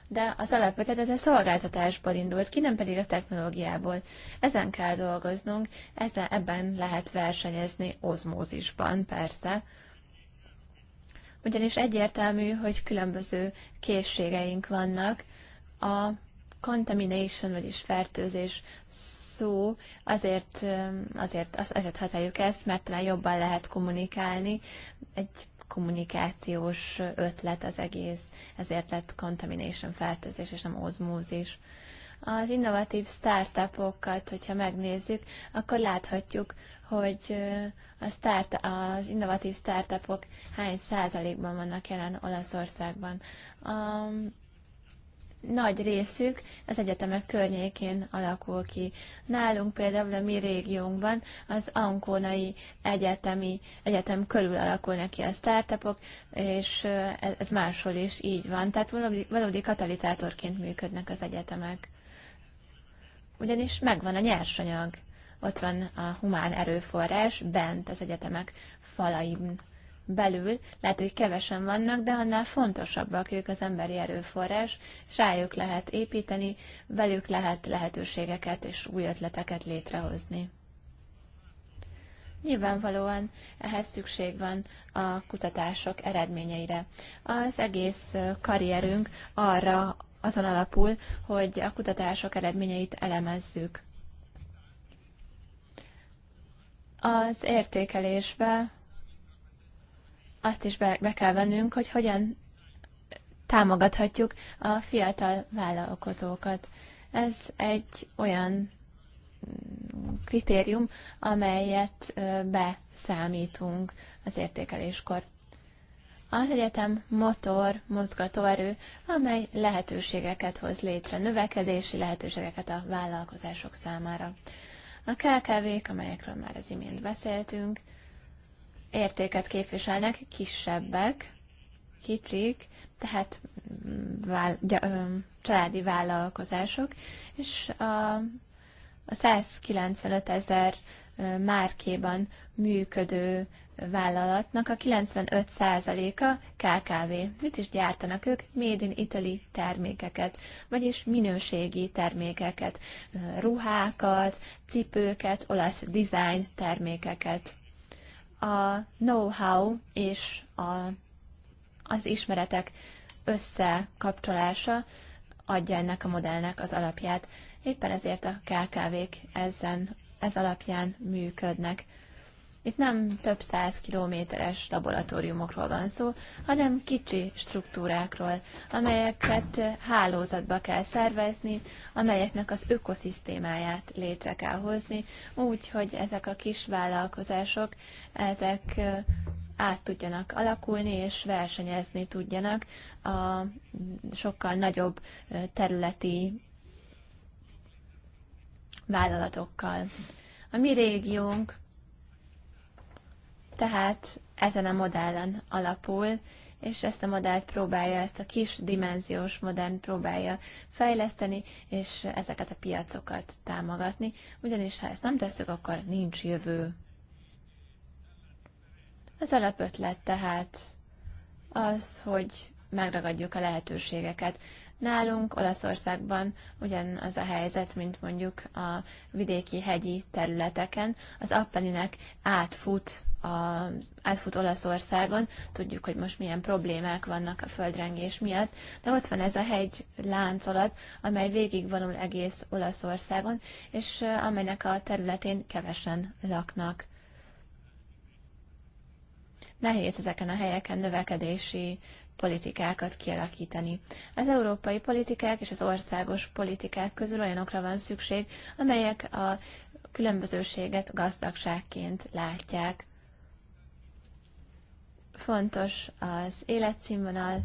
De az alapötlet ez a szolgáltatásból indult ki, nem pedig a technológiából. Ezen kell dolgoznunk, ezzel, ebben lehet versenyezni ozmózisban, persze ugyanis egyértelmű, hogy különböző készségeink vannak. A contamination, vagyis fertőzés szó, azért, azért, azért használjuk ezt, mert talán jobban lehet kommunikálni. Egy kommunikációs ötlet az egész, ezért lett contamination fertőzés, és nem ozmózis. Az innovatív startupokat, hogyha megnézzük, akkor láthatjuk, hogy a start, az innovatív startupok hány százalékban vannak jelen Olaszországban. A nagy részük az egyetemek környékén alakul ki. Nálunk például a mi régiónkban az Ankonai Egyetemi Egyetem körül alakulnak ki a startupok, és e-, ez máshol is így van. Tehát valódi, valódi katalizátorként működnek az egyetemek. Ugyanis megvan a nyersanyag ott van a humán erőforrás bent az egyetemek falain belül, lehet, hogy kevesen vannak, de annál fontosabbak ők az emberi erőforrás, és rájuk lehet építeni, velük lehet lehetőségeket és új ötleteket létrehozni. Nyilvánvalóan ehhez szükség van a kutatások eredményeire. Az egész karrierünk arra azon alapul, hogy a kutatások eredményeit elemezzük. Az értékelésbe azt is be, be kell vennünk, hogy hogyan támogathatjuk a fiatal vállalkozókat. Ez egy olyan kritérium, amelyet beszámítunk az értékeléskor. Az egyetem motor, mozgatóerő, amely lehetőségeket hoz létre, növekedési lehetőségeket a vállalkozások számára. A KKV-k, amelyekről már az imént beszéltünk, értéket képviselnek, kisebbek, kicsik, tehát mm, vál, gy- családi vállalkozások, és a, a 195 ezer márkéban működő vállalatnak a 95%-a KKV. Mit is gyártanak ők? Made in Italy termékeket, vagyis minőségi termékeket, ruhákat, cipőket, olasz design termékeket. A know-how és a, az ismeretek összekapcsolása adja ennek a modellnek az alapját. Éppen ezért a KKV-k ezen, ez alapján működnek itt nem több száz kilométeres laboratóriumokról van szó, hanem kicsi struktúrákról, amelyeket hálózatba kell szervezni, amelyeknek az ökoszisztémáját létre kell hozni, úgy, hogy ezek a kis vállalkozások, ezek át tudjanak alakulni, és versenyezni tudjanak a sokkal nagyobb területi vállalatokkal. A mi régiónk tehát ezen a modellen alapul, és ezt a modellt próbálja, ezt a kis dimenziós modern próbálja fejleszteni, és ezeket a piacokat támogatni, ugyanis ha ezt nem tesszük, akkor nincs jövő. Az alapötlet tehát az, hogy megragadjuk a lehetőségeket. Nálunk Olaszországban ugyanaz az a helyzet, mint mondjuk a vidéki hegyi területeken. Az Appeninek átfut a, átfut Olaszországon, tudjuk, hogy most milyen problémák vannak a földrengés miatt, de ott van ez a hegy láncolat, amely végigvonul egész Olaszországon, és amelynek a területén kevesen laknak. Nehéz ezeken a helyeken növekedési politikákat kialakítani. Az európai politikák és az országos politikák közül olyanokra van szükség, amelyek a különbözőséget gazdagságként látják. Fontos az életszínvonal,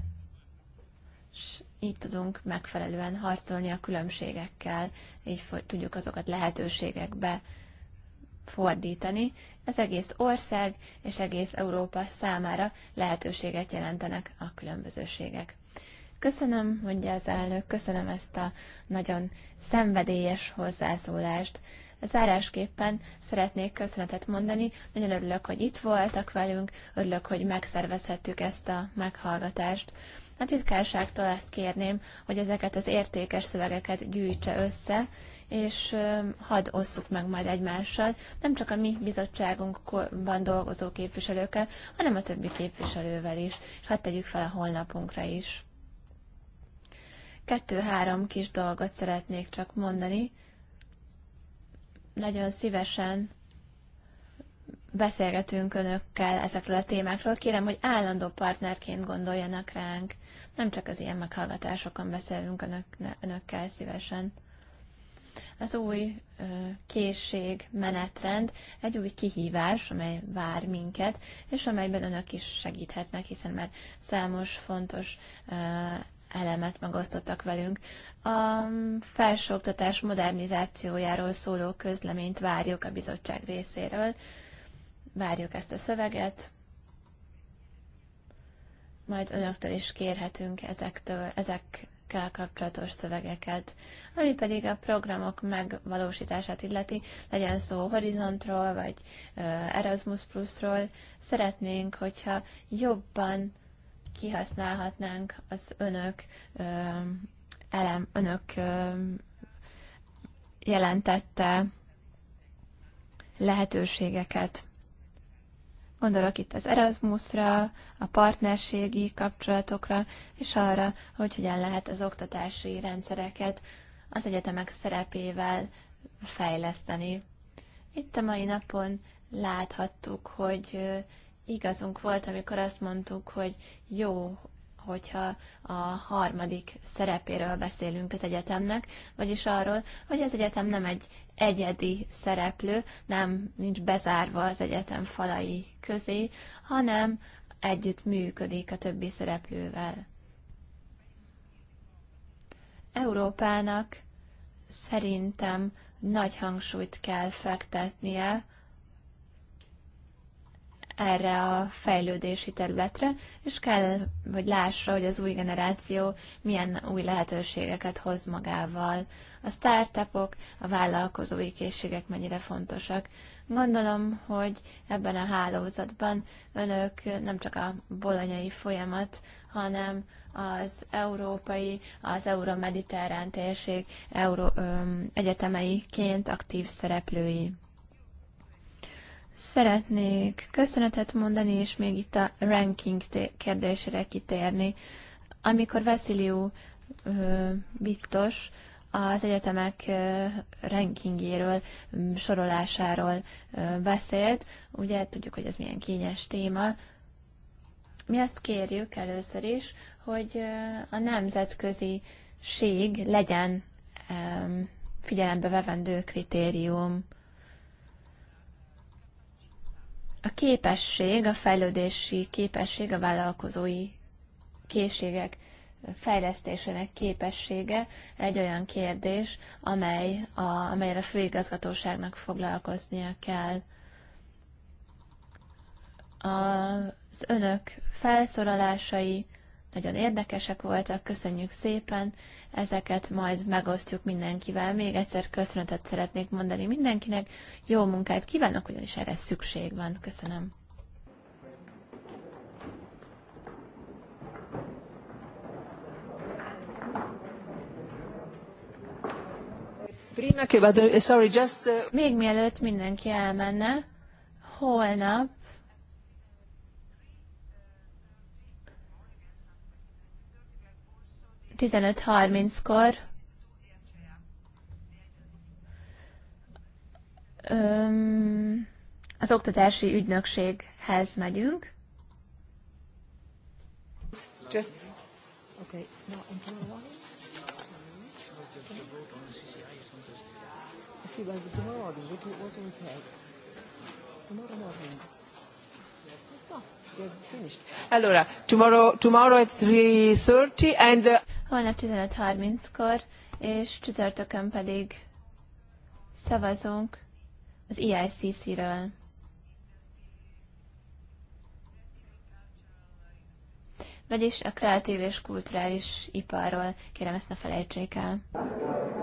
és így tudunk megfelelően harcolni a különbségekkel, így tudjuk azokat lehetőségekbe fordítani, ez egész ország és egész Európa számára lehetőséget jelentenek a különbözőségek. Köszönöm, mondja az elnök, köszönöm ezt a nagyon szenvedélyes hozzászólást. Zárásképpen szeretnék köszönetet mondani. Nagyon örülök, hogy itt voltak velünk, örülök, hogy megszervezhettük ezt a meghallgatást. A titkárságtól azt kérném, hogy ezeket az értékes szövegeket gyűjtse össze, és hadd osszuk meg majd egymással, nem csak a mi bizottságunkban dolgozó képviselőkkel, hanem a többi képviselővel is, és hadd tegyük fel a honlapunkra is. Kettő-három kis dolgot szeretnék csak mondani. Nagyon szívesen beszélgetünk önökkel ezekről a témákról. Kérem, hogy állandó partnerként gondoljanak ránk. Nem csak az ilyen meghallgatásokon beszélünk önök, önökkel szívesen. Az új készség, menetrend egy új kihívás, amely vár minket, és amelyben önök is segíthetnek, hiszen már számos fontos elemet megosztottak velünk. A felsőoktatás modernizációjáról szóló közleményt várjuk a bizottság részéről. Várjuk ezt a szöveget, majd önöktől is kérhetünk ezektől, ezek kell kapcsolatos szövegeket. Ami pedig a programok megvalósítását illeti, legyen szó Horizontról vagy Erasmus Plusról, szeretnénk, hogyha jobban kihasználhatnánk az önök elem, önök jelentette lehetőségeket. Gondolok itt az Erasmusra, a partnerségi kapcsolatokra, és arra, hogy hogyan lehet az oktatási rendszereket az egyetemek szerepével fejleszteni. Itt a mai napon láthattuk, hogy igazunk volt, amikor azt mondtuk, hogy jó hogyha a harmadik szerepéről beszélünk az egyetemnek, vagyis arról, hogy az egyetem nem egy egyedi szereplő, nem nincs bezárva az egyetem falai közé, hanem együtt működik a többi szereplővel. Európának szerintem nagy hangsúlyt kell fektetnie erre a fejlődési területre, és kell, hogy lássa, hogy az új generáció milyen új lehetőségeket hoz magával. A startupok, a vállalkozói készségek mennyire fontosak. Gondolom, hogy ebben a hálózatban önök nem csak a bolonyai folyamat, hanem az európai, az euromediterrán térség euró, öm, egyetemeiként aktív szereplői. Szeretnék köszönetet mondani, és még itt a ranking kérdésre kitérni. Amikor Vesziliu biztos az egyetemek rankingéről sorolásáról beszélt, ugye tudjuk, hogy ez milyen kényes téma, mi azt kérjük először is, hogy a nemzetközi ség legyen figyelembe vevendő kritérium. A képesség, a fejlődési képesség, a vállalkozói készségek fejlesztésének képessége egy olyan kérdés, amely a, amelyre a főigazgatóságnak foglalkoznia kell. Az önök felszólalásai, nagyon érdekesek voltak, köszönjük szépen, ezeket majd megosztjuk mindenkivel. Még egyszer köszönetet szeretnék mondani mindenkinek, jó munkát kívánok, ugyanis erre szükség van. Köszönöm. Eh, eh, Még mielőtt mindenki elmenne, holnap 15.30-kor az oktatási ügynökséghez megyünk. Just... Okay. No, tomorrow morning, Tomorrow morning. Oh, finished. Allora, tomorrow, tomorrow at 3.30 and... Uh holnap 15.30-kor, és csütörtökön pedig szavazunk az EICC-ről. Vagyis a kreatív és kulturális iparról. Kérem, ezt ne felejtsék el.